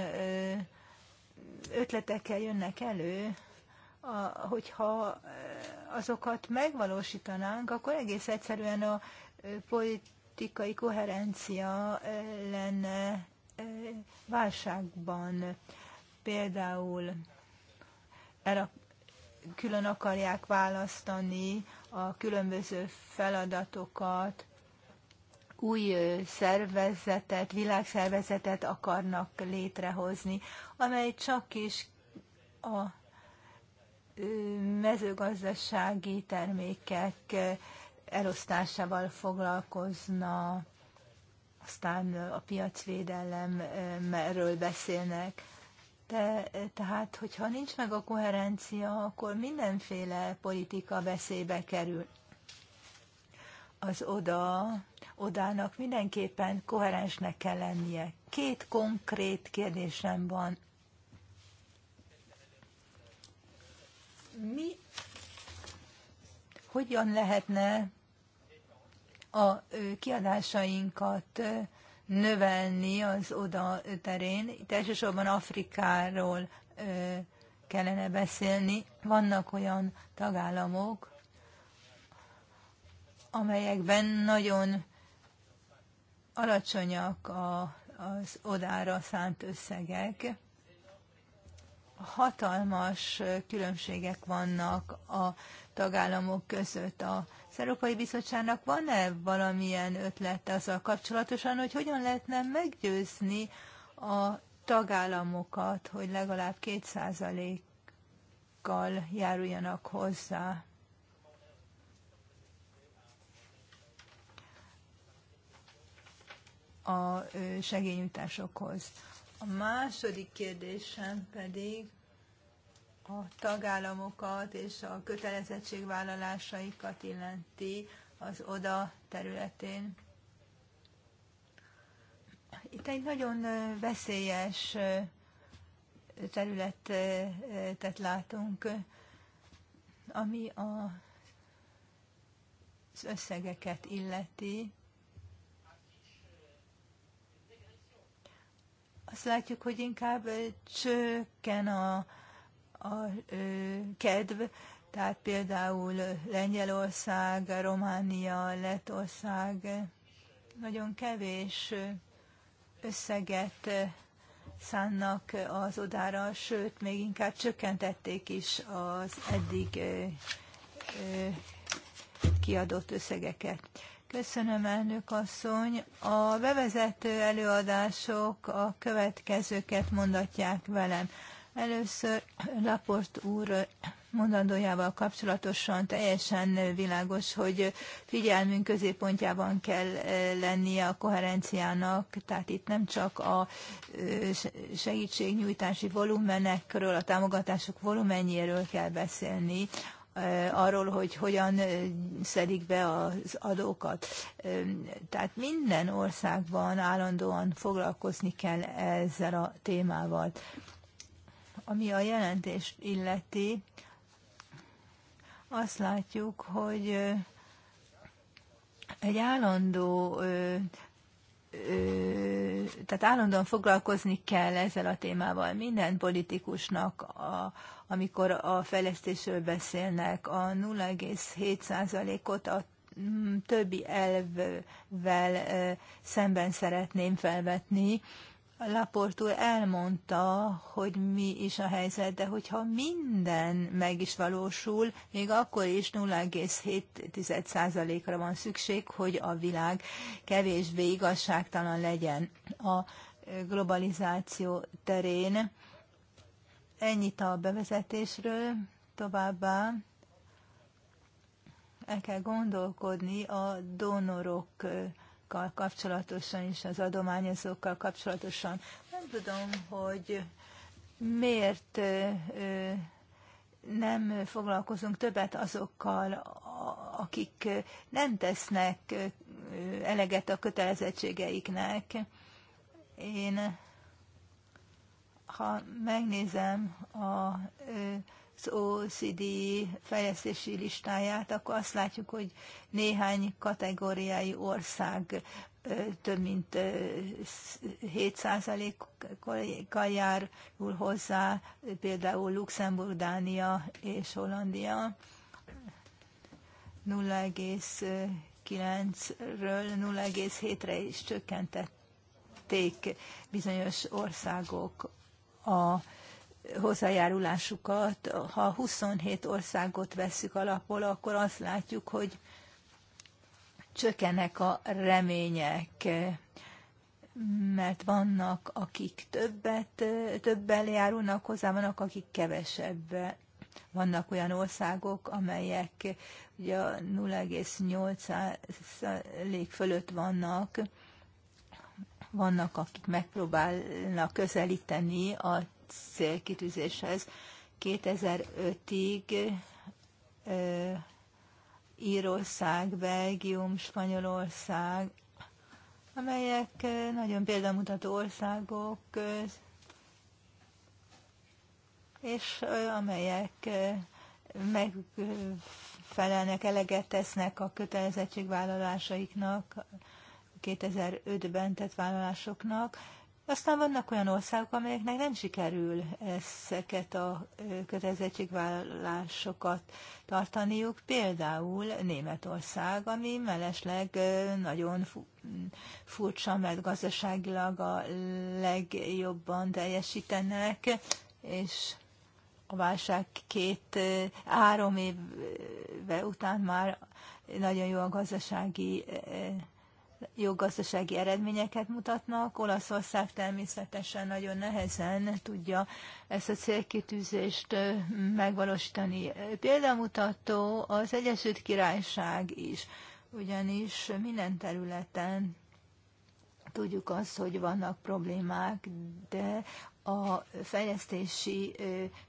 ötletekkel jönnek elő, a, hogyha azokat megvalósítanánk, akkor egész egyszerűen a politikai koherencia lenne válságban. Például erre külön akarják választani a különböző feladatokat, új szervezetet, világszervezetet akarnak létrehozni, amely csak is a mezőgazdasági termékek elosztásával foglalkozna aztán a piacvédelemről beszélnek. De, tehát, hogyha nincs meg a koherencia, akkor mindenféle politika veszélybe kerül. Az oda, odának mindenképpen koherensnek kell lennie. Két konkrét kérdésem van. Mi, hogyan lehetne a kiadásainkat növelni az oda terén. Itt elsősorban Afrikáról kellene beszélni. Vannak olyan tagállamok, amelyekben nagyon alacsonyak a, az odára szánt összegek hatalmas különbségek vannak a tagállamok között. Az Európai Bizottságnak van-e valamilyen ötlet azzal kapcsolatosan, hogy hogyan lehetne meggyőzni a tagállamokat, hogy legalább kétszázalékkal kal járuljanak hozzá? a segényújtásokhoz. A második kérdésem pedig a tagállamokat és a kötelezettségvállalásaikat illeti az oda területén. Itt egy nagyon veszélyes területet látunk, ami az összegeket illeti. azt látjuk, hogy inkább csökken a, a ö, kedv, tehát például Lengyelország, Románia, Lettország nagyon kevés összeget szánnak az odára, sőt, még inkább csökkentették is az eddig kiadott összegeket. Köszönöm, elnök asszony. A bevezető előadások a következőket mondatják velem. Először Laport úr mondandójával kapcsolatosan teljesen világos, hogy figyelmünk középpontjában kell eh, lennie a koherenciának, tehát itt nem csak a segítségnyújtási volumenekről, a támogatások volumenjéről kell beszélni, Eh, arról, hogy hogyan eh, szedik be az adókat. Eh, tehát minden országban állandóan foglalkozni kell ezzel a témával. Ami a jelentést illeti, azt látjuk, hogy egy állandó tehát állandóan foglalkozni kell ezzel a témával minden politikusnak, a, amikor a fejlesztésről beszélnek. A 0,7%-ot a mm, többi elvvel szemben szeretném felvetni. Laportú elmondta, hogy mi is a helyzet, de hogyha minden meg is valósul, még akkor is 0,7%-ra van szükség, hogy a világ kevésbé igazságtalan legyen a globalizáció terén. Ennyit a bevezetésről, továbbá el kell gondolkodni a donorokkal kapcsolatosan és az adományozókkal kapcsolatosan. Nem tudom, hogy miért nem foglalkozunk többet azokkal, akik nem tesznek eleget a kötelezettségeiknek. Én ha megnézem a az OCD fejlesztési listáját, akkor azt látjuk, hogy néhány kategóriái ország több mint 7%-kal járul hozzá, például Luxemburg, Dánia és Hollandia 0,9-ről 0,7-re is csökkentették bizonyos országok a hozzájárulásukat. Ha 27 országot veszük alapul, akkor azt látjuk, hogy csökkenek a remények, mert vannak, akik többet, többel járulnak hozzá, vannak, akik kevesebb. Vannak olyan országok, amelyek ugye 0,8 fölött vannak, vannak, akik megpróbálnak közelíteni a célkitűzéshez. 2005-ig Írország, Belgium, Spanyolország, amelyek nagyon példamutató országok, és amelyek megfelelnek, eleget tesznek a kötelezettségvállalásaiknak 2005-ben tett vállalásoknak. Aztán vannak olyan országok, amelyeknek nem sikerül ezeket a kötelezettségvállalásokat tartaniuk, például Németország, ami mellesleg nagyon furcsa, mert gazdaságilag a legjobban teljesítenek, és a válság két, három évvel után már nagyon jó a gazdasági jó gazdasági eredményeket mutatnak. Olaszország természetesen nagyon nehezen tudja ezt a célkitűzést megvalósítani. Példamutató az Egyesült Királyság is, ugyanis minden területen tudjuk azt, hogy vannak problémák, de a fejlesztési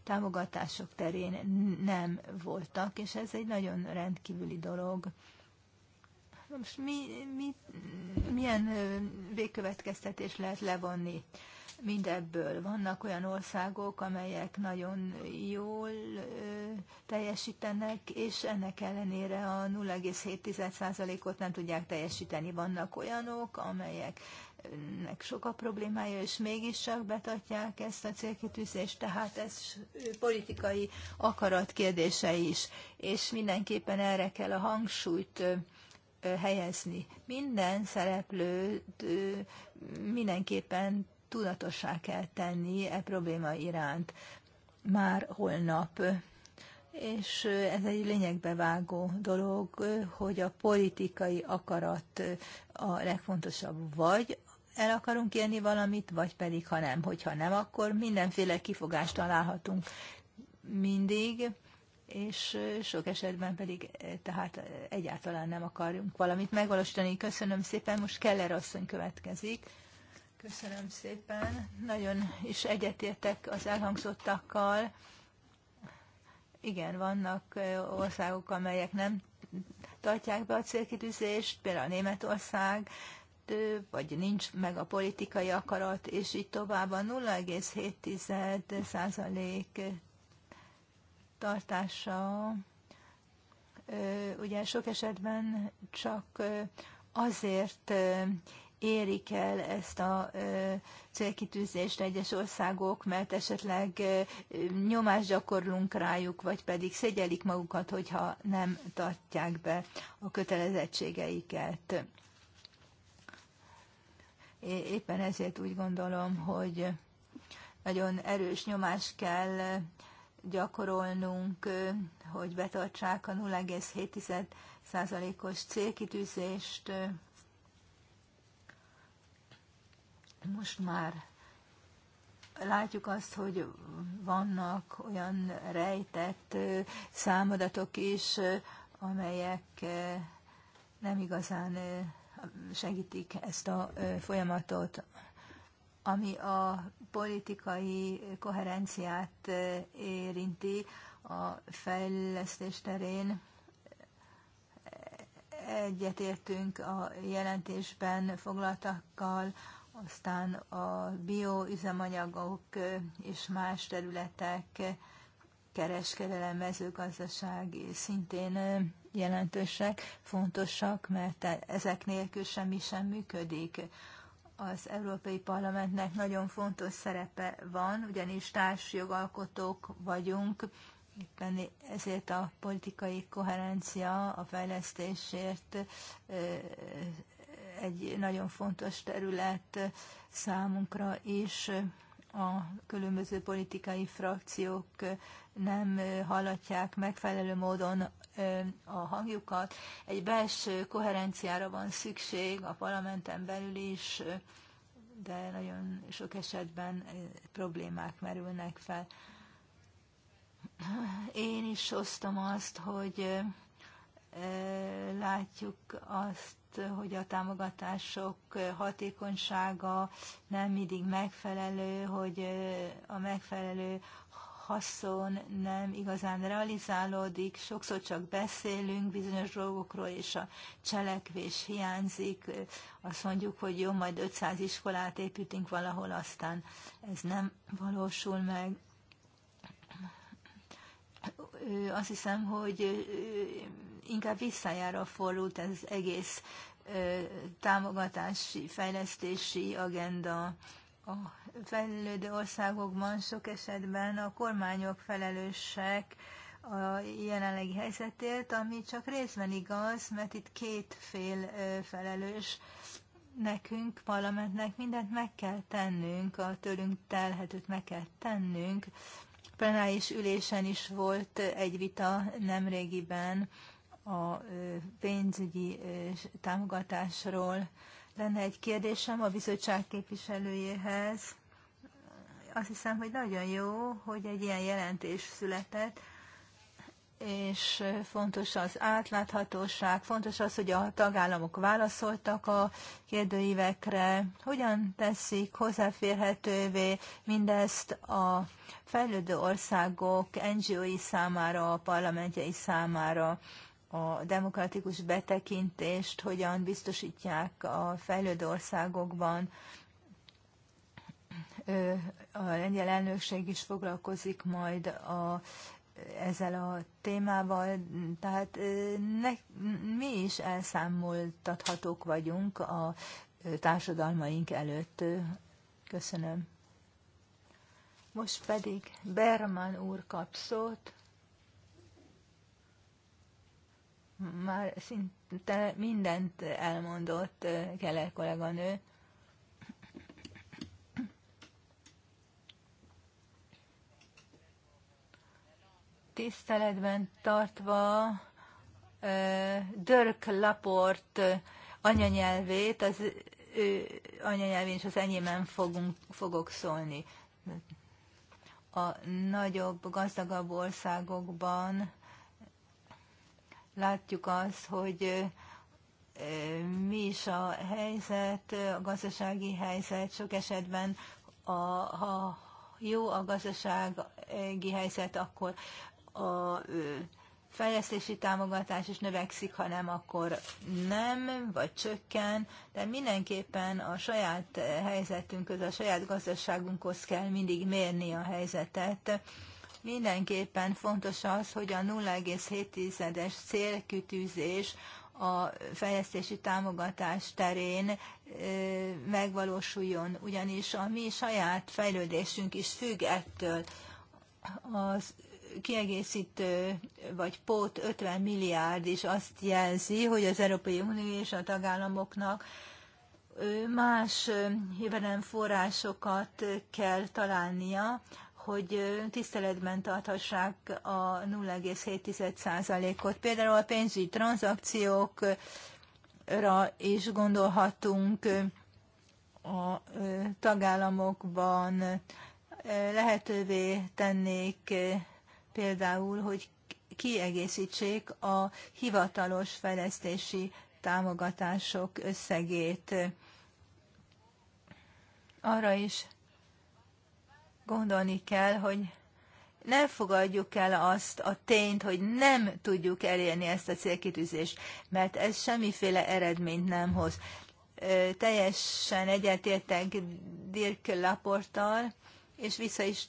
támogatások terén nem voltak, és ez egy nagyon rendkívüli dolog. Most mi, mi, milyen végkövetkeztetés lehet levonni mindebből? Vannak olyan országok, amelyek nagyon jól teljesítenek, és ennek ellenére a 0,7%-ot nem tudják teljesíteni. Vannak olyanok, amelyek sok a problémája, és mégis csak betartják ezt a célkitűzést, tehát ez politikai akarat kérdése is, és mindenképpen erre kell a hangsúlyt helyezni. Minden szereplőt mindenképpen tudatossá kell tenni e probléma iránt már holnap. És ez egy lényegbe vágó dolog, hogy a politikai akarat a legfontosabb. Vagy el akarunk élni valamit, vagy pedig ha nem. Hogyha nem, akkor mindenféle kifogást találhatunk mindig és sok esetben pedig tehát egyáltalán nem akarunk valamit megvalósítani. Köszönöm szépen, most Keller asszony következik. Köszönöm szépen, nagyon is egyetértek az elhangzottakkal. Igen, vannak országok, amelyek nem tartják be a célkitűzést, például Németország, vagy nincs meg a politikai akarat, és így tovább a 0,7% tartása ugye sok esetben csak azért érik el ezt a célkitűzést egyes országok, mert esetleg nyomást gyakorlunk rájuk, vagy pedig szégyelik magukat, hogyha nem tartják be a kötelezettségeiket. Éppen ezért úgy gondolom, hogy nagyon erős nyomás kell gyakorolnunk, hogy betartsák a 0,7%-os célkitűzést. Most már látjuk azt, hogy vannak olyan rejtett számadatok is, amelyek nem igazán segítik ezt a folyamatot ami a politikai koherenciát érinti a fejlesztés terén. Egyetértünk a jelentésben foglaltakkal, aztán a bioüzemanyagok és más területek, kereskedelem, mezőgazdaság szintén jelentősek, fontosak, mert e- ezek nélkül semmi sem működik az Európai Parlamentnek nagyon fontos szerepe van, ugyanis társjogalkotók vagyunk, éppen ezért a politikai koherencia a fejlesztésért egy nagyon fontos terület számunkra is a különböző politikai frakciók nem hallatják megfelelő módon a hangjukat. Egy belső koherenciára van szükség a parlamenten belül is, de nagyon sok esetben problémák merülnek fel. Én is osztom azt, hogy látjuk azt, hogy a támogatások hatékonysága nem mindig megfelelő, hogy a megfelelő haszon nem igazán realizálódik, sokszor csak beszélünk bizonyos dolgokról, és a cselekvés hiányzik. Azt mondjuk, hogy jó, majd 500 iskolát építünk valahol, aztán ez nem valósul meg. Azt hiszem, hogy inkább visszájára fordult ez egész támogatási, fejlesztési agenda a fejlődő országokban sok esetben a kormányok felelősek a jelenlegi helyzetért, ami csak részben igaz, mert itt két fél felelős. Nekünk, parlamentnek mindent meg kell tennünk, a tőlünk telhetőt meg kell tennünk. Plenáris ülésen is volt egy vita nemrégiben a pénzügyi támogatásról. Lenne egy kérdésem a bizottság képviselőjéhez. Azt hiszem, hogy nagyon jó, hogy egy ilyen jelentés született, és fontos az átláthatóság, fontos az, hogy a tagállamok válaszoltak a kérdőívekre, hogyan teszik hozzáférhetővé mindezt a fejlődő országok NGO-i számára, a parlamentjei számára a demokratikus betekintést hogyan biztosítják a fejlődő országokban. A lengyel elnökség is foglalkozik majd a, ezzel a témával, tehát ne, mi is elszámoltathatók vagyunk a társadalmaink előtt. Köszönöm. Most pedig Berman úr kap szót. már szinte mindent elmondott Keller kolléganő. Tiszteletben tartva Dörk Laport anyanyelvét, az ő anyanyelvén és az enyémen fogunk, fogok szólni. A nagyobb, gazdagabb országokban látjuk azt, hogy mi is a helyzet, a gazdasági helyzet, sok esetben a, ha jó a gazdasági helyzet, akkor a fejlesztési támogatás is növekszik, ha nem, akkor nem, vagy csökken, de mindenképpen a saját helyzetünkhöz, a saját gazdaságunkhoz kell mindig mérni a helyzetet. Mindenképpen fontos az, hogy a 0,7-es célkütűzés a fejlesztési támogatás terén megvalósuljon, ugyanis a mi saját fejlődésünk is függ ettől. Az kiegészítő vagy pót 50 milliárd is azt jelzi, hogy az Európai Unió és a tagállamoknak más jövedelemforrásokat kell találnia hogy tiszteletben tarthassák a 0,7%-ot. Például a pénzügyi tranzakciókra is gondolhatunk a tagállamokban. Lehetővé tennék például, hogy kiegészítsék a hivatalos fejlesztési támogatások összegét. Arra is gondolni kell, hogy ne fogadjuk el azt a tényt, hogy nem tudjuk elérni ezt a célkitűzést, mert ez semmiféle eredményt nem hoz. Teljesen egyetértek Dirk Laporttal, és vissza is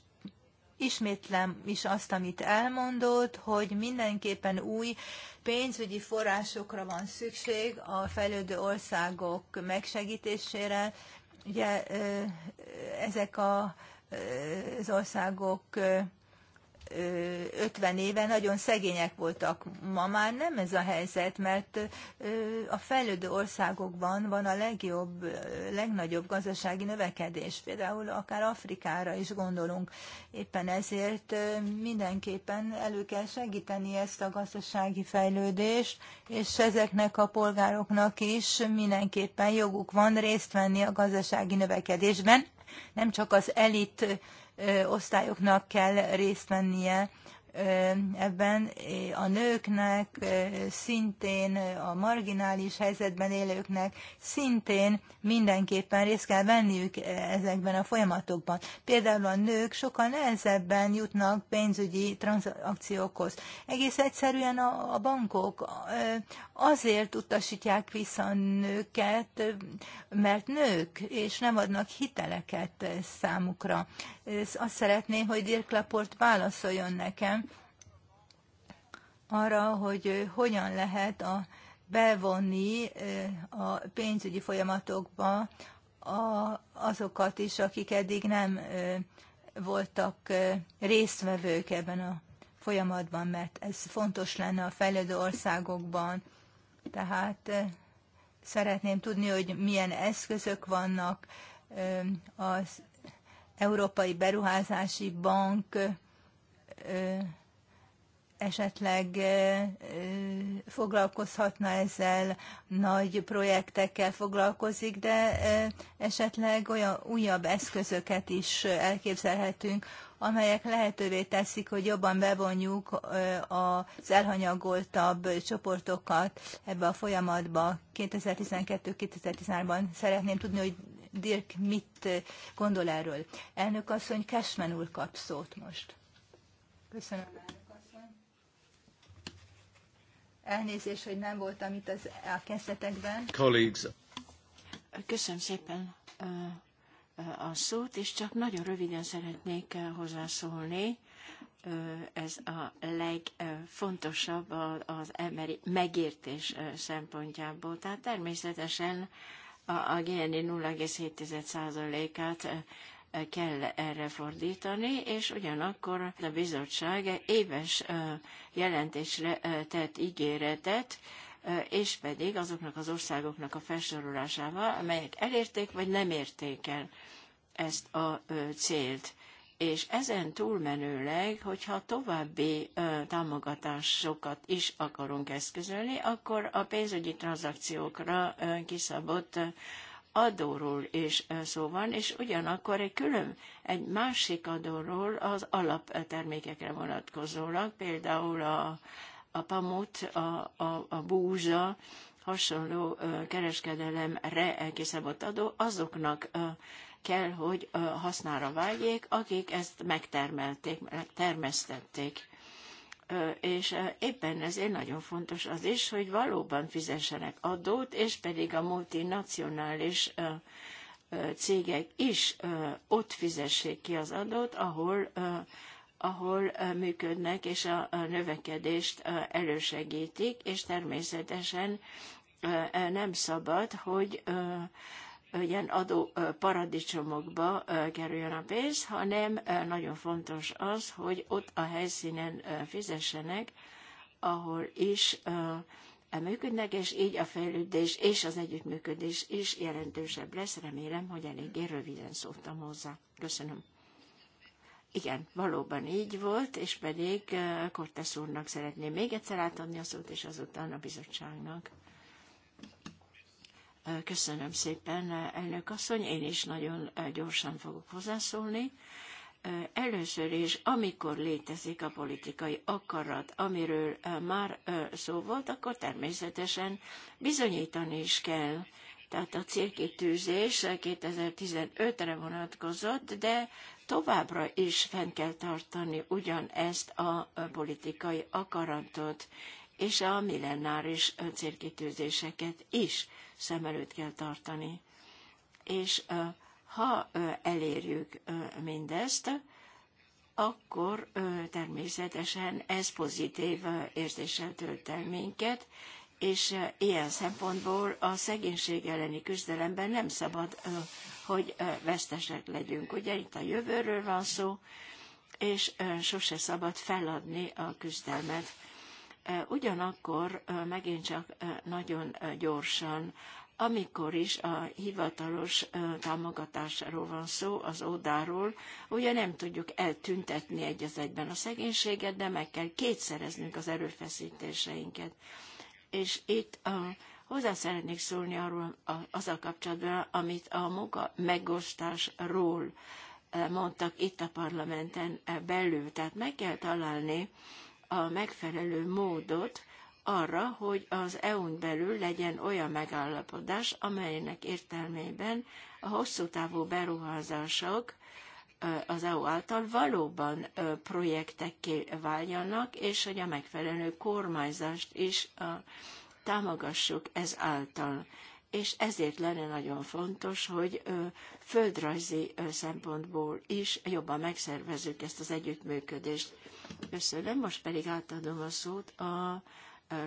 ismétlem is azt, amit elmondott, hogy mindenképpen új pénzügyi forrásokra van szükség a fejlődő országok megsegítésére. Ugye ezek a az országok 50 éve nagyon szegények voltak. Ma már nem ez a helyzet, mert a fejlődő országokban van a legjobb, legnagyobb gazdasági növekedés. Például akár Afrikára is gondolunk. Éppen ezért mindenképpen elő kell segíteni ezt a gazdasági fejlődést, és ezeknek a polgároknak is mindenképpen joguk van részt venni a gazdasági növekedésben nem csak az elit osztályoknak kell részt vennie ebben a nőknek, szintén a marginális helyzetben élőknek szintén mindenképpen részt kell venniük ezekben a folyamatokban. Például a nők sokkal nehezebben jutnak pénzügyi tranzakciókhoz. Egész egyszerűen a, bankok azért utasítják vissza a nőket, mert nők, és nem adnak hiteleket számukra azt szeretné, hogy Dirk Laport válaszoljon nekem arra, hogy hogyan lehet a bevonni a pénzügyi folyamatokba a, azokat is, akik eddig nem voltak résztvevők ebben a folyamatban, mert ez fontos lenne a fejlődő országokban. Tehát szeretném tudni, hogy milyen eszközök vannak az Európai Beruházási Bank esetleg foglalkozhatna ezzel, nagy projektekkel foglalkozik, de esetleg olyan újabb eszközöket is elképzelhetünk, amelyek lehetővé teszik, hogy jobban bevonjuk az elhanyagoltabb csoportokat ebbe a folyamatba. 2012-2013-ban szeretném tudni, hogy Dirk mit eh, gondol erről. Elnök asszony, Kesmen úr kap szót most. Köszönöm, elnök asszony. hogy nem voltam itt az, a kezdetekben. Colleagues. Köszönöm szépen eh, a szót, és csak nagyon röviden szeretnék eh, hozzászólni ez a legfontosabb az emberi megértés szempontjából. Tehát természetesen a, a GNI 0,7%-át kell erre fordítani, és ugyanakkor a bizottság éves jelentésre tett ígéretet, és pedig azoknak az országoknak a felsorolásával, amelyek elérték vagy nem érték el ezt a célt és ezen túlmenőleg, hogyha további ö, támogatásokat is akarunk eszközölni, akkor a pénzügyi tranzakciókra ö, kiszabott adóról is szó van, és ugyanakkor egy külön, egy másik adóról az alaptermékekre vonatkozólag, például a, a pamut, a, a, a búza, hasonló kereskedelemre kiszabott adó, azoknak kell, hogy hasznára váljék, akik ezt megtermelték, megtermesztették. És éppen ezért nagyon fontos az is, hogy valóban fizessenek adót, és pedig a multinacionális cégek is ott fizessék ki az adót, ahol ahol működnek, és a növekedést elősegítik, és természetesen nem szabad, hogy ilyen adó paradicsomokba kerüljön a pénz, hanem nagyon fontos az, hogy ott a helyszínen fizessenek, ahol is e működnek, és így a fejlődés és az együttműködés is jelentősebb lesz. Remélem, hogy eléggé röviden szóltam hozzá. Köszönöm. Igen, valóban így volt, és pedig Kortesz úrnak szeretném még egyszer átadni a szót, és azután a bizottságnak. Köszönöm szépen, elnök asszony. Én is nagyon eh, gyorsan fogok hozzászólni. Eh, először is, amikor létezik a politikai akarat, amiről eh, már szó volt, akkor természetesen bizonyítani is kell. Tehát a célkitűzés 2015-re vonatkozott, de továbbra is fenn kell tartani ugyanezt a politikai akaratot, és a millenáris célkitűzéseket is szem előtt kell tartani. És ha elérjük mindezt, akkor természetesen ez pozitív érzéssel tölt el minket, és ilyen szempontból a szegénység elleni küzdelemben nem szabad, hogy vesztesek legyünk. Ugye itt a jövőről van szó, és sose szabad feladni a küzdelmet Ugyanakkor megint csak nagyon gyorsan amikor is a hivatalos támogatásról van szó, az ódáról, ugye nem tudjuk eltüntetni egy az egyben a szegénységet, de meg kell kétszereznünk az erőfeszítéseinket. És itt a, hozzá szeretnék szólni arról, a, kapcsolatban, amit a munka megosztásról mondtak itt a parlamenten belül. Tehát meg kell találni a megfelelő módot arra, hogy az EU-n belül legyen olyan megállapodás, amelynek értelmében a hosszú távú beruházások az EU által valóban projektekké váljanak, és hogy a megfelelő kormányzást is támogassuk ez által és ezért lenne nagyon fontos, hogy földrajzi szempontból is jobban megszervezzük ezt az együttműködést. Köszönöm, most pedig átadom a szót a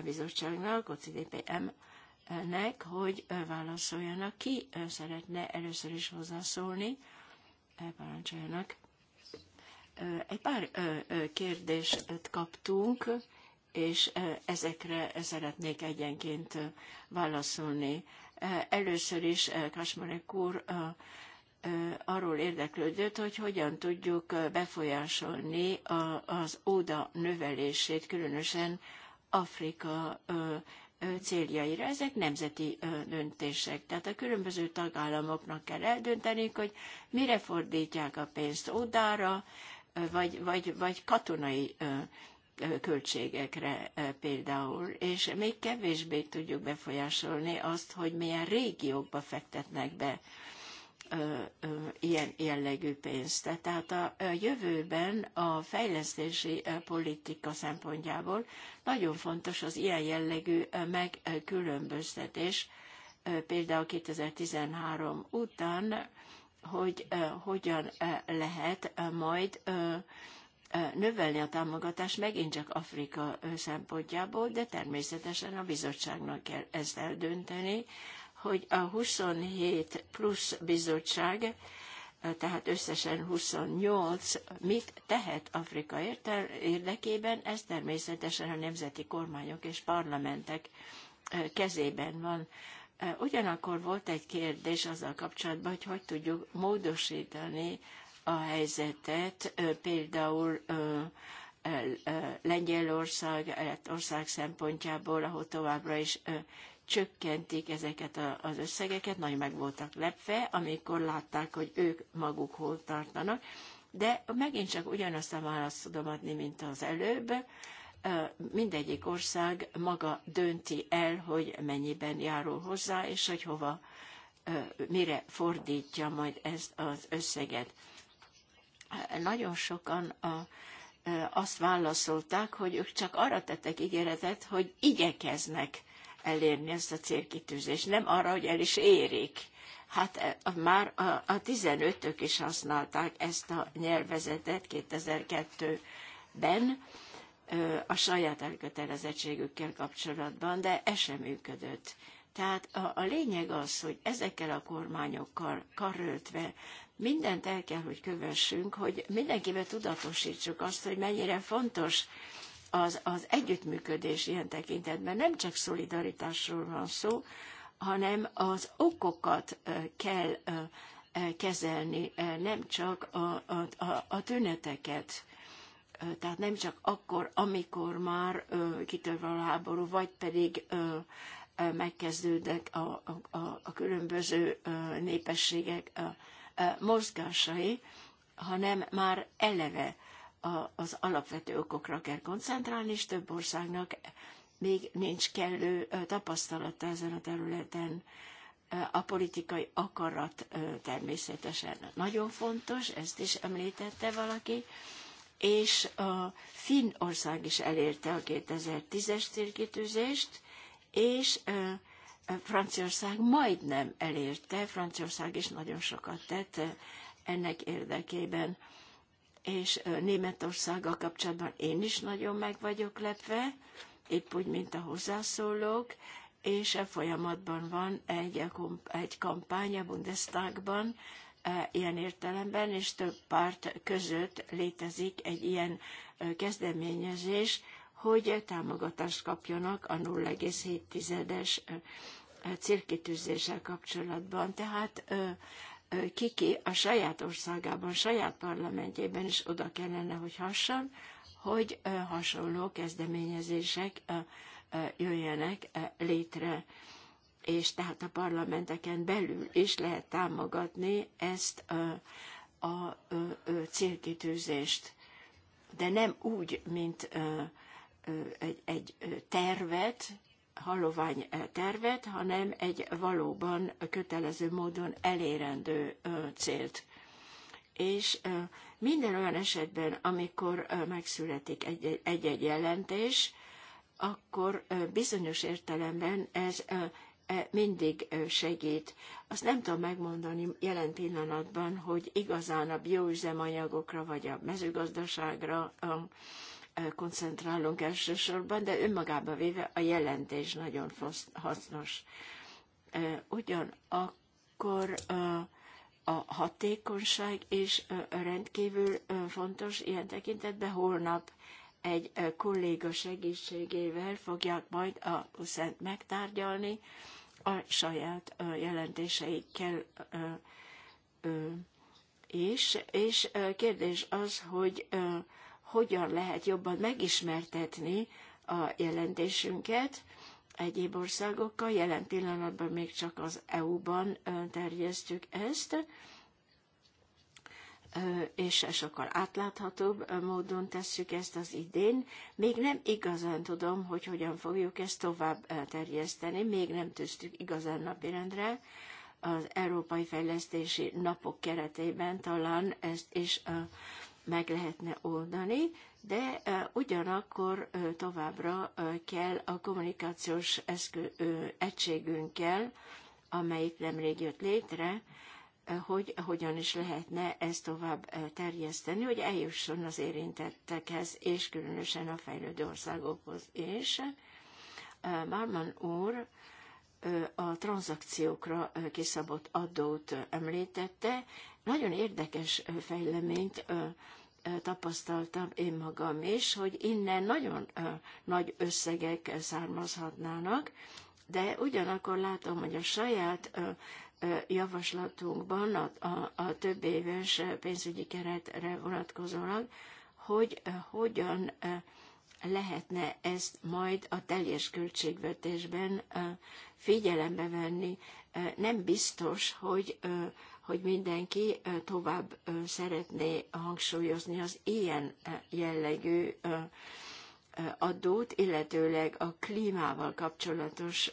bizottságnak, a CDPM-nek, hogy válaszoljanak. Ki szeretne először is hozzászólni? Parancsoljanak. Egy pár kérdést kaptunk, és ezekre szeretnék egyenként válaszolni. Eh, először is eh, Kasmarek úr eh, arról érdeklődött, hogy hogyan tudjuk befolyásolni az óda növelését, különösen Afrika céljaira. Ezek nemzeti döntések. Tehát a különböző tagállamoknak kell eldönteni, hogy mire fordítják a pénzt, odára, vagy, vagy, vagy katonai költségekre e, például, és még kevésbé tudjuk befolyásolni azt, hogy milyen régiókba fektetnek be ilyen jellegű pénzt. Tehát a e, jövőben a fejlesztési e, politika szempontjából nagyon fontos az ilyen jellegű megkülönböztetés, például 2013 után, hogy hogyan lehet majd növelni a támogatást megint csak Afrika szempontjából, de természetesen a bizottságnak kell ezt eldönteni, hogy a 27 plusz bizottság, tehát összesen 28, mit tehet Afrika érdekében, ez természetesen a nemzeti kormányok és parlamentek kezében van. Ugyanakkor volt egy kérdés azzal kapcsolatban, hogy hogy tudjuk módosítani a helyzetet, például Lengyelország ország szempontjából, ahol továbbra is csökkentik ezeket az összegeket, nagy meg voltak lepve, amikor látták, hogy ők maguk hol tartanak, de megint csak ugyanazt a választ tudom adni, mint az előbb, mindegyik ország maga dönti el, hogy mennyiben járul hozzá, és hogy hova, mire fordítja majd ezt az összeget nagyon sokan a, azt válaszolták, hogy ők csak arra tettek ígéretet, hogy igyekeznek elérni ezt a célkitűzést, nem arra, hogy el is érik. Hát e, már a, a 15-ök is használták ezt a nyelvezetet 2002-ben a saját elkötelezettségükkel kapcsolatban, de ez sem működött. Tehát a, a lényeg az, hogy ezekkel a kormányokkal karöltve mindent el kell, hogy kövessünk, hogy mindenkiben tudatosítsuk azt, hogy mennyire fontos az, az együttműködés ilyen tekintetben. Nem csak szolidaritásról van szó, hanem az okokat kell kezelni, nem csak a, a, a, a tüneteket. Tehát nem csak akkor, amikor már kitör a háború, vagy pedig megkezdődnek a, a, a különböző népességek a, mozgásai, hanem már eleve az alapvető okokra kell koncentrálni, és több országnak még nincs kellő tapasztalata ezen a területen. A politikai akarat természetesen nagyon fontos, ezt is említette valaki, és a Finnország is elérte a 2010-es célkitűzést, és Franciaország majdnem elérte, Franciaország is nagyon sokat tett ennek érdekében, és Németországgal kapcsolatban én is nagyon meg vagyok lepve, épp úgy, mint a hozzászólók, és e folyamatban van egy, e egy kampány a Bundestagban, e, ilyen értelemben, és több párt között létezik egy ilyen kezdeményezés, hogy támogatást kapjanak a 0,7-es célkitűzéssel kapcsolatban. Tehát Kiki a saját országában, saját parlamentjében is oda kellene, hogy hasson, hogy hasonló kezdeményezések jöjjenek létre és tehát a parlamenteken belül is lehet támogatni ezt a, a, a célkitűzést, de nem úgy, mint egy, egy tervet, halovány tervet, hanem egy valóban kötelező módon elérendő célt. És minden olyan esetben, amikor megszületik egy-egy jelentés, akkor bizonyos értelemben ez e, mindig segít. Azt nem tudom megmondani jelen pillanatban, hogy igazán a bioüzemanyagokra vagy a mezőgazdaságra koncentrálunk elsősorban, de önmagába véve a jelentés nagyon hasznos. Ugyanakkor a hatékonyság is rendkívül fontos ilyen tekintetben. Holnap egy kolléga segítségével fogják majd a uszent megtárgyalni a saját jelentéseikkel is, és kérdés az, hogy hogyan lehet jobban megismertetni a jelentésünket egyéb országokkal. Jelen pillanatban még csak az EU-ban terjesztjük ezt, és sokkal átláthatóbb módon tesszük ezt az idén. Még nem igazán tudom, hogy hogyan fogjuk ezt tovább terjeszteni, még nem tűztük igazán napirendre. Az Európai Fejlesztési Napok keretében talán ezt is meg lehetne oldani, de ugyanakkor továbbra kell a kommunikációs eszkö, egységünkkel, amelyik nemrég jött létre, hogy hogyan is lehetne ezt tovább terjeszteni, hogy eljusson az érintettekhez, és különösen a fejlődő országokhoz is. Marman úr a tranzakciókra kiszabott adót említette. Nagyon érdekes fejleményt tapasztaltam én magam is, hogy innen nagyon nagy összegek származhatnának, de ugyanakkor látom, hogy a saját javaslatunkban a, a, a több éves pénzügyi keretre vonatkozóan, hogy hogyan lehetne ezt majd a teljes költségvetésben figyelembe venni. Nem biztos, hogy, hogy mindenki tovább szeretné hangsúlyozni az ilyen jellegű adót, illetőleg a klímával kapcsolatos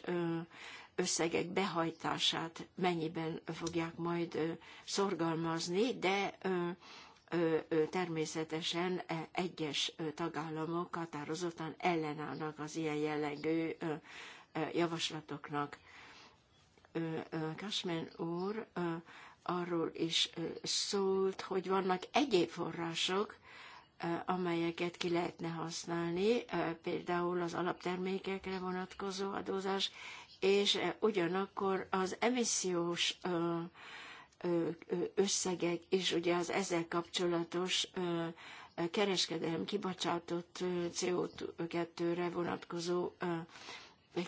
összegek behajtását mennyiben fogják majd szorgalmazni, de természetesen e, egyes tagállamok határozottan ellenállnak az ilyen jellegű javaslatoknak. Kasmen úr arról is szólt, hogy vannak egyéb források, amelyeket ki lehetne használni, például az alaptermékekre vonatkozó adózás, és ugyanakkor az emissziós összegek, és ugye az ezzel kapcsolatos kereskedelem kibocsátott CO2-re vonatkozó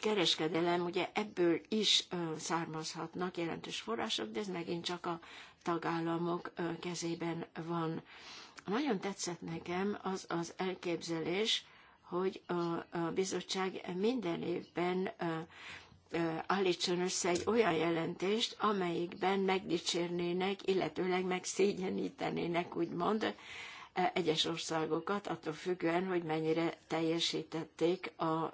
kereskedelem, ugye ebből is származhatnak jelentős források, de ez megint csak a tagállamok kezében van. Nagyon tetszett nekem az az elképzelés, hogy a bizottság minden évben állítson egy olyan jelentést, amelyikben megdicsérnének, illetőleg megszégyenítenének, úgymond, egyes országokat, attól függően, hogy mennyire teljesítették a,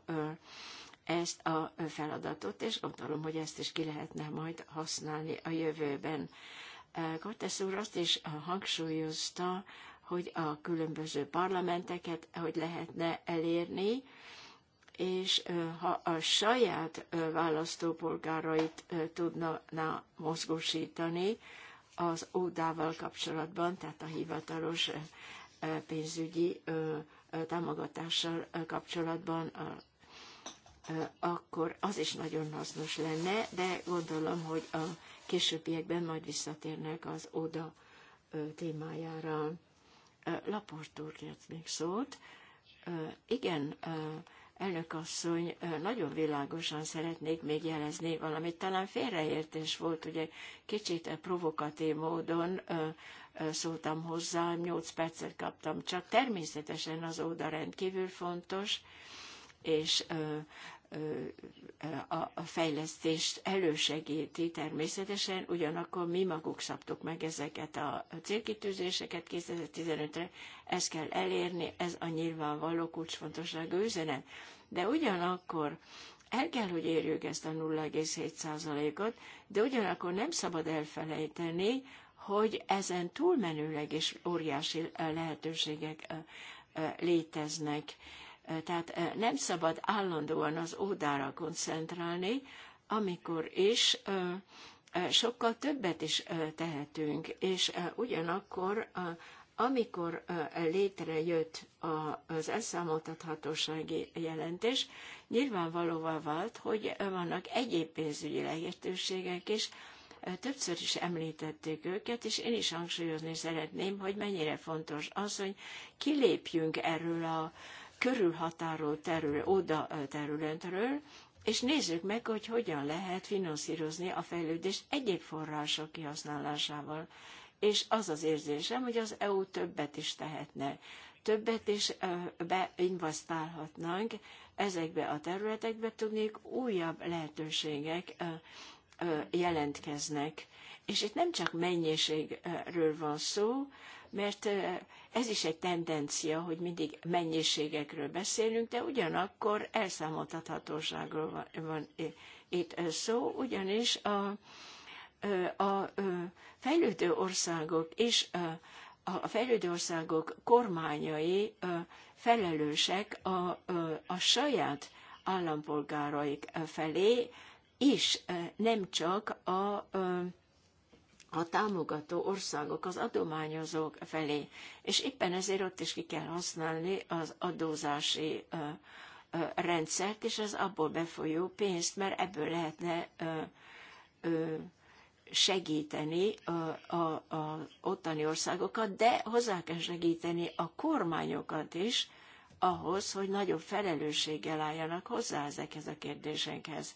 ezt a feladatot, és gondolom, hogy ezt is ki lehetne majd használni a jövőben. Kortesz úr azt is hangsúlyozta, hogy a különböző parlamenteket hogy lehetne elérni, és ha a saját választópolgárait tudna mozgósítani az ódával kapcsolatban, tehát a hivatalos pénzügyi támogatással kapcsolatban, akkor az is nagyon hasznos lenne, de gondolom, hogy a későbbiekben majd visszatérnek az óda témájára. Laportúr kért még szót. Igen, Elnök asszony, nagyon világosan szeretnék még jelezni valamit. Talán félreértés volt, ugye kicsit e provokatív módon szóltam hozzá, 8 percet kaptam, csak természetesen az óda rendkívül fontos, és a fejlesztést elősegíti természetesen, ugyanakkor mi maguk szabtuk meg ezeket a célkitűzéseket 2015-re, ezt kell elérni, ez a nyilvánvaló kulcsfontosságú üzenet. De ugyanakkor el kell, hogy érjük ezt a 0,7%-ot, de ugyanakkor nem szabad elfelejteni, hogy ezen túlmenőleg is óriási lehetőségek léteznek tehát nem szabad állandóan az ódára koncentrálni, amikor is sokkal többet is tehetünk, és ugyanakkor amikor létrejött az elszámoltathatósági jelentés, nyilvánvalóvá vált, hogy vannak egyéb pénzügyi lehetőségek is, többször is említették őket, és én is hangsúlyozni szeretném, hogy mennyire fontos az, hogy kilépjünk erről a, körülhatárolt terület, oda területről, és nézzük meg, hogy hogyan lehet finanszírozni a fejlődést egyéb források kihasználásával. És az az érzésem, hogy az EU többet is tehetne. Többet is beinvestálhatnánk ezekbe a területekbe, tudnék újabb lehetőségek jelentkeznek. És itt nem csak mennyiségről van szó, mert ez is egy tendencia, hogy mindig mennyiségekről beszélünk, de ugyanakkor elszámoltathatóságról van, van itt szó, ugyanis a, a, a fejlődő országok és a, a fejlődő országok kormányai felelősek a, a saját állampolgáraik felé, és nem csak a, a a támogató országok, az adományozók felé. És éppen ezért ott is ki kell használni az adózási rendszert, és az abból befolyó pénzt, mert ebből lehetne segíteni az ottani országokat, de hozzá kell segíteni a kormányokat is, ahhoz, hogy nagyobb felelősséggel álljanak hozzá ezekhez a kérdésekhez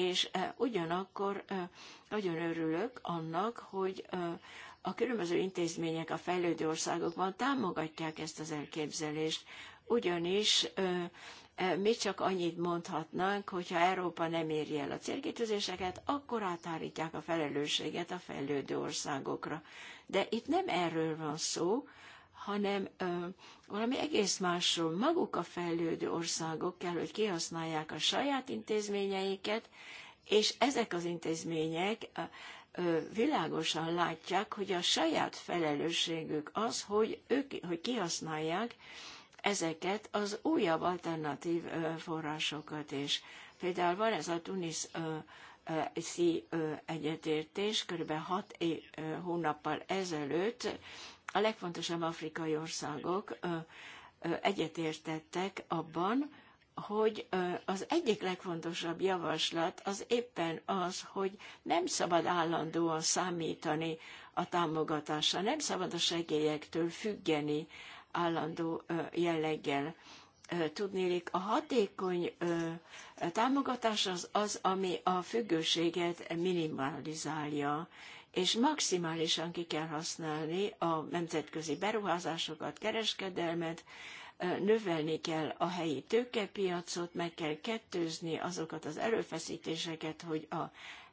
és eh, ugyanakkor eh, nagyon örülök annak, hogy eh, a különböző intézmények a fejlődő országokban támogatják ezt az elképzelést, ugyanis mi csak annyit mondhatnánk, hogyha Európa nem éri el a célkitűzéseket, akkor átállítják a felelősséget a fejlődő országokra. De itt nem erről van szó, hanem valami egész másról. Maguk a fejlődő országok kell, hogy kihasználják a saját intézményeiket, és ezek az intézmények világosan látják, hogy a saját felelősségük az, hogy ők hogy kihasználják ezeket az újabb alternatív forrásokat is. Például van ez a Tunis szí egyetértés, kb. 6 hónappal ezelőtt a legfontosabb afrikai országok egyetértettek abban, hogy az egyik legfontosabb javaslat az éppen az, hogy nem szabad állandóan számítani a támogatásra, nem szabad a segélyektől függeni állandó jelleggel. Tudnélik, a hatékony támogatás az az, ami a függőséget minimalizálja, és maximálisan ki kell használni a nemzetközi beruházásokat, kereskedelmet, növelni kell a helyi tőkepiacot, meg kell kettőzni azokat az erőfeszítéseket, hogy a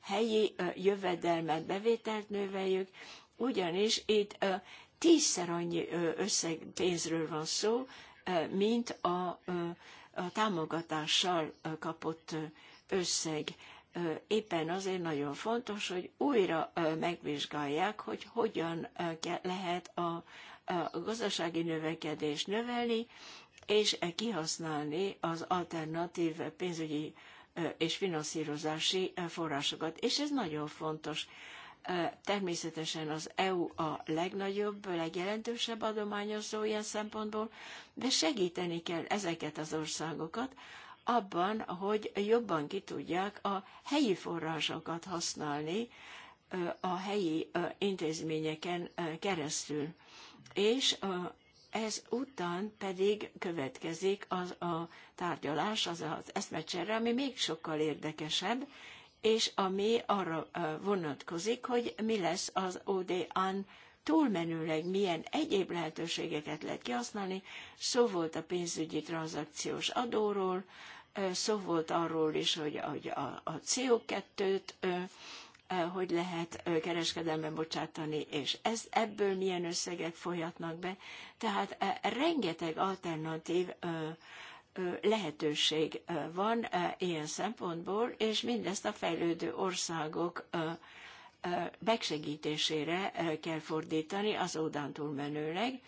helyi jövedelmet, bevételt növeljük, ugyanis itt tízszer annyi összeg pénzről van szó, mint a, a támogatással kapott összeg éppen azért nagyon fontos, hogy újra megvizsgálják, hogy hogyan lehet a, gazdasági növekedést növelni, és kihasználni az alternatív pénzügyi és finanszírozási forrásokat. És ez nagyon fontos. Természetesen az EU a legnagyobb, legjelentősebb adományozó ilyen szempontból, de segíteni kell ezeket az országokat, abban, hogy jobban ki tudják a helyi forrásokat használni a helyi intézményeken keresztül. És ez után pedig következik az a tárgyalás, az az eszmecsere, ami még sokkal érdekesebb, és ami arra vonatkozik, hogy mi lesz az ODA-n túlmenőleg milyen egyéb lehetőségeket lehet kihasználni. Szó volt a pénzügyi tranzakciós adóról, szó volt arról is, hogy, hogy a, a CO2-t hogy lehet kereskedelemben bocsátani, és ez, ebből milyen összegek folyatnak be. Tehát rengeteg alternatív lehetőség van ilyen szempontból, és mindezt a fejlődő országok megsegítésére kell fordítani az ódán túlmenőleg,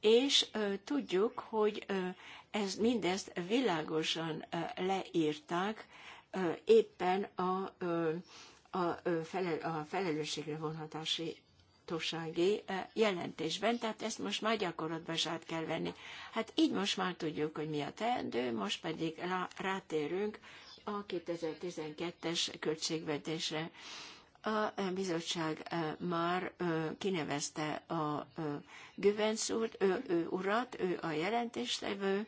és tudjuk, hogy ez mindezt világosan leírták éppen a, a, a felelősségre vonhatási jelentésben, tehát ezt most már gyakorlatban is át kell venni. Hát így most már tudjuk, hogy mi a teendő, most pedig rá, rátérünk a 2012-es költségvetésre. A bizottság már kinevezte a Güvensz úr, ő, ő urat, ő a jelentéstevő,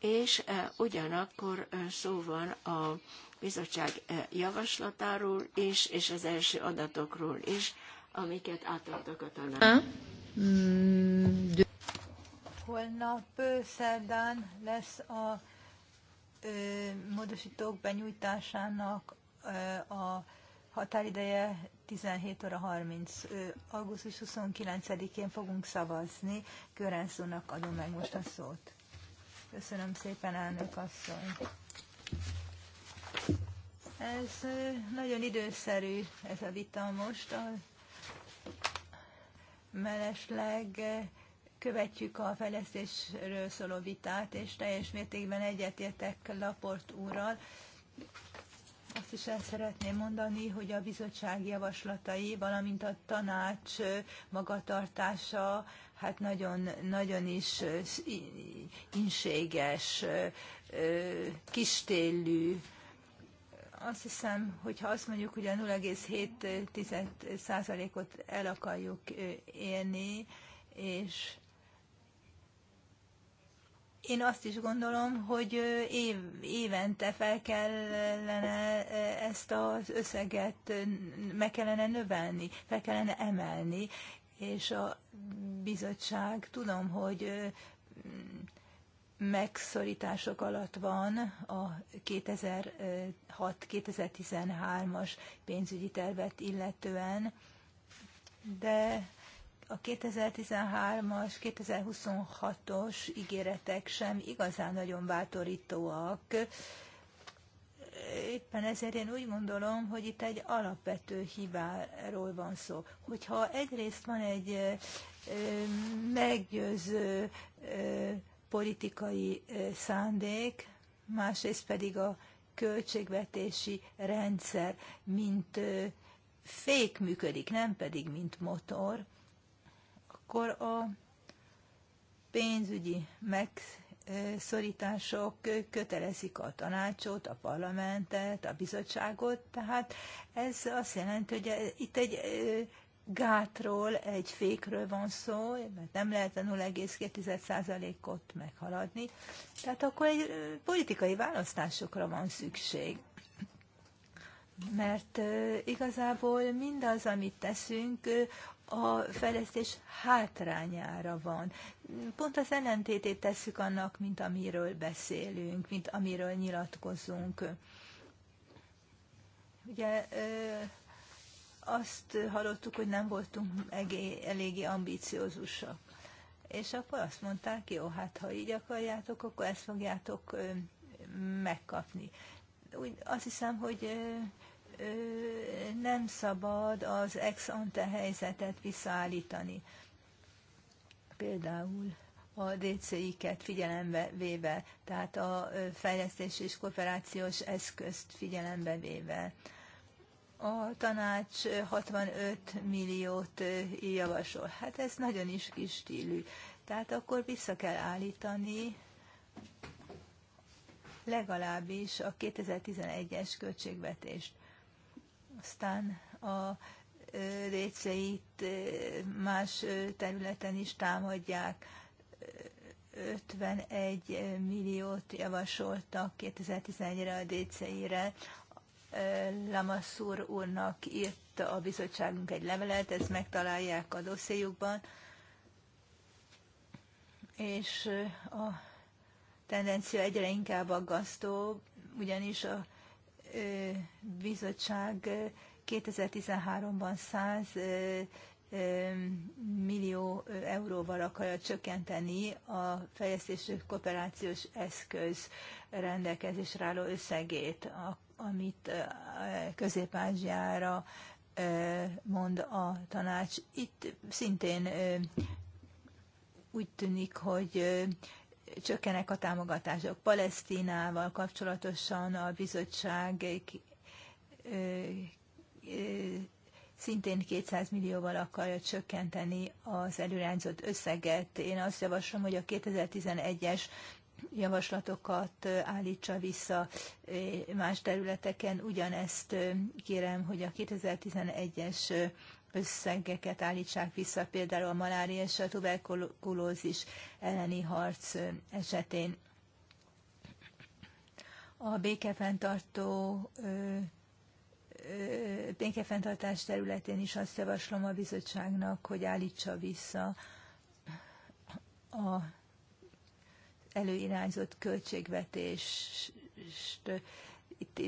és e, ugyanakkor e, szó van a bizottság e, javaslatáról is, és az első adatokról is, amiket átadtak a tanár. Holnap szerdán lesz a módosítók benyújtásának a határideje 17 óra 30. augusztus 29-én fogunk szavazni. Körenszónak adom meg most a szót. Köszönöm szépen, elnök asszony. Ez nagyon időszerű, ez a vita most. A melesleg követjük a fejlesztésről szóló vitát, és teljes mértékben egyetértek Laport úrral. Azt is el szeretném mondani, hogy a bizottság javaslatai, valamint a tanács magatartása hát nagyon, nagyon is inséges, kistélű, azt hiszem, hogy ha azt mondjuk, hogy a 0,7%-ot el akarjuk élni, és én azt is gondolom, hogy év, évente fel kellene ezt az összeget meg kellene növelni, fel kellene emelni, és a bizottság tudom, hogy megszorítások alatt van a 2006-2013-as pénzügyi tervet illetően, de a 2013-as, 2026-os ígéretek sem igazán nagyon bátorítóak. Éppen ezért én úgy gondolom, hogy itt egy alapvető hibáról van szó. Hogyha egyrészt van egy meggyőző politikai szándék, másrészt pedig a költségvetési rendszer, mint fék működik, nem pedig mint motor, akkor a pénzügyi megszorítások kötelezik a tanácsot, a parlamentet, a bizottságot, tehát ez azt jelenti, hogy itt egy gátról, egy fékről van szó, mert nem lehet a 0,2%-ot meghaladni. Tehát akkor egy politikai választásokra van szükség. Mert igazából mindaz, amit teszünk, a fejlesztés hátrányára van. Pont az ellentétét tesszük annak, mint amiről beszélünk, mint amiről nyilatkozunk. Ugye azt hallottuk, hogy nem voltunk eléggé ambiciózusak. És akkor azt mondták, jó, hát ha így akarjátok, akkor ezt fogjátok megkapni. Úgy, azt hiszem, hogy nem szabad az ex ante helyzetet visszaállítani. Például a DCI-ket figyelembe véve, tehát a fejlesztés és kooperációs eszközt figyelembe véve. A tanács 65 milliót javasol. Hát ez nagyon is kis stílű. Tehát akkor vissza kell állítani legalábbis a 2011-es költségvetést. Aztán a réceit más területen is támadják. 51 milliót javasoltak 2011-re a DCI-re. Lamassur úrnak írt a bizottságunk egy levelet, ezt megtalálják a dossziéjukban. És a tendencia egyre inkább aggasztó, ugyanis a bizottság 2013-ban 100 millió euróval akarja csökkenteni a fejlesztési kooperációs eszköz rendelkezésre álló összegét, amit Közép-Ázsiára mond a tanács. Itt szintén úgy tűnik, hogy csökkenek a támogatások. Palesztinával kapcsolatosan a bizottság eh, eh, eh, szintén 200 millióval akarja csökkenteni az előrányzott összeget. Én azt javaslom, hogy a 2011-es javaslatokat állítsa vissza más területeken. Ugyanezt kérem, hogy a 2011-es összegeket állítsák vissza, például a malária és a tuberkulózis elleni harc esetén. A békefenntartó békefenntartás területén is azt javaslom a bizottságnak, hogy állítsa vissza a előirányzott költségvetést. Itt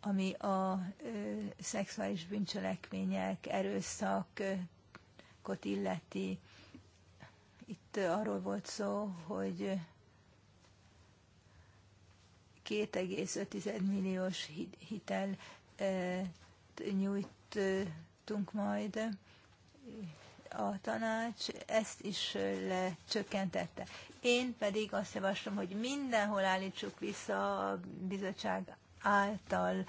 ami a ö, szexuális bűncselekmények, erőszakot illeti. Itt arról volt szó, hogy 2,5 milliós hitel nyújtunk majd a tanács, ezt is lecsökkentette. Én pedig azt javaslom, hogy mindenhol állítsuk vissza a bizottság által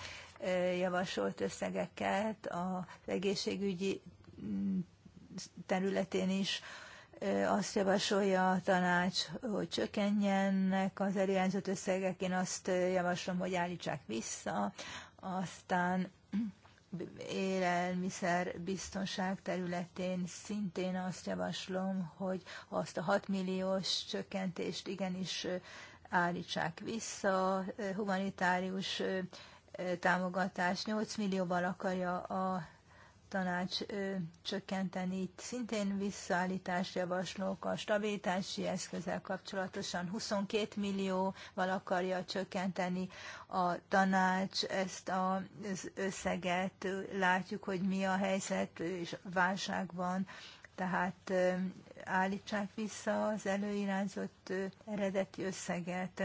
javasolt összegeket az egészségügyi mm, területén is azt javasolja a tanács, hogy csökkenjenek az előjelzett összegek, én azt javaslom, hogy állítsák vissza, aztán élelmiszer biztonság területén szintén azt javaslom, hogy azt a 6 milliós csökkentést igenis állítsák vissza, humanitárius támogatás 8 millióval akarja a tanács csökkenteni. Itt szintén visszaállítás javaslók a stabilitási eszközzel kapcsolatosan 22 millióval akarja csökkenteni a tanács ezt az összeget. Látjuk, hogy mi a helyzet, és válságban tehát állítsák vissza az előirányzott eredeti összeget.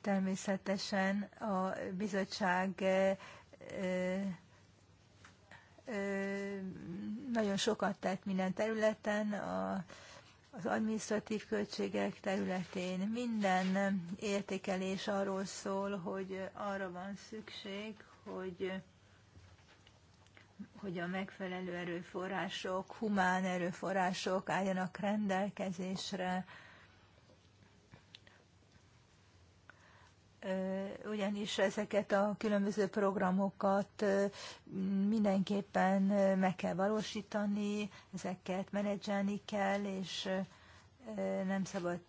Természetesen a bizottság nagyon sokat tett minden területen, az administratív költségek területén. Minden értékelés arról szól, hogy arra van szükség, hogy hogy a megfelelő erőforrások, humán erőforrások álljanak rendelkezésre, ugyanis ezeket a különböző programokat mindenképpen meg kell valósítani, ezeket menedzselni kell, és nem szabad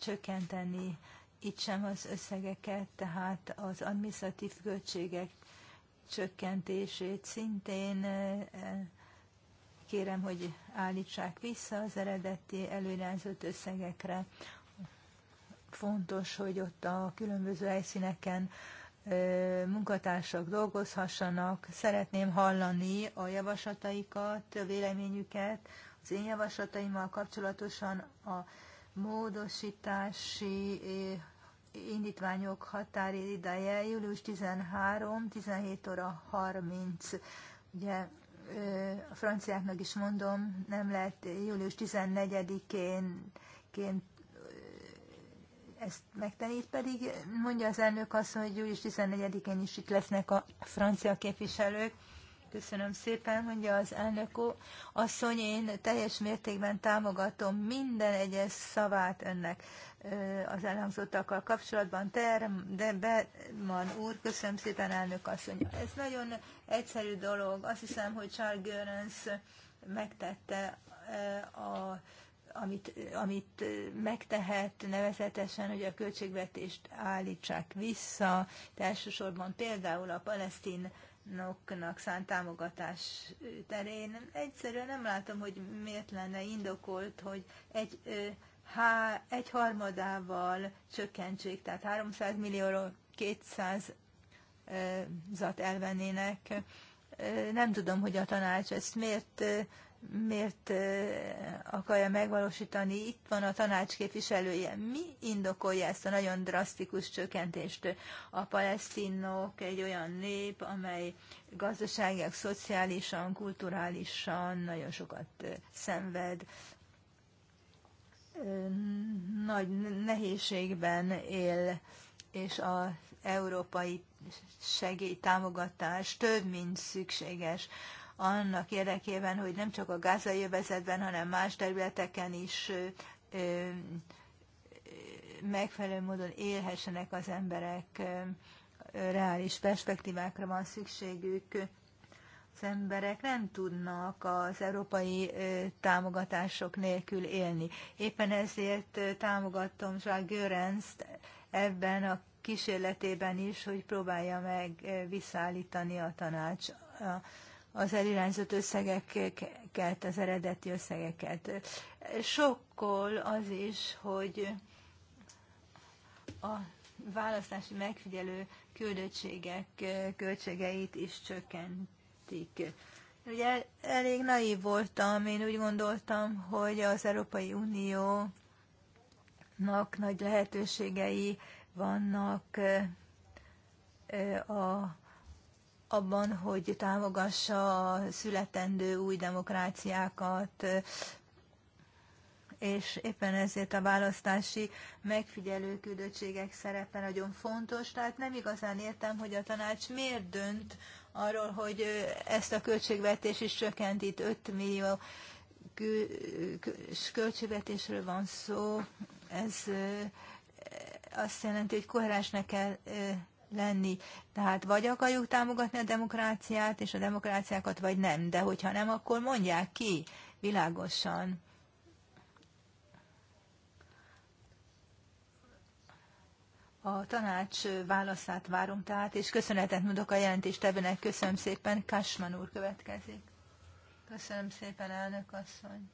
csökkenteni itt sem az összegeket, tehát az administratív költségek csökkentését szintén kérem, hogy állítsák vissza az eredeti előirányzott összegekre. Fontos, hogy ott a különböző helyszíneken munkatársak dolgozhassanak. Szeretném hallani a javaslataikat, a véleményüket, az én javaslataimmal kapcsolatosan a módosítási indítványok határideje július 13, 17 óra 30. Ugye a franciáknak is mondom, nem lehet július 14-én ezt megtenni, itt pedig mondja az elnök azt, hogy július 14-én is itt lesznek a francia képviselők. Köszönöm szépen, mondja az elnök úr. Asszony, én teljes mértékben támogatom minden egyes szavát önnek az elhangzottakkal kapcsolatban. Ter, de Berman úr, köszönöm szépen, elnök asszony. Ez nagyon egyszerű dolog. Azt hiszem, hogy Charles Görens megtette a amit, amit megtehet nevezetesen, hogy a költségvetést állítsák vissza, de elsősorban például a noknak szánt támogatás terén. Egyszerűen nem látom, hogy miért lenne indokolt, hogy egy há, egy harmadával csökkentsék, tehát 300 millióról 200 zat elvennének. Nem tudom, hogy a tanács ezt miért, miért akarja megvalósítani. Itt van a tanács képviselője. Mi indokolja ezt a nagyon drasztikus csökkentést? A palesztinok egy olyan nép, amely gazdaságilag, szociálisan, kulturálisan nagyon sokat szenved nagy nehézségben él, és az európai segélytámogatás több, mint szükséges annak érdekében, hogy nem csak a gázai övezetben, hanem más területeken is megfelelő módon élhessenek az emberek, reális perspektívákra van szükségük, emberek nem tudnak az európai támogatások nélkül élni. Éppen ezért támogatom Zsák Görenzt ebben a kísérletében is, hogy próbálja meg visszaállítani a tanács az elirányzott összegeket, az eredeti összegeket. Sokkol az is, hogy a választási megfigyelő küldöttségek költségeit is csökkent vezetik. Ugye elég naív voltam, én úgy gondoltam, hogy az Európai Uniónak nagy lehetőségei vannak a, abban, hogy támogassa a születendő új demokráciákat, és éppen ezért a választási megfigyelő küldöttségek szerepe nagyon fontos. Tehát nem igazán értem, hogy a tanács miért dönt arról, hogy ezt a költségvetés is csökkent, itt 5 millió költségvetésről van szó, ez azt jelenti, hogy koherensnek kell lenni. Tehát vagy akarjuk támogatni a demokráciát és a demokráciákat, vagy nem. De hogyha nem, akkor mondják ki világosan. A tanács válaszát várom tehát, és köszönetet mondok a jelentéstevőnek. Köszönöm szépen. Kasman úr következik. Köszönöm szépen, elnök asszony.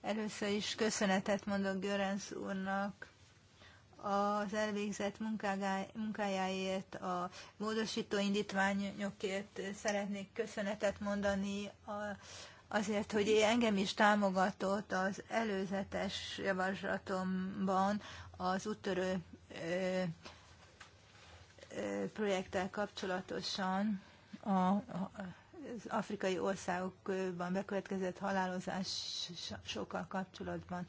Először is köszönetet mondok Görenc úrnak az elvégzett munkájáért, a módosító indítványokért szeretnék köszönetet mondani a, azért, hogy engem is támogatott az előzetes javaslatomban az úttörő projekttel kapcsolatosan a, az afrikai országokban bekövetkezett halálozásokkal kapcsolatban.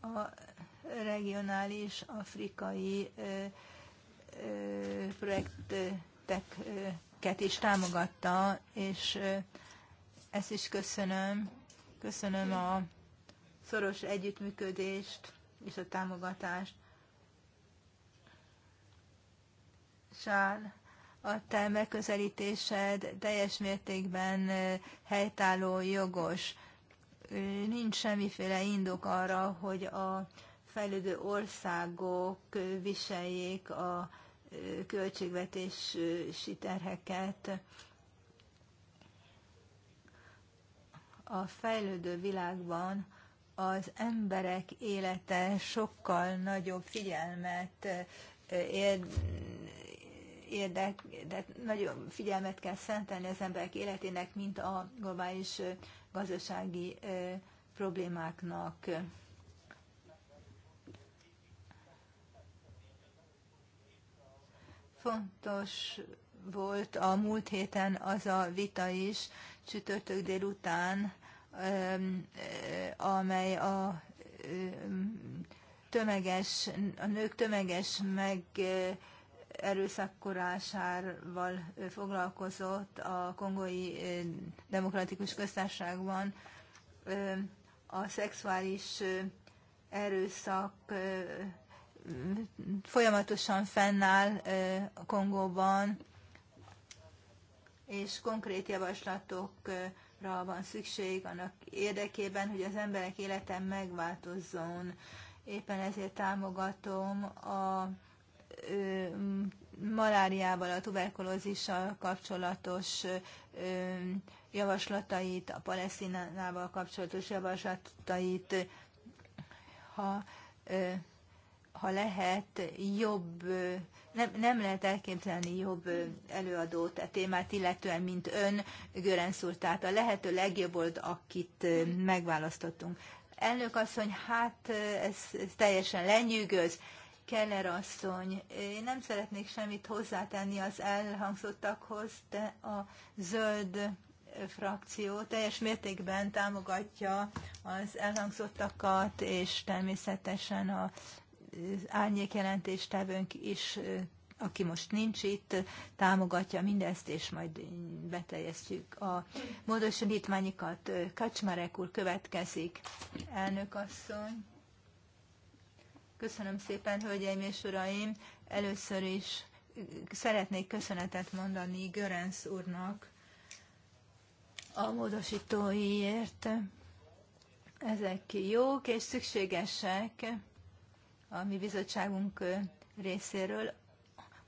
A regionális afrikai projekteket is támogatta, és ezt is köszönöm. Köszönöm a szoros együttműködést és a támogatást. Sár, a te megközelítésed teljes mértékben helytálló, jogos. Nincs semmiféle indok arra, hogy a fejlődő országok viseljék a költségvetési terheket. A fejlődő világban az emberek élete sokkal nagyobb figyelmet eh, ér, érdek, de nagyon figyelmet kell szentelni az emberek életének, mint a globális eh, gazdasági eh, problémáknak. Fontos volt a múlt héten az a vita is, csütörtök délután, amely a tömeges, a nők tömeges meg erőszakkorásával foglalkozott a kongói demokratikus köztársaságban a szexuális erőszak folyamatosan fennáll a Kongóban, és konkrét javaslatok van szükség annak érdekében, hogy az emberek életen megváltozzon. Éppen ezért támogatom a ö, maláriával, a tuberkulózissal kapcsolatos ö, javaslatait, a palesztinával kapcsolatos javaslatait, ha ö, ha lehet, jobb, nem, nem lehet elképzelni jobb előadót a témát, illetően, mint ön, Görenc úr, tehát a lehető legjobb volt, akit megválasztottunk. Elnök asszony, hát ez, ez teljesen lenyűgöz. Keller asszony, én nem szeretnék semmit hozzátenni az elhangzottakhoz, de a zöld frakció teljes mértékben támogatja az elhangzottakat, és természetesen a árnyék jelentéstevőnk is, aki most nincs itt, támogatja mindezt, és majd beteljesztjük a módosítványokat. Kacsmarek úr következik, elnök asszony. Köszönöm szépen, hölgyeim és uraim! Először is szeretnék köszönetet mondani Görenc úrnak a módosítóiért. Ezek jók és szükségesek a mi bizottságunk részéről,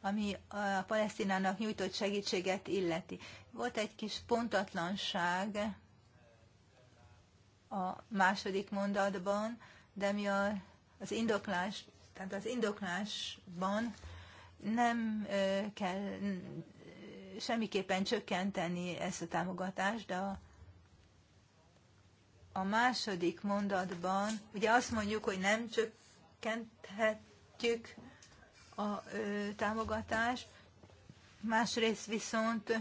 ami a Palesztinának nyújtott segítséget illeti. Volt egy kis pontatlanság a második mondatban, de mi a, az indoklás, tehát az indoklásban nem kell semmiképpen csökkenteni ezt a támogatást, de a, a második mondatban, ugye azt mondjuk, hogy nem csak csökkenthetjük a támogatást, másrészt viszont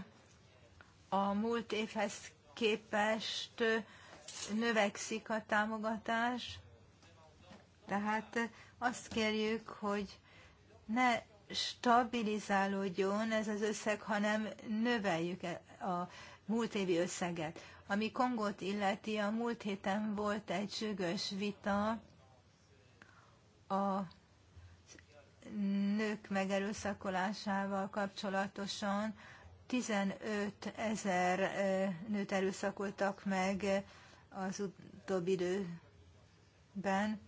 a múlt évhez képest növekszik a támogatás, tehát azt kérjük, hogy ne stabilizálódjon ez az összeg, hanem növeljük e, a múlt évi összeget. Ami Kongót illeti, a múlt héten volt egy sürgős vita a nők megerőszakolásával kapcsolatosan 15 ezer nőt erőszakoltak meg az utóbbi időben,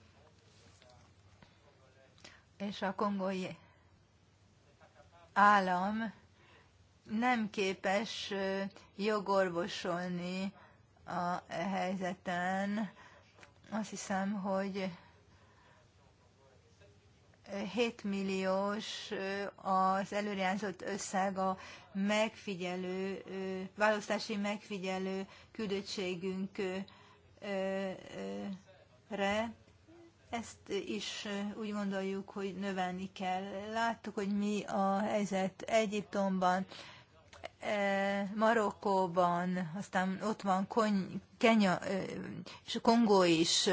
és a kongói állam nem képes jogorvosolni a helyzeten. Azt hiszem, hogy 7 milliós az előrejelzett összeg a megfigyelő, választási megfigyelő küldöttségünkre. Ezt is úgy gondoljuk, hogy növelni kell. Láttuk, hogy mi a helyzet Egyiptomban, Marokkóban, aztán ott van Kony, Kenya és Kongó is.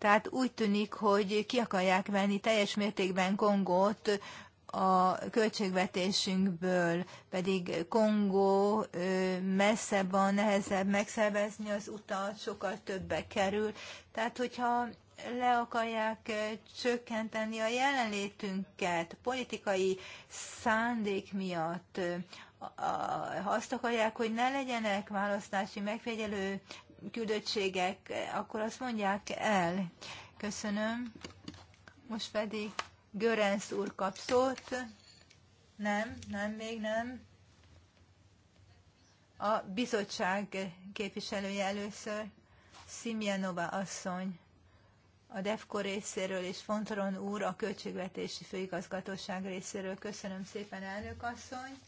Tehát úgy tűnik, hogy ki akarják venni teljes mértékben Kongót a költségvetésünkből, pedig Kongó messzebb van, nehezebb megszervezni az utat, sokkal többe kerül. Tehát, hogyha le akarják csökkenteni a jelenlétünket politikai szándék miatt, azt akarják, hogy ne legyenek választási megfigyelő küldöttségek, akkor azt mondják el. Köszönöm. Most pedig Görenc úr kap szót. Nem, nem, még nem. A bizottság képviselője először, Szimjanova asszony, a DEFKO részéről és Fontoron úr a Költségvetési Főigazgatóság részéről. Köszönöm szépen, elnök asszony.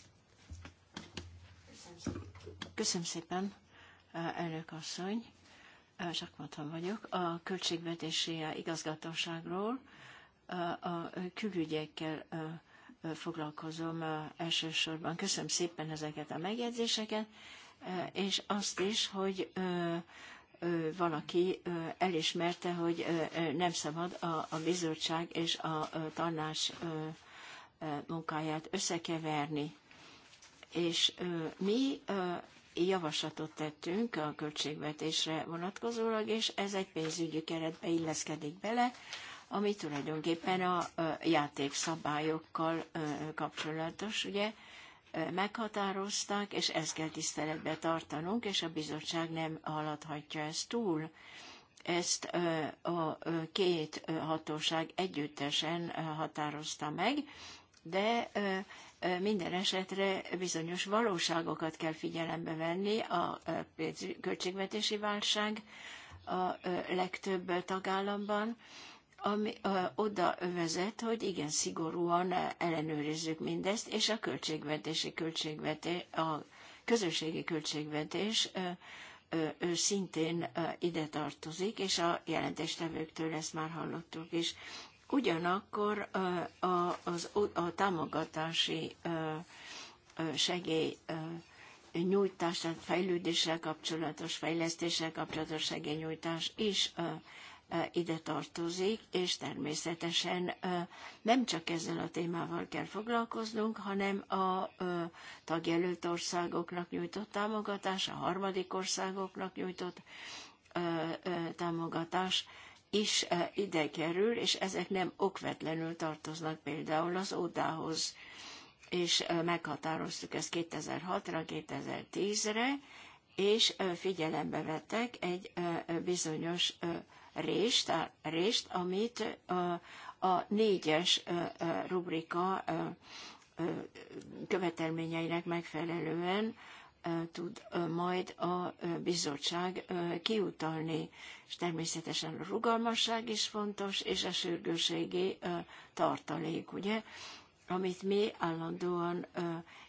Köszönöm szépen elnök asszony. Zsakmatan vagyok, a Költségvetési Igazgatóságról a külügyekkel foglalkozom elsősorban. Köszönöm szépen ezeket a megjegyzéseket, és azt is, hogy valaki elismerte, hogy nem szabad a bizottság és a tanács munkáját összekeverni. És mi javaslatot tettünk a költségvetésre vonatkozólag, és ez egy pénzügyi keretbe illeszkedik bele, ami tulajdonképpen a játékszabályokkal kapcsolatos, ugye meghatározták, és ezt kell tiszteletbe tartanunk, és a bizottság nem haladhatja ezt túl. Ezt a két hatóság együttesen határozta meg, de minden esetre bizonyos valóságokat kell figyelembe venni. A költségvetési válság a legtöbb tagállamban, ami oda vezet, hogy igen szigorúan ellenőrizzük mindezt, és a költségvetési költségvetés, a közösségi költségvetés ő szintén ide tartozik, és a jelentéstevőktől ezt már hallottuk is. Ugyanakkor a, az, a támogatási segély nyújtás, tehát fejlődéssel kapcsolatos, fejlesztéssel kapcsolatos segélynyújtás is ide tartozik, és természetesen nem csak ezzel a témával kell foglalkoznunk, hanem a tagjelölt országoknak nyújtott támogatás, a harmadik országoknak nyújtott támogatás is eh, ide kerül, és ezek nem okvetlenül tartoznak például az ódához. És eh, meghatároztuk ezt 2006-ra, 2010-re, és eh, figyelembe vettek egy bizonyos rést, rést amit a négyes rubrika követelményeinek megfelelően tud majd a bizottság kiutalni. És természetesen a rugalmasság is fontos, és a sürgőségi tartalék, ugye, amit mi állandóan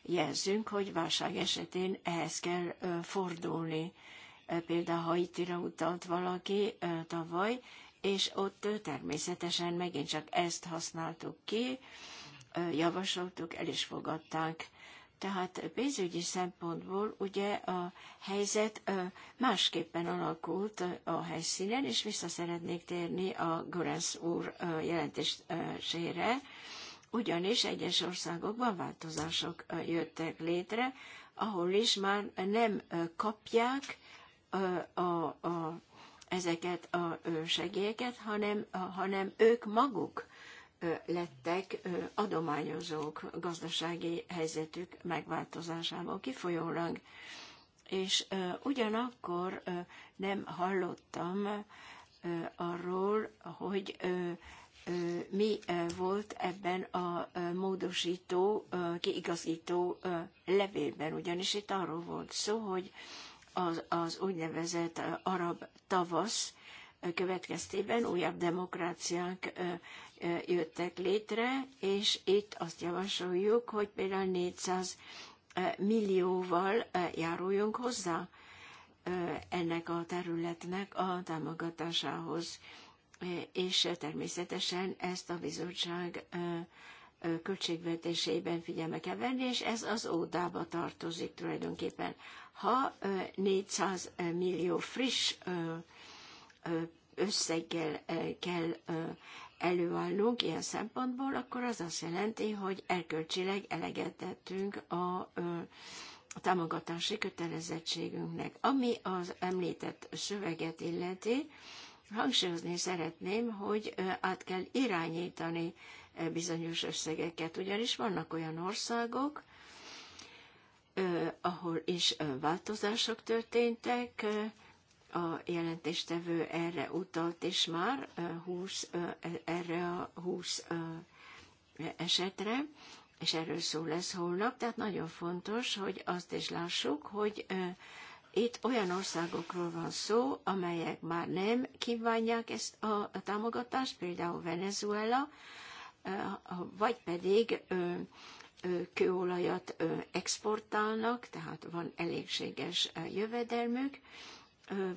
jelzünk, hogy válság esetén ehhez kell fordulni. Például Haitira utalt valaki tavaly, és ott természetesen megint csak ezt használtuk ki, javasoltuk, el is fogadták tehát pénzügyi szempontból ugye a helyzet másképpen alakult a helyszínen, és vissza szeretnék térni a Görens úr jelentésére, ugyanis egyes országokban változások jöttek létre, ahol is már nem kapják a, a, a, ezeket a segélyeket, hanem, hanem ők maguk lettek adományozók gazdasági helyzetük megváltozásából kifolyólag. És ugyanakkor nem hallottam arról, hogy mi volt ebben a módosító, kiigazító levélben, ugyanis itt arról volt szó, hogy az, az úgynevezett arab tavasz következtében újabb demokráciák jöttek létre, és itt azt javasoljuk, hogy például 400 millióval járuljunk hozzá ennek a területnek a támogatásához. És természetesen ezt a bizottság költségvetésében figyelme kell venni, és ez az ódába tartozik tulajdonképpen. Ha 400 millió friss összeggel kell előállunk ilyen szempontból, akkor az azt jelenti, hogy erkölcsileg elegetettünk a a támogatási kötelezettségünknek. Ami az említett szöveget illeti, hangsúlyozni szeretném, hogy át kell irányítani bizonyos összegeket, ugyanis vannak olyan országok, ahol is változások történtek, a jelentéstevő erre utalt, és már 20, e, erre a 20 esetre, és erről szó lesz holnap, tehát nagyon fontos, hogy azt is lássuk, hogy itt olyan országokról van szó, amelyek már nem kívánják ezt a támogatást, például Venezuela, vagy pedig kőolajat exportálnak, tehát van elégséges jövedelmük,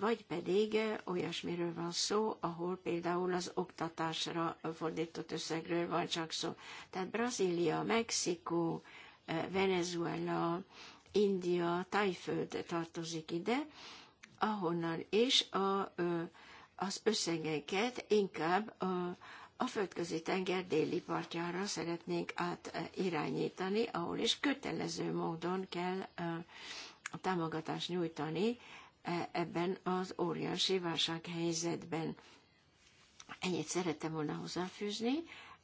vagy pedig olyasmiről van szó, ahol például az oktatásra fordított összegről van csak szó. Tehát Brazília, Mexikó, Venezuela, India, Tájföld tartozik ide, ahonnan és a, az összegeket inkább a, a földközi tenger déli partjára szeretnénk átirányítani, ahol is kötelező módon kell támogatást nyújtani E, ebben az óriási válsághelyzetben. Ennyit szerettem volna hozzáfűzni,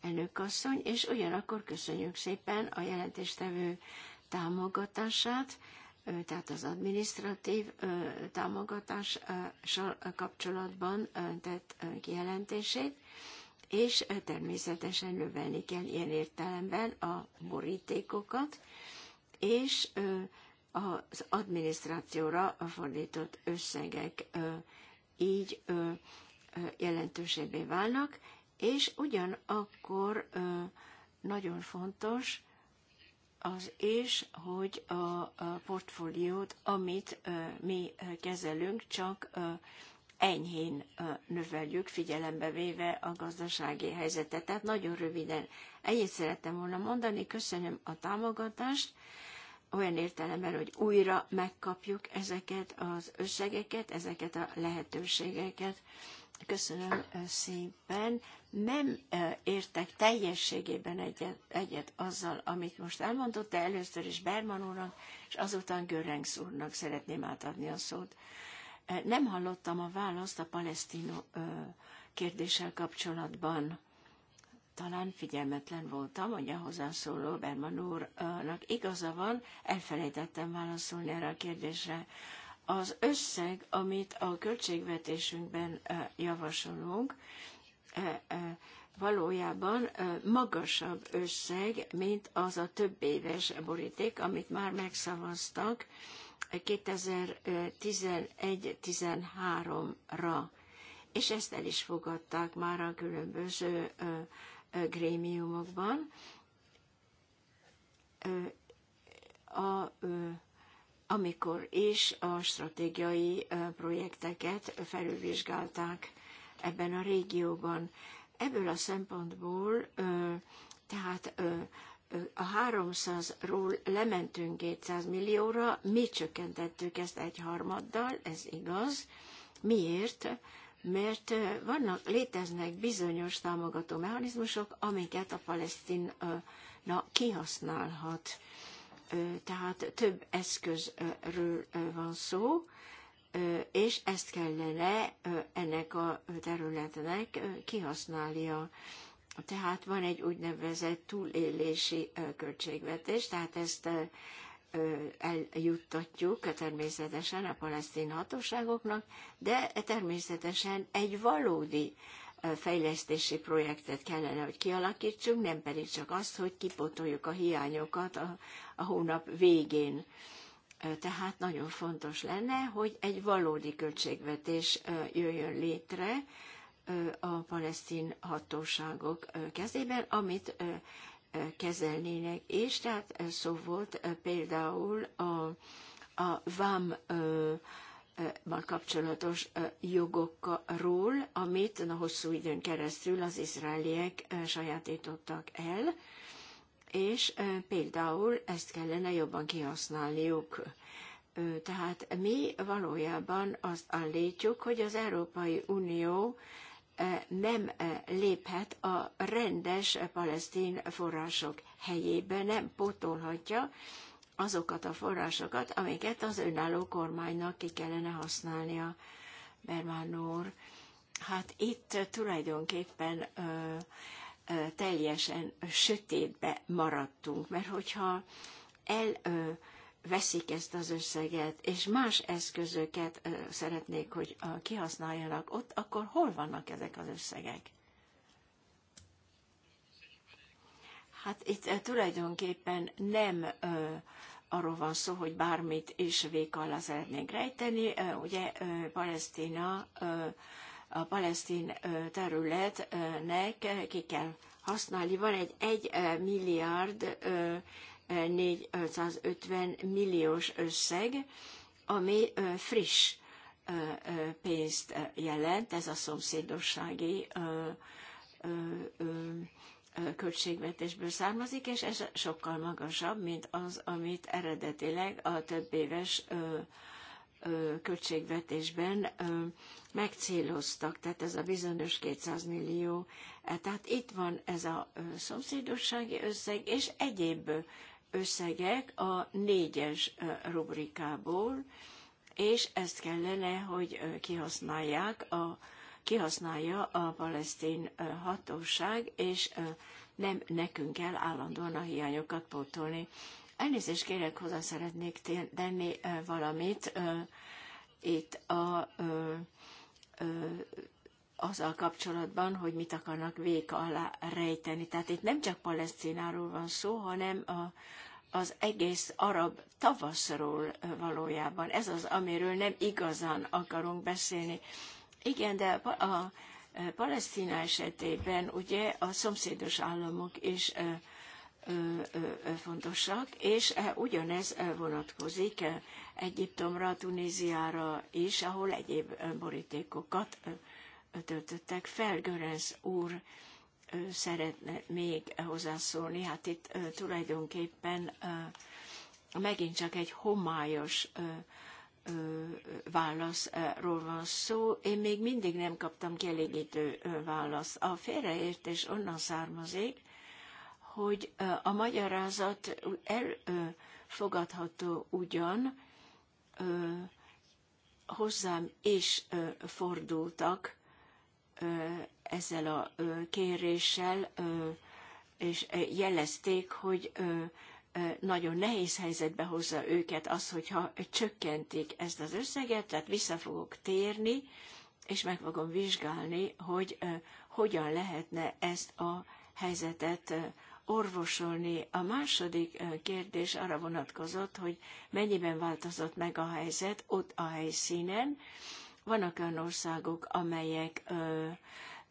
elnök asszony, és ugyanakkor köszönjük szépen a jelentéstevő támogatását, tehát az adminisztratív támogatással kapcsolatban tett kijelentését, és természetesen növelni kell ilyen értelemben a borítékokat, és az adminisztrációra fordított összegek így jelentősebbé válnak, és ugyanakkor nagyon fontos az is, hogy a portfóliót, amit mi kezelünk, csak enyhén növeljük, figyelembe véve a gazdasági helyzetet. Tehát nagyon röviden ennyit szerettem volna mondani, köszönöm a támogatást, olyan értelemben, hogy újra megkapjuk ezeket az összegeket, ezeket a lehetőségeket. Köszönöm szépen. Nem értek teljességében egyet, egyet azzal, amit most elmondott, de először is Berman úrnak, és azután Görengs úrnak szeretném átadni a szót. Nem hallottam a választ a palesztino kérdéssel kapcsolatban talán figyelmetlen voltam, hogy a hozzászóló Berman úrnak igaza van, elfelejtettem válaszolni erre a kérdésre. Az összeg, amit a költségvetésünkben javasolunk, valójában magasabb összeg, mint az a több éves boríték, amit már megszavaztak 2011-13-ra. És ezt el is fogadták már a különböző grémiumokban. A, amikor is a stratégiai projekteket felülvizsgálták ebben a régióban. Ebből a szempontból tehát a 300-ról lementünk 200 millióra, mi csökkentettük ezt egy harmaddal, ez igaz. Miért? mert vannak, léteznek bizonyos támogató mechanizmusok, amiket a na, kihasználhat. Tehát több eszközről van szó, és ezt kellene ennek a területnek kihasználnia. Tehát van egy úgynevezett túlélési költségvetés, tehát ezt eljuttatjuk természetesen a palesztin hatóságoknak, de természetesen egy valódi fejlesztési projektet kellene, hogy kialakítsunk, nem pedig csak azt, hogy kipotoljuk a hiányokat a, a hónap végén. Tehát nagyon fontos lenne, hogy egy valódi költségvetés jöjjön létre a palesztin hatóságok kezében, amit kezelnének, és tehát szó volt eh, például a, a VAM mal eh, eh, kapcsolatos jogokról, amit a hosszú időn keresztül az izraeliek sajátítottak el, és például ezt kellene jobban kihasználniuk. Tehát mi valójában azt állítjuk, hogy az Európai Unió E, nem e, léphet a rendes palesztin források helyébe, nem pótolhatja azokat a forrásokat, amiket az önálló kormánynak ki kellene használnia. Berman úr, hát itt tulajdonképpen ö, ö, teljesen sötétbe maradtunk, mert hogyha el ö, veszik ezt az összeget, és más eszközöket szeretnék, hogy kihasználjanak ott, akkor hol vannak ezek az összegek? Hát itt tulajdonképpen nem arról van szó, hogy bármit is vék alá szeretnénk rejteni. Ugye Palesztina, a palesztin területnek ki kell használni. Van egy 1 milliárd 450 milliós összeg, ami friss pénzt jelent, ez a szomszédossági költségvetésből származik, és ez sokkal magasabb, mint az, amit eredetileg a több éves költségvetésben megcéloztak, tehát ez a bizonyos 200 millió. E, tehát itt van ez a szomszédossági összeg, és egyéb összegek a négyes rubrikából, és ezt kellene, hogy kihasználják a, kihasználja a palesztin hatóság, és nem nekünk kell állandóan a hiányokat pótolni. Elnézést kérek, hozzá szeretnék tenni valamit itt a azzal kapcsolatban, hogy mit akarnak vék alá rejteni. Tehát itt nem csak Palesztináról van szó, hanem a, az egész arab tavaszról valójában. Ez az, amiről nem igazán akarunk beszélni. Igen, de a, a e, Palesztina esetében ugye a szomszédos államok is ö, e, ö, e, fontosak, és ugyanez vonatkozik Egyiptomra, Tunéziára is, ahol egyéb borítékokat töltöttek fel. Görenz úr szeretne még hozzászólni. Hát itt tulajdonképpen megint csak egy homályos válaszról van szó. Én még mindig nem kaptam kielégítő választ. A félreértés onnan származik, hogy a magyarázat elfogadható ugyan, hozzám is fordultak ezzel a kéréssel, és jelezték, hogy nagyon nehéz helyzetbe hozza őket az, hogyha csökkentik ezt az összeget, tehát vissza fogok térni, és meg fogom vizsgálni, hogy hogyan lehetne ezt a helyzetet orvosolni. A második kérdés arra vonatkozott, hogy mennyiben változott meg a helyzet ott a helyszínen, vannak olyan országok, amelyek ö,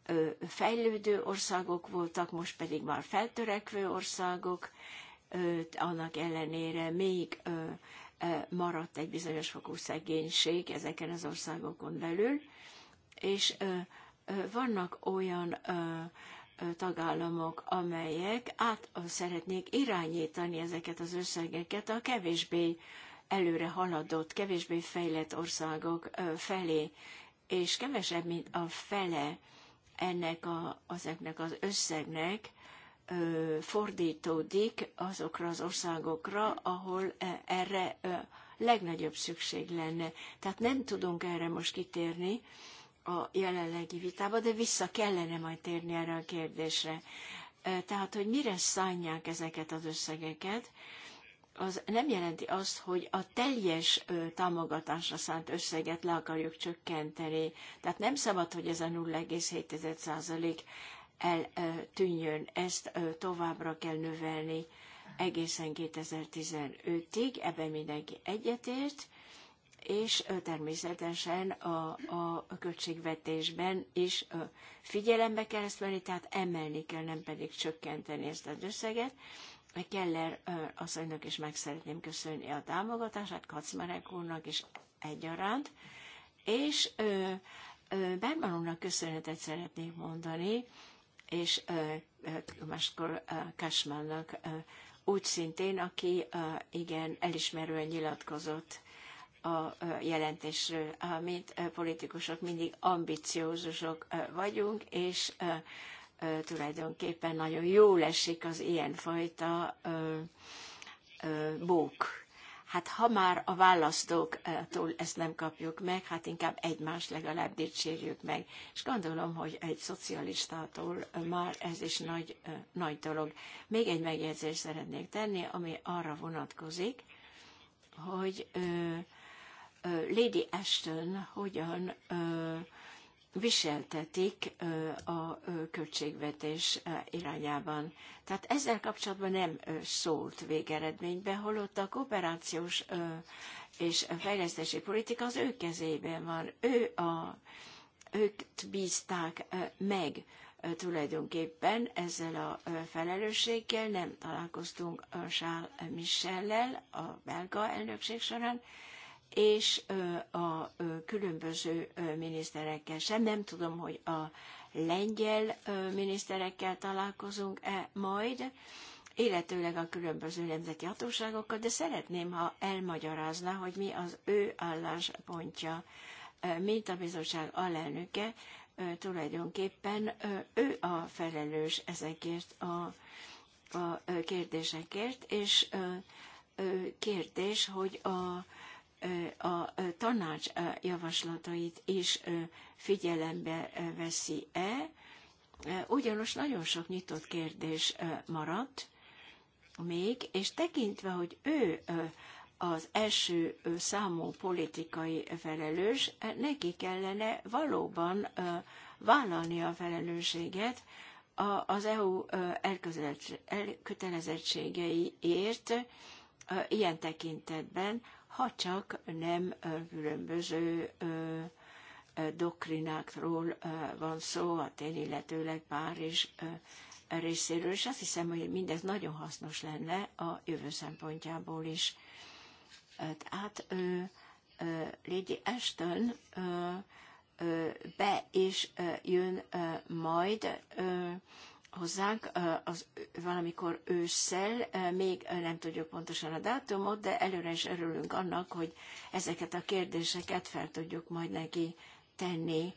ö, fejlődő országok voltak, most pedig már feltörekvő országok, ö, annak ellenére még ö, ö, maradt egy bizonyos fokú szegénység ezeken az országokon belül, és ö, ö, vannak olyan ö, tagállamok, amelyek át szeretnék irányítani ezeket az összegeket a kevésbé előre haladott, kevésbé fejlett országok felé, és kevesebb, mint a fele ennek a, ezeknek az összegnek fordítódik azokra az országokra, ahol e, erre legnagyobb szükség lenne. Tehát nem tudunk erre most kitérni a jelenlegi vitába, de vissza kellene majd térni erre a kérdésre. Tehát, hogy mire szánják ezeket az összegeket, az nem jelenti azt, hogy a teljes támogatásra szánt összeget le akarjuk csökkenteni. Tehát nem szabad, hogy ez a 0,7% eltűnjön. Ezt továbbra kell növelni egészen 2015-ig, ebben mindenki egyetért, és természetesen a, a költségvetésben is figyelembe kell ezt venni, tehát emelni kell, nem pedig csökkenteni ezt az összeget. Keller önök is meg szeretném köszönni a támogatását, Kacmarek úrnak is egyaránt, és Bergman úrnak köszönetet szeretnék mondani, és máskor Kasmannak úgy szintén, aki igen elismerően nyilatkozott a jelentésről. Mint politikusok mindig ambiciózusok vagyunk, és tulajdonképpen nagyon jól esik az ilyenfajta bók. Hát ha már a választóktól ezt nem kapjuk meg, hát inkább egymást legalább dicsérjük meg. És gondolom, hogy egy szocialistától már ez is nagy, nagy dolog. Még egy megjegyzést szeretnék tenni, ami arra vonatkozik, hogy Lady Ashton hogyan viseltetik a költségvetés irányában. Tehát ezzel kapcsolatban nem szólt végeredménybe, holott a kooperációs és a fejlesztési politika az ő kezében van. Ő a, őt bízták meg tulajdonképpen ezzel a felelősséggel. Nem találkoztunk Charles Michellel a belga elnökség során, és a különböző miniszterekkel sem. Nem tudom, hogy a lengyel miniszterekkel találkozunk-e majd, illetőleg a különböző nemzeti hatóságokkal, de szeretném, ha elmagyarázna, hogy mi az ő álláspontja, mint a bizottság alelnöke, tulajdonképpen ő a felelős ezekért a, a kérdésekért, és kérdés, hogy a a tanács javaslatait is figyelembe veszi-e, ugyanis nagyon sok nyitott kérdés maradt még, és tekintve, hogy ő az első számú politikai felelős, neki kellene valóban vállalni a felelősséget az EU elkötelezettségeiért ilyen tekintetben, ha csak nem különböző doktrinákról van szó, a tény, illetőleg Párizs részéről, és azt hiszem, hogy mindez nagyon hasznos lenne a jövő szempontjából is. Tehát Lady Ashton be is jön majd hozzánk az, valamikor ősszel, még nem tudjuk pontosan a dátumot, de előre is örülünk annak, hogy ezeket a kérdéseket fel tudjuk majd neki tenni.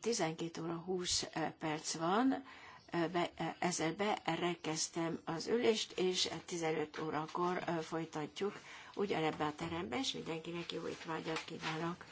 12 óra 20 perc van, be, ezzel berekeztem az ülést, és 15 órakor folytatjuk ugyanebben a teremben, és mindenkinek jó étvágyat kívánok!